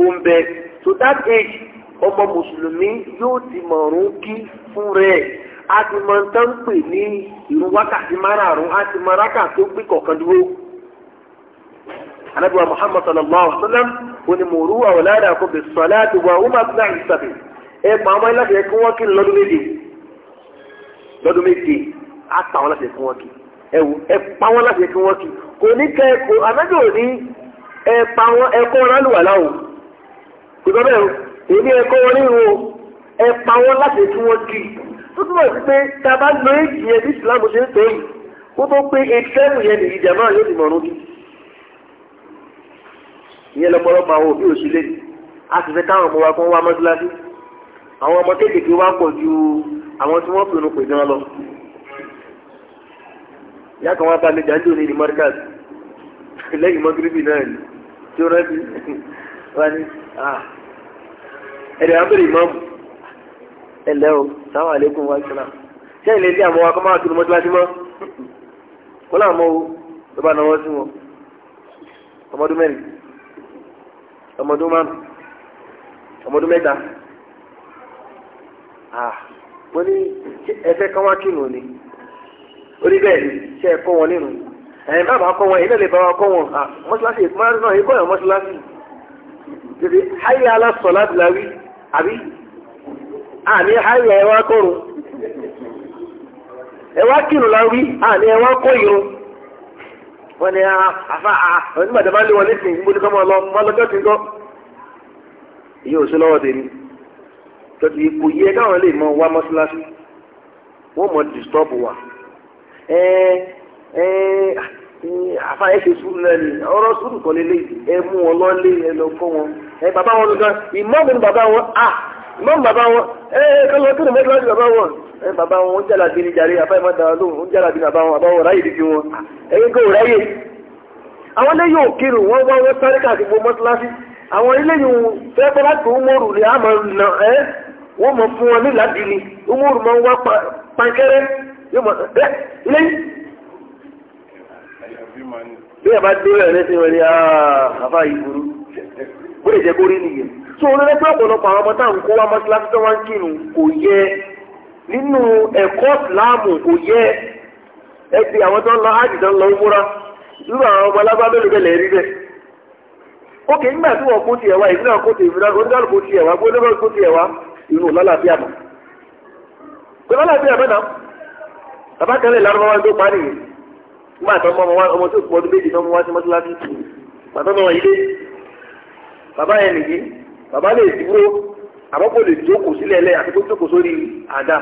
òǹbẹ to that age ọmọ mùsùlùmí yóò ti mọ̀rún kí fún rẹ a ti mọ tó n'i pè ní ìrun wákàtí márààrún a ti mọ rákà tó gbé kọ̀ọ̀kan dúró. wa muhammad sallallahu alaihi wa sallam onimuru wa wa umar ẹ pàmò ẹ láti ẹ wọn lọ́dún méje á pa wọn láti kí wọ́n kí ẹ wò ẹ pa wọn láti kí wọ́n kí kò ní kẹ kò àmẹ́jọ ò ní ẹ pa wọn ẹ kọ́ wọn lálùwà láwò kò sọ bẹ́ẹ̀ o èmi ẹ kọ́ wọn nírun o ẹ pa wọn láti kí wọ́n kí tó túbọ̀ sí pé tá a bá lo èjì yẹn bí ṣe ń tó yìí kó tó pé ètẹ́mù yẹn nìyí jàmbá yóò ti mọ̀ọ́nù bí ìyẹn lọ́pọ̀lọpọ̀ àwọn òbí òṣèlè a sì fẹ́ káwọn ọmọ wa kó wá mọ́tíláṣí àwọn tí wọ́n pinnu pè jẹun lọ ìyá kan wá balẹ̀ jáde òní ní markaz lẹ́yìn mọ́gíríbì náà ni tí ó rántí wá ní ah, ẹ̀rẹ̀ àbẹ̀rẹ̀ ìmọ̀mù ẹ̀lẹ́ o sáwọn àlékún wa ṣẹlá ṣé ilé ilé àwọn akọ́mọ́ àti olùmọ́tíláṣí mọ́ kó láwọn mọ́ o ló bá náwó sí wọn ọmọdún mẹ́rin ọmọdún márùn ọmọdún mẹ́ta ah mo ní ẹfẹ́ kan wá kírun ni orí bẹ́ẹ̀ ni ṣe ẹ̀kọ́ wọn nínú ẹ̀yìn bàbá kọ́ wọn ìlẹ̀ lè bá wa kọ́ wọn mọ́ṣáláṣí ìpínlẹ̀ náà ikọ́ ẹ̀ mọ́ṣáláṣí tètè háyà aláṣọ láti la wí àbí àní háyà ẹ̀ wá kọ́run ẹ̀ wá kírun la wí àní ẹ̀ wá kọ́ irun wọ́n ní àfa a onímọ̀ ìjọba lé wọn lẹ́sìn ìgbóni kọ́ mọ́ lọ mọ́ lọ́jọ́ ti gbọ́ ìyẹn ò sí lọ́wọ́ tèmi tọ́jú ipò yẹ káwọn lè mọ wá mọ́ṣáláṣí wọ́n mọ̀ disturb wa ẹ ẹ àfáyé ṣe sùúrù náà ni ọ̀rọ̀ sùúrù kọ́ lélẹ̀ ẹ mú wọn lọ́lé ẹ lọ kọ́ wọn ẹ bàbá wọn lọ́dọ̀ ìmọ̀ọ́mù ni bàbá wọn à ìmọ̀ọ́mù bàbá wọn ẹ kọ́lọ́ kí ni mẹ́tọ́ láti bàbá wọn ẹ bàbá wọn ń jàlá bí ni jàre àfáyé má dára lóhùn ń jàlá bí ni bàbá wọn bàbá wọn ráyè dídí wọn ẹ̀yin kò ráyè. àwọn ilé yóò kírun wọn wá wọn sáré káàkiri mọ́ṣáláṣí àwọn ilé yóò fẹ́ wọ́n mọ̀ fún wọn nílàdìlì umaru máa ń wá pankẹ́rẹ́ yóò mọ̀ ẹ́ dé ni ah, àbá yìí burú ó lè jẹ́ kó rí nìyẹn. tó o pé ọ̀pọ̀lọpọ̀ àwọn ọmọ kó wá tó wá ń kírun kò yẹ nínú ẹ̀kọ́ àwọn tó ń lọ ń lọ múra nínú àwọn ọmọ bẹ́ẹ̀ ókè nígbà tí wọ́n kó tiẹ̀ wá ìdílé irun lọ́làbí àmọ́ kò lọ́làbí àmọ́ náà bàbá kan lè lárúbáwá tó pa nìyẹn nígbà tó ọmọ ọmọ tó pọ̀ ọdún méjì tó mú wá sí mọ́sálásí pàtó náà ilé bàbá yẹn nìyí bàbá lè dúró àmọ́ kò lè jókòó sílẹ̀ lẹ́yìn àti kó jókòó sórí àdá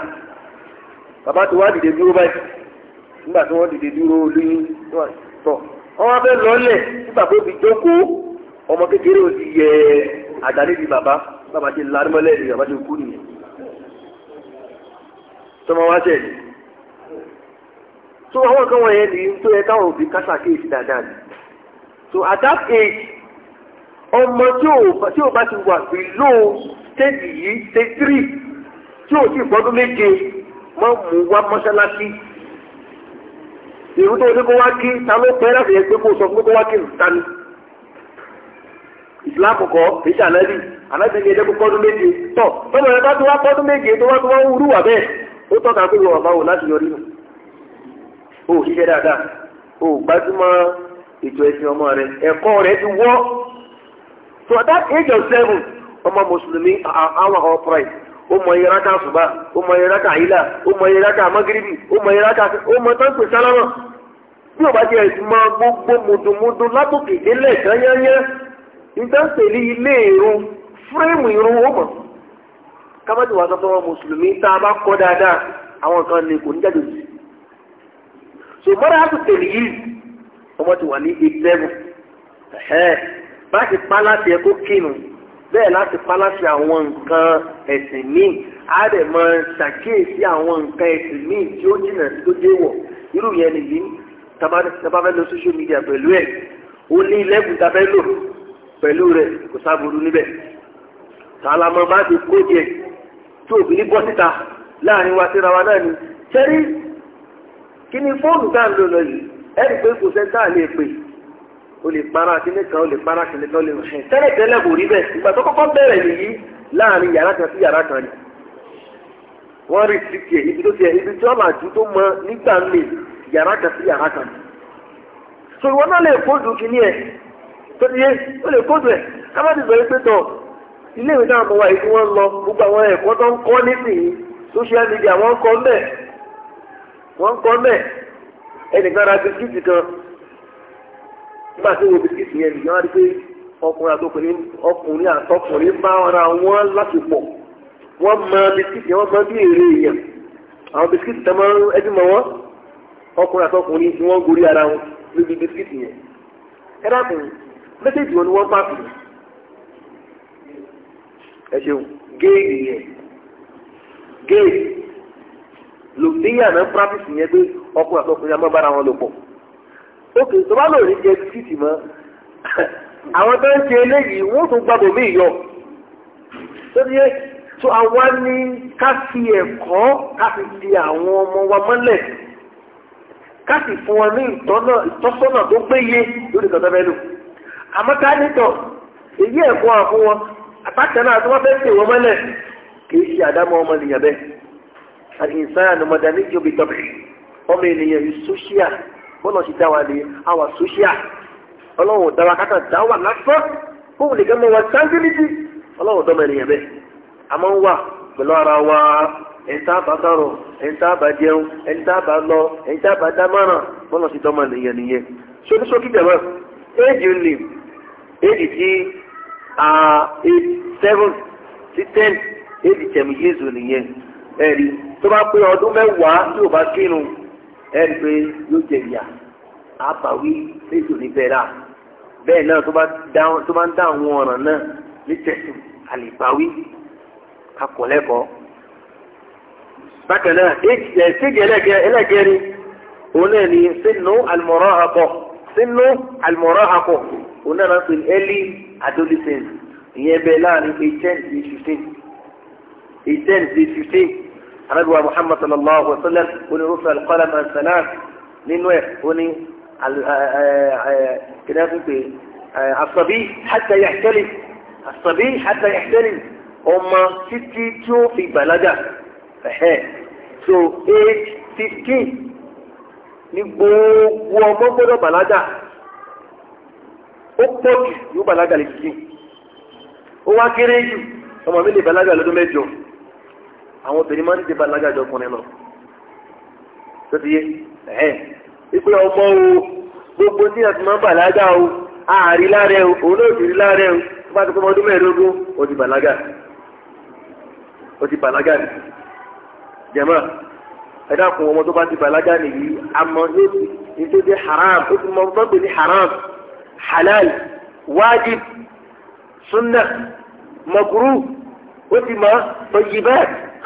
bàbá tó wá dìde dúró báyìí nígbà tí wọ́n dìde dúró lóyún tọ̀ wọ́n wá fẹ́ lọ́lẹ̀ nígbà tó fi jókòó ọmọ kékeré ò ti yẹ àdá níbi bàbá bàbá ti la mọ́lẹ̀ rí bàbá ti kú nìyẹn tọmọ wá tẹ̀ ní. so àwọn nǹkan wọ̀nyẹn ní tó yẹ káwọn òbí ni so at that age ọmọ tí ò bá ti wà below stage yìí stage three tí ò sì gbọ́dún méje mọ́ mú wá mọ́ṣáláṣí ìrú tó ní kó wá kí ta ló pẹ́ láti yẹ pé kó sọ fún kó wá kí nìta ni. islam kọ kìí ṣàlẹ́bì aláṣẹ ní ẹ̀dẹ́kùn kọ́dún méje tọ̀ tọ́mọ ẹ̀ bá wá kọ́dún méje tó wá wá wúrú wà bẹ́ẹ̀ ó tọ́ka pé wọ́n bá wò láti yọrí o ṣiṣẹ́ o ètò ẹ̀sìn ọmọ rẹ ẹ̀kọ́ rẹ ti wọ́. so at that age of seven ọmọ mùsùlùmí àwọn ó mọ iye rákà àṣùbà ó mọ iye rákà gbogbo mùdùmùdù látòkè délẹ̀ kányányá ìtànsẹ̀lẹ̀ ilé ìrun fúrémù ìrun ó mọ̀ kámẹ́tì wà sọ́kọ́ mùsùlùmí tá a bá kọ́ dáadáa àwọn kan ní kò ní jáde sí ṣùgbọ́n a tún tẹ̀lé yìí ọmọ ti wà ní ìtẹ́bù bá ti pa láti ẹ̀kọ́ kínu bẹ́ẹ̀ láti pa láti àwọn nǹkan ẹ̀sìn míì á dẹ̀ mọ ṣàkíyèsí àwọn nǹkan ẹ̀sìn míì tí ó jìnà tó dé wọ̀ irú yẹn nìyí tá fẹ́ lọ social media pẹ̀lú ẹ̀ ó ní ilẹ̀kùn tá lò pẹ̀lú rẹ̀ kò sábòrú níbẹ̀ tààlàmọ bá ti kó jẹ tí òfin ní bọ́ síta láàrin wa síra wa náà ni sẹ́rí kí ni fóònù tá à ń lò lọ yìí ẹ̀rí pé kò sẹ́ńtà lè pè o lè para kíní kan o lè para kíní kan o lè hàn tẹ́lẹ̀ tẹ́lẹ̀ kò rí bẹ́ẹ̀ ìgbà tó kọ́kọ́ bẹ̀rẹ̀ nìyí láàrin yàrá kan sí yàrá kan ni wọ́n rí ti ibi tó tiẹ̀ ibi tí wọ́n làjú tó mọ nígbà mi yàrá kan sí yàrá kan so ìwọ náà lè kó kíní ẹ̀ tó ti yé ó lè kóòtù ẹ̀ kábàdì sọ pé tọ̀ ilé ìwé náà mọ̀ wáyé tí wọ́n lọ gbogbo àwọn ẹ̀kọ́ tó ń kọ́ nísìnyí social media wọ́n ń kọ́ mẹ́ẹ̀ wọ́n ń kọ́ mẹ́ẹ̀ ẹnìkan ra bisikíìtì kan nígbà tí wo bisikíìtì yẹn nìyẹn wá rí pé ọkùnrin àtọkùnrin ọkùnrin àtọkùnrin bá ara wọn láti pọ̀ wọ́n mọ bisikíìtì wọ́n mọ bí èrè èèyàn àwọn bisikíìtì tẹ́ mọ́ ẹbí mọ́ wọn ọkùnrin àtọkùnrin ni wọ́n gorí ara wọn níbi bisikíìtì yẹn ẹ dákùnrin méjèèjì wọn ni wọ́n pàtó ẹ ṣeun géèlì yẹn géèlì lòdìyà náà practice yẹn pé ọkùnrin àti ọkùnrin àmọ́ bára wọn lò pọ̀ ókè tó bá lòdì jẹ bisikíìtì mọ́ àwọn tó ń ṣe eléyìí wọ́n tún gbàgbọ́ mí yọ tó ti yẹ tó àwa ní ká fi ẹ̀kọ́ ká fi di àwọn ọmọ wa mọ́lẹ̀ ká sì fún wọn ní ìtọ́sọ́nà tó péye lórí ìtọ́sọ́nà bẹ́ẹ̀ lò. àmọ́ ká nítọ̀ eyi ẹ̀kọ́ náà tí wọ́n si tè wọ́n mọ́lẹ̀ kì í ọmọ nìyàn bẹ́ẹ̀ àdìsán ànàmọ́dá ní ìjọba ìtọ́bẹ̀ ọmọ ènìyàn yìí sóṣíà bọ́lá ṣe dá wa àwà sóṣíà ọlọ́run dá kátà lásán fóun nìkan ènìyàn ń wà ara wa èdè tí seven sí ten èdè tẹ̀mú yézu nìyẹn ẹ̀rí tó bá pé ọdún mẹ́wàá tí ò bá kínu ẹ̀rí pé yóò jẹ ìyà àbáwí lẹ́jọ́ níbẹ̀ rà bẹ́ẹ̀ náà tó bá ń dá àwọn ọ̀ràn náà ní tẹ̀sán àlìbáwí akọ̀lẹ́kọ̀ọ́ bákan náà èdè ẹ̀sìn ẹlẹ́gẹ̀ẹ́rin òun náà ni sínú àlùmọ̀ràn àbọ̀ sínú àlùmọ́ràhàkọ̀ òun náà pè early adolescence ìyẹn bẹ́ẹ̀ láàrin eighteen sí fifteen eighteen sí fifteen anábìwá muhammad sallallahu alayhi wa sallam onírúfẹ́ alukọ́lá máa ń sàlá nínú ẹ̀ ó ní kìnìún fún pé àsọ̀bí hàtà yàtẹ́lì àsọ̀bí hàtà yàtẹ́lì ọmọ títí tí ó fi gbàlágà so age fifteen ní gbogbo ọmọ gbọ́dọ̀ bàlágà ó pọ̀ jù yóò bàlágà lè jìn ó wá kéré jù ọmọ mi lè bàlágà lọ́dún mẹ́jọ àwọn obìnrin máa ń dé bàlágà jọ ọkùnrin lọ tó ti yé ẹ ipe ọmọ o gbogbo ní àti máa ń bàlágà o ààrí láàrẹ o òun náà ti rí láàrẹ o tó bá ti pọ́ ọdún mẹ́ẹ̀ẹ́dógún ó ti bàlágà ó ti bàlágà jẹ̀mọ́ ẹ̀dá kun ọmọ tó bá ti bàlágà nìyí àmọ́ ní tó dé haram ó fi mọ ọmọ tó ní haram halal wájib sunna makuru ó ti mọ tọyibẹ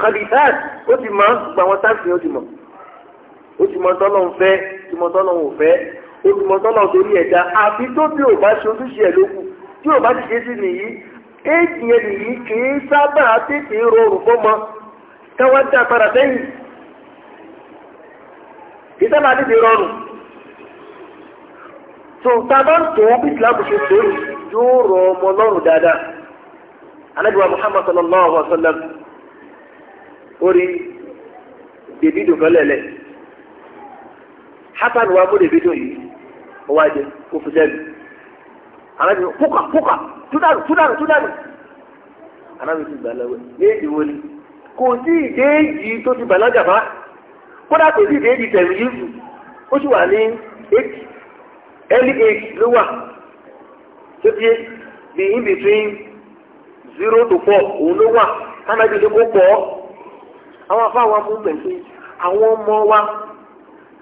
khalifat ó ti mọ gbàwọn táǹfì ó ti mọ ó ti mọ tọ́lọ̀ ń fẹ́ ó ti mọ tọ́lọ̀ ń fẹ́ ó ti mọ tọ́lọ̀ torí ẹ̀dá àfi tó bí ò bá ṣe ojúṣe ẹ̀ lókun tí ò bá ti ṣe sí nìyí éèdì yẹn nìyí kì í sábà tètè rọrùn fọmọ káwá dá padà sẹ́yìn iṣẹ́ máa dìde rọrùn tó tábà ń tó bí ìsìlámù ṣe tó yóò rọ ọmọ lọ́rùn dáadáa anábìwá muhammad sallallahu alaihi wa sallam orí bèbí dùn fẹ́lẹ́lẹ́ hasan wa mú bèbí dùn yìí ó wá jẹ kó fi sẹ́nu anábìwá púkà púkà túdàrú túdàrú túdàrú anábìwá ti gbà lọ́wọ́ ní wọlé kò sí ìdéjì tó ti bàlágà bá kódà tó sì dé di tẹ̀lú yìí ó sì wà ní eight early eight ló wà tó ti be in between zero to four òun ló wà kánábì ló kó pọ̀ àwọn afáwọn fún pẹ̀lú àwọn ọmọ wa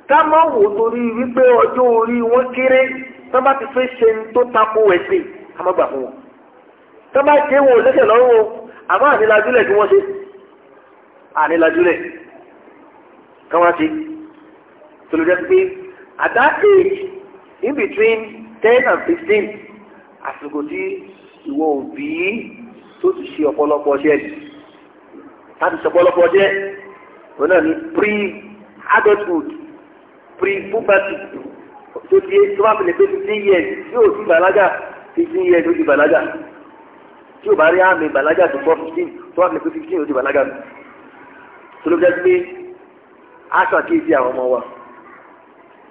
ká má wò torí wípé ọjọ́ orí wọn kéré tó bá ti fẹ́ ṣe tó tako ẹ̀sìn ká má gbà fún wọn tó bá ṣe wọn ò lẹ́sẹ̀ lọ́rùn o àmọ́ ànílájúlẹ̀ kí wọ́n ṣe ànílájúlẹ̀ kan wá tó ló jẹ́ pé at that age in between ten and fifteen àsìkò tí ìwọ òbí tó ti ṣe ọ̀pọ̀lọpọ̀ ọṣẹ́ láti ṣe ọ̀pọ̀lọpọ̀ ọṣẹ́ wọn náà ní pre adulthood pre puberty tó ti tó bá fìlẹ̀ pé fifteen years yóò ti bàlágà fifteen years yóò ti bàlágà tí o bá rí àmì bàlágà tó bọ́ fifteen tó bá fìlẹ̀ pé fifteen yóò ti bàlágà tó ló jẹ́ pé á ṣàkíyèsí àwọn ọmọ wa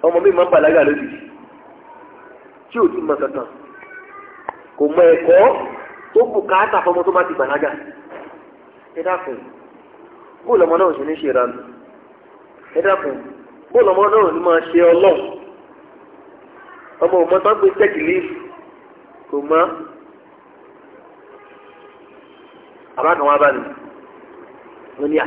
ọmọ mi máa ń bàlágà lójijì tí ò ti mọ kankan kò mọ ẹ̀kọ́ tó kù káàtà fọmọ tó bá ti bàlágà ẹ dákun bóòlù ọmọ náà ò sì ní ṣe ìranù ẹ dákun bóòlù ọmọ náà ò ní máa ṣe ọlọ́run ọmọ òmọ tó ń gbé tẹ́kì líìfù kò mọ́ àbá kan bá mi mo ní à.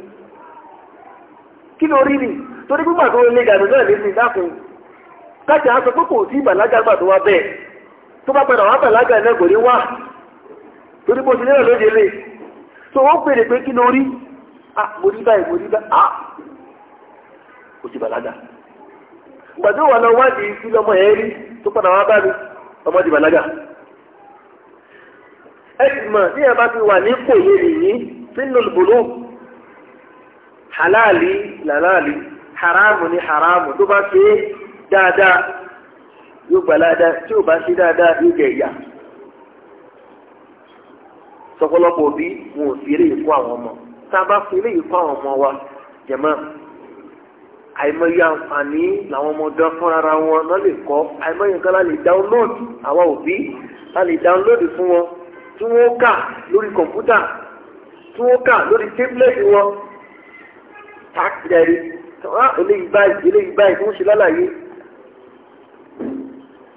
kí ló rí ni tó lé gàdùn náà lé sí dákun á sọ pé kò sí ìbàlágà gbà tó wá bẹ́ẹ̀ tó bá padà wá bàlágà náà kò ní wá lóde lè wọ́n pèrè pé kí ló rí ah, mo rí báyìí mo rí báyìí ah! kò sí gbàdúrà wà kí yẹn rí tó padà wá halali lalali haramu ni haramu tó bá ṣe dáadáa yóò gbà dáadáa tí ò bá ṣe dáadáa yóò jẹ ìyà sọpọlọpọ òbí wọn ò fi eléyìí kó àwọn ọmọ tá a bá fi eléyìí kó àwọn ọmọ wa jẹmọ àìmọye àǹfààní làwọn ọmọdé fúnra wọn lọ lè kọ àìmọye nǹkan láti download àwa òbí láti download fún wọn tí wọn kà lórí kọ̀ǹpútà tí wọn kà lórí tábìlẹ̀tì wọn tákìrẹ́rì tọ́wá ah, eléyìí báyìí eléyìí báyìí tó ń ṣe lálàyé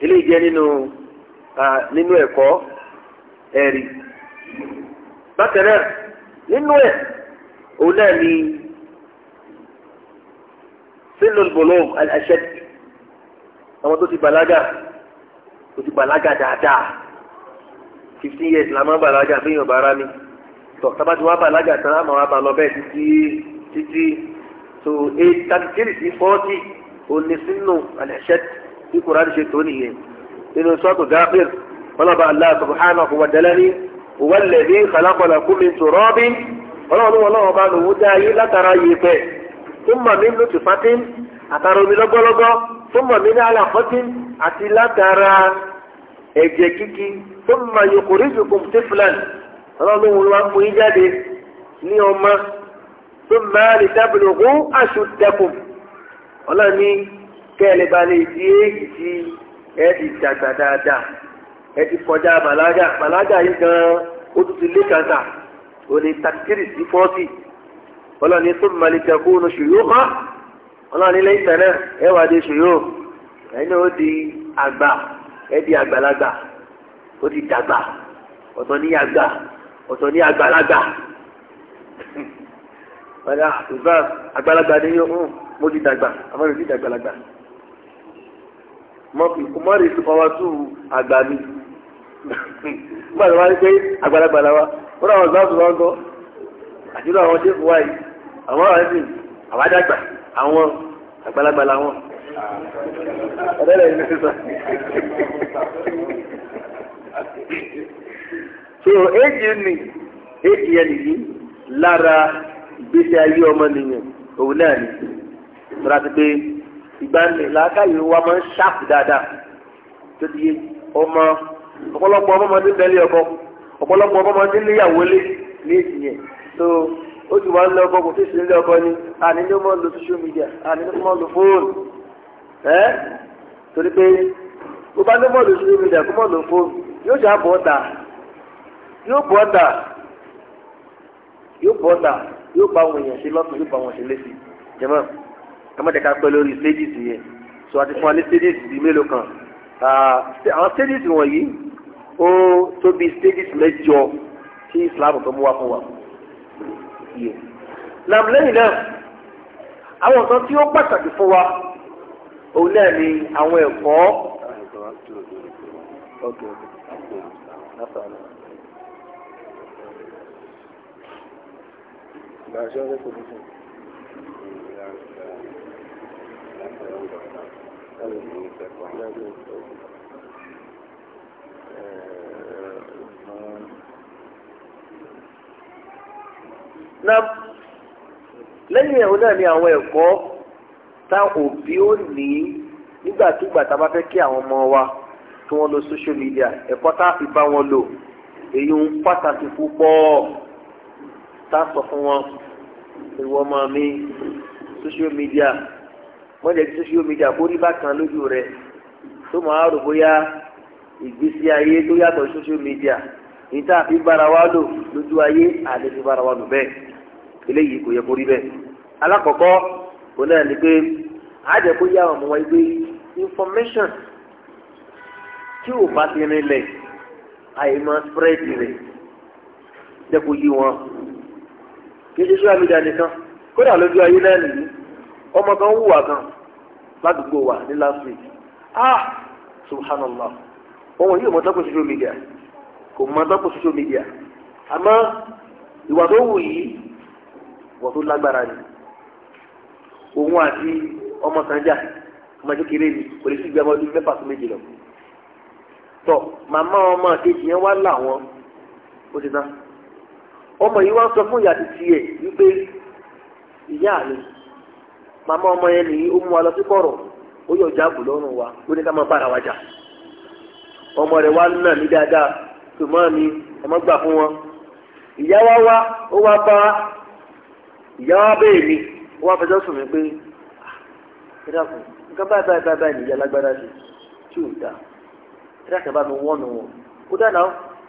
eléyìí jẹ́ nínú nínú ẹ̀kọ́ ẹ̀rí bákan náà nínú ẹ̀ òun náà ni sínú bòlóòm àṣẹ àwọn tó ti bàlágà tó ti bàlágà dáadáa fifteen years la máa bàlágà fi yàn bára mi tọ́ tábàtì wá bàlágà tán á máa wá bà lọ bẹ́ẹ̀ títí títí tó eight thirty three sí forty òní sínú àlẹ́ṣẹ́ tí kùránì ṣe tó nìyẹn nínú sọ́ọ̀tù gáfíìr ọlọ́ba Allah subhanahu wa ta'ala ni wal ladhi khalaqa lakum min turabin ọlọ́run ọlọ́run bá lòun dá ayé látara yèèpẹ̀ thumma min nutfatin àtàrà omi lọ́gọ́lọ́gọ́ thumma min alaqatin àti látara ẹ̀jẹ̀ kíkí thumma yukhrijukum tiflan ọlọ́run ثم لتبلغوا أشدكم ọlọ́run ní kẹ́lẹ́ bá lè di èyí tí ẹ ti dàgbà dáadáa ẹ ti kọjá màlájà màlájà yìí gan ó tún ti lé kàńtà ó ní tàkìrì sí fọ́ọ̀tì ọlọ́run ní tó màlìjà kó ẹni di ẹ di padà ìgbà àgbàlagbà ni yóò hàn mo ti dàgbà àmọ́ mi ti dàgbàlagbà mo fi kò mọ́ rí ọwọ́ tù àgbà mi nígbà tó wá ní pé àgbàlagbà la wa wọ́n náà wọ́n gbà tó wọ́n gbọ́ àdúrà àwọn ṣé fún àwọn àwọn ẹ̀sìn àwọn àdàgbà àwọn àgbàlagbà la wọn. so éjì ni éjì yẹn nìyí lára. ìgbésí ayé ọmọnìyàn òun náà ni tọ́lá pé ìgbà ní làákàyè wa máa ń ṣáàpù dáadáa tó ti ọmọ ọ̀pọ̀lọpọ̀ ọmọdé ọkọ ọ̀pọ̀lọpọ̀ ọmọdé níyàwó lé ní èsì tó ó ti wá ń lọ ọkọ kò fèsì nílé ọkọ ni àní ló máa lo social media àní ló máa ń fóònù ẹ torí pé bá ló lo social media kó fóònù yóò ṣe yóò bọ́ ta yóò bá àwọn èèyàn ṣe lọ́sùn yóò bá àwọn ṣe lẹ́sì jẹ́mọ́ kàmọ́tẹ̀ká pẹ́ lórí stages yẹn so àti fún wa ní stages bíi mélòó kan àwọn stages wọ̀nyí ó tó bíi stages mẹ́jọ tí Islam tó mú wá fún wa yẹ. làm lẹ́yìn náà àwọn nǹkan tí ó pàtàkì fún wa òun náà ni àwọn ẹ̀kọ́. Okay, okay. That's all. Ìgbàṣọ́ rẹ̀ kò ní fún. Na lẹ́yìn ẹ̀hún náà ni àwọn ẹ̀kọ́ tá òbí ó ní nígbàkigbà tá a bá fẹ́ kí àwọn ọmọ wa kí wọ́n lo social media ẹ̀kọ́ tá a fi bá wọn lò èyí ń pàtàkì púpọ̀ tá a sọ fún wọn ìwọ ọmọ mi social media wọ́n jẹ́ kí social media borí bákan lójú rẹ̀ tó máa rò bóyá ìgbésí ayé tó yàtọ̀ social media níta àfi bára wa lò lójú ayé àti fi bára wa lò bẹ́ẹ̀ eléyìí kò yẹ kó rí bẹ́ẹ̀. alákọ̀ọ́kọ́ kò náà ni pé àjẹ́ kó yá ọmọ wa gbé information tí ò bá ti rin lẹ̀ àyè máa spread rẹ̀ jẹ́ kó yí wọn kì í ṣe social media nìkan kódà lójú ayé náà nìyí ọmọ kan ń wùwà kan ládùúgbò wa ní last week ah subhanallah ọmọ yìí ò mọ tọ́pọ̀ social media kò mọ tọ́pọ̀ social media àmọ́ ìwà tó wù yìí ìwà tó lágbára ni òun àti ọmọ kan jà ọmọ kékeré ni kò lè sí ìgbà ọmọdún mẹ́fà sí méje lọ tọ màmá ọmọ kejì yẹn wá láwọn ó ti tán. ọmọ yìí wọ́n sọ fún ìyá títí ẹ̀ wípé ìyá mi màmá ọmọ yẹn nìyí ó mú wa lọ sí ó yọ jáàbù lọ́rùn wa ó ní ká máa bára wa jà ọmọ rẹ̀ wá nà ọmọ gbà fún wọn ìyá wa wá ó wá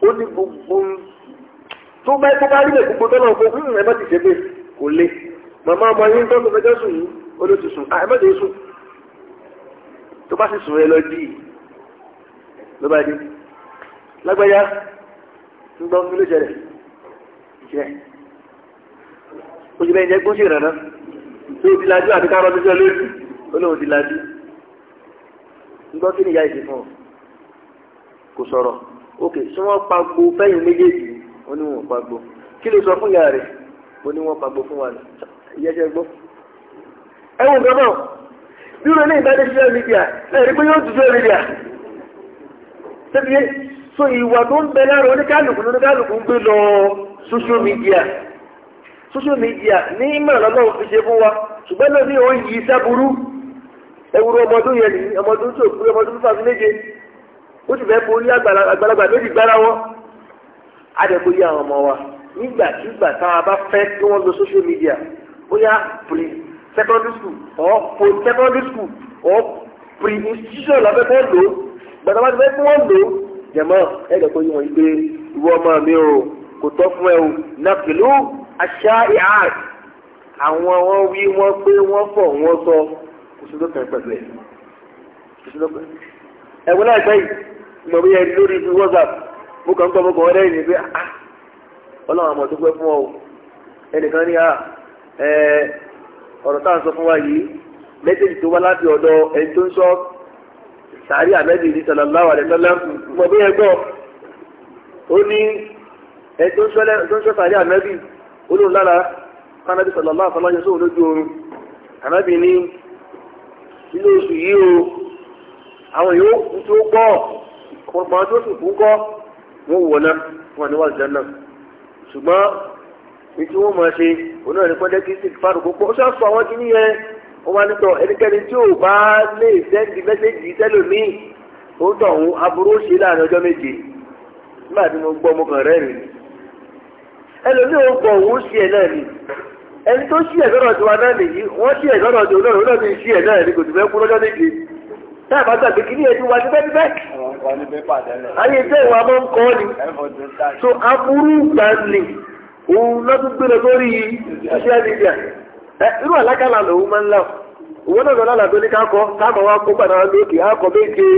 ó ní gbogbo tó bá tó bá rí lè gbogbo tọ́lọ̀ kó hùn hmm, ẹ má ti ṣe pé kò le màmá ọmọ yín tó tó fẹjọ́ sùn yìí ó ló ti sùn ah, ẹ má ti sùn tó bá sì sùn ẹ lọ dì í ló bá dé lágbájá ń gbọ́ kí ló ṣẹlẹ̀ jẹ́ oṣù bẹ́ẹ̀ jẹ́ gbóṣì rànà tó o ti lajú àti kárọ̀ tó ṣe lójú ó lóun ti lajú ń gbọ́ kí ni ìyá ìṣe fún ọ kò sọ̀rọ̀ ok ṣé wọ́n pa gbo fẹ́yìn méjèèjì wọ́n ní wọ́n pa gbo kí ló sọ fún ìyá rẹ̀ mo ní wọ́n pa gbo fún wa ní ìyẹ́sẹ̀ gbọ́. ẹ wò gbọ́dọ̀ bí ro ní ìbáde social media ẹ̀rí pé yóò dùdú media tẹ́bi so ìwà tó ń bẹ lára oníkálùkù oníkálùkù ń gbé lọ social media social media ní ìmọ̀ràn lọ́wọ́ fi ṣe fún wa ṣùgbọ́n náà ní òun yìí sábúrú ẹwúrú ọmọdún yẹn ní ọmọdún tó kú ọmọdún fún fàmí méje ó ti fẹ́ borí àgbàlagbà méjì gbára wọn adẹ́gbóyè àwọn ọmọ wa nígbàkigbà tá a bá fẹ́ kí wọ́n lo social media bóyá pre secondary school or post secondary school or pre institution làbẹ́ fẹ́ lò gbàdá wọn ti fẹ́ kí wọ́n lò jẹ̀mọ́ ẹ̀ẹ́dẹ́gbóyè wọn yìí pé ìwọ ọmọ mi o kò tọ́ fún ẹ o nàpẹ̀lú àṣà ìhàd àwọn wọn wí wọn pé wọn fọ wọn sọ kò sí lókè pẹ̀lú ẹ̀ kò sí lókè pẹ̀lú ẹ̀. ẹ̀wọ́n láìpẹ́ yìí mo bí ẹni lórí ibi whatsapp mo kàn ń tọ́ mo kàn pé ah, ọlọ́run àmọ̀ tó pẹ́ fún ọ ẹnìkan ní ah ọ̀rọ̀ táà ń sọ fún wa yìí mẹ́tẹ̀ẹ̀dì tó wá láti ọ̀dọ̀ ẹni tó ń sọ sàárì ní ó ní ẹni tó ń sọ sàárì olóhùn lára àwọn yóò kú tó gbọ́ ọ̀pọ̀ tó sì kú kọ́ wọ́n wọ̀ náà wọ́n ní wàlùjẹ́ náà ṣùgbọ́n ní tí wọ́n máa ṣe òun náà ní pọ́ńdé kí sì fàrù kókó ó ṣàṣọ àwọn kìíní yẹn wọ́n máa ń ẹnikẹ́ni tí ò bá lè sẹ́ndì mẹ́sẹ́jì sẹ́lòmíì ó ń tọ̀ ọ̀hún aburú ṣe láàrin ọjọ́ méje nígbà tí mo gbọ́ ọmọkàn rẹ̀ rìn ẹlòmíì ò gbọ̀ òun ṣì ẹ̀ náà ni ẹni tó ṣì ẹ̀ lọ́dọ̀ tiwa náà nìyí wọ́n ṣì ẹ̀ lọ́dọ̀ tiwa náà náà bá gbàgbé kí ní ẹni wá níbẹ̀ níbẹ̀. ayé tẹ́ ìwà máa ń kọ́ ni. so aburú gbà ní òun lọ́dún lórí social media. irú àlákàlà lòun máa ń òun náà lọ́la ní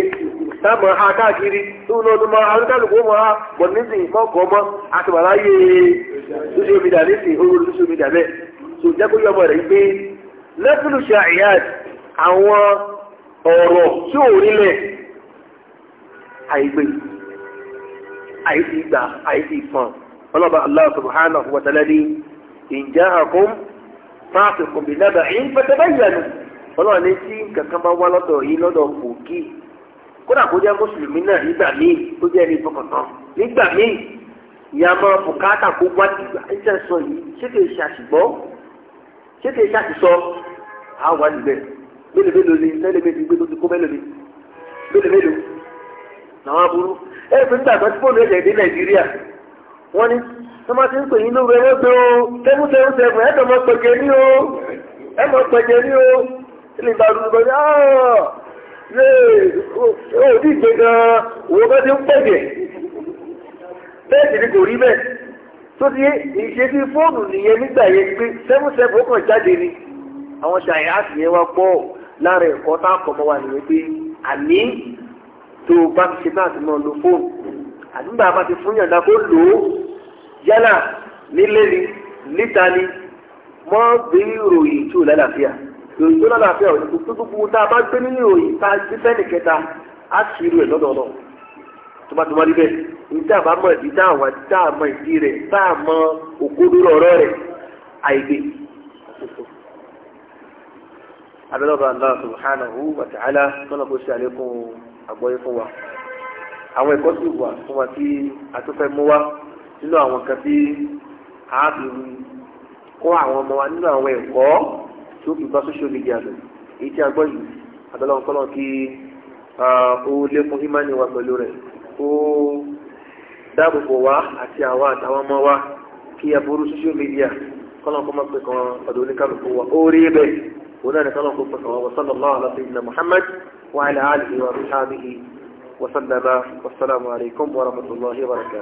ha káàkiri lọ́dún bọ̀ mọ́ social media social media bẹ́ẹ̀ so rẹ̀ gbé ṣe ọ̀rọ̀ tí ò rílẹ̀ àìgbè àìsí ìgbà àìsí ìfàn ọlọ́ba in ní tí kankan bá wá lọ́dọ̀ yìí lọ́dọ̀ kódà kó jẹ́ mùsùlùmí náà nígbà míì jẹ́ ní ìfọkàntán nígbà míì ìyá máa bùkátà kó wá mélòó mélòó ni mélòó mélòó gbé tó ti kó mélòó ni mélòó mélòó làwọn aburú ẹ fi ń tàgbà tí fóònù ẹ̀jẹ̀ dé nàìjíríà wọ́n ní wọ́n máa ti ń pè yín lóru ẹ̀rọ pé o tẹ́kùn tẹ́kùn tẹ́kùn ẹ̀dọ̀ mọ pẹ̀jẹ̀ ní o ẹ̀ mọ pẹ̀jẹ̀ ní o ilé ìgbà òdùnkọ̀ ní ọ̀ọ́ lè ó ní ìgbé gan-an òun bá ti ń pẹ̀jẹ̀ bẹ́ẹ̀ sì ni kò rí bẹ́ẹ̀ tó ti ìṣesí fóònù nìyẹn nígbà yẹn pé tẹ́kùn tẹ́kùn ó kàn jáde ni àwọn ṣàyà á sì yẹn wá pọ̀ lára ẹ̀kọ́ tá a kọ́ mọ́ wa nìyẹn pé àní tó o bá ti ṣe bá a ti lo fóònù àdúgbò àbá ti fún yàrá kó lò ó yálà nílé ni níta ni mọ́ gbé ìròyìn tí ò lálàáfíà ìròyìn tó lálàáfíà ò ní kó tó gbogbo tá a bá gbé nínú ìròyìn tá a gbé fẹ́ẹ̀nì kẹta á sì rú ẹ̀ lọ́dọọdọ tó bá tó wá níbẹ̀ ìdá àbá mọ̀ ìdí tá a wà tá a mọ̀ ìdí rẹ̀ tá a mọ̀ òkúdúró ọ̀rọ̀ rẹ̀ àìgbé abẹ́lọ́ba Allah subhanahu wa ta'ala tọ́nà kó ṣe àlékún àgbọ́yé fún wa àwọn ẹ̀kọ́ sì wà fún wa tí a tó fẹ́ mú wa nínú àwọn kan tí a fi kọ́ àwọn ọmọ wa nínú àwọn ẹ̀kọ́ tí ó fi bá social media lò èyí tí a gbọ́ yìí abẹ́lọ́ba kọ́nà kí ó lékún ìmánì wa pẹ̀lú rẹ̀ kó dáàbòbò wa àti àwa àtàwọn ọmọ wa kí aburú social media kọ́nà kó kan ọ̀dọ̀ oníkàlùkù wa ó rí bẹ́ẹ̀. وذلك الله وصلى الله على سيدنا محمد وعلى آله وصحبه وسلم والسلام عليكم ورحمة الله وبركاته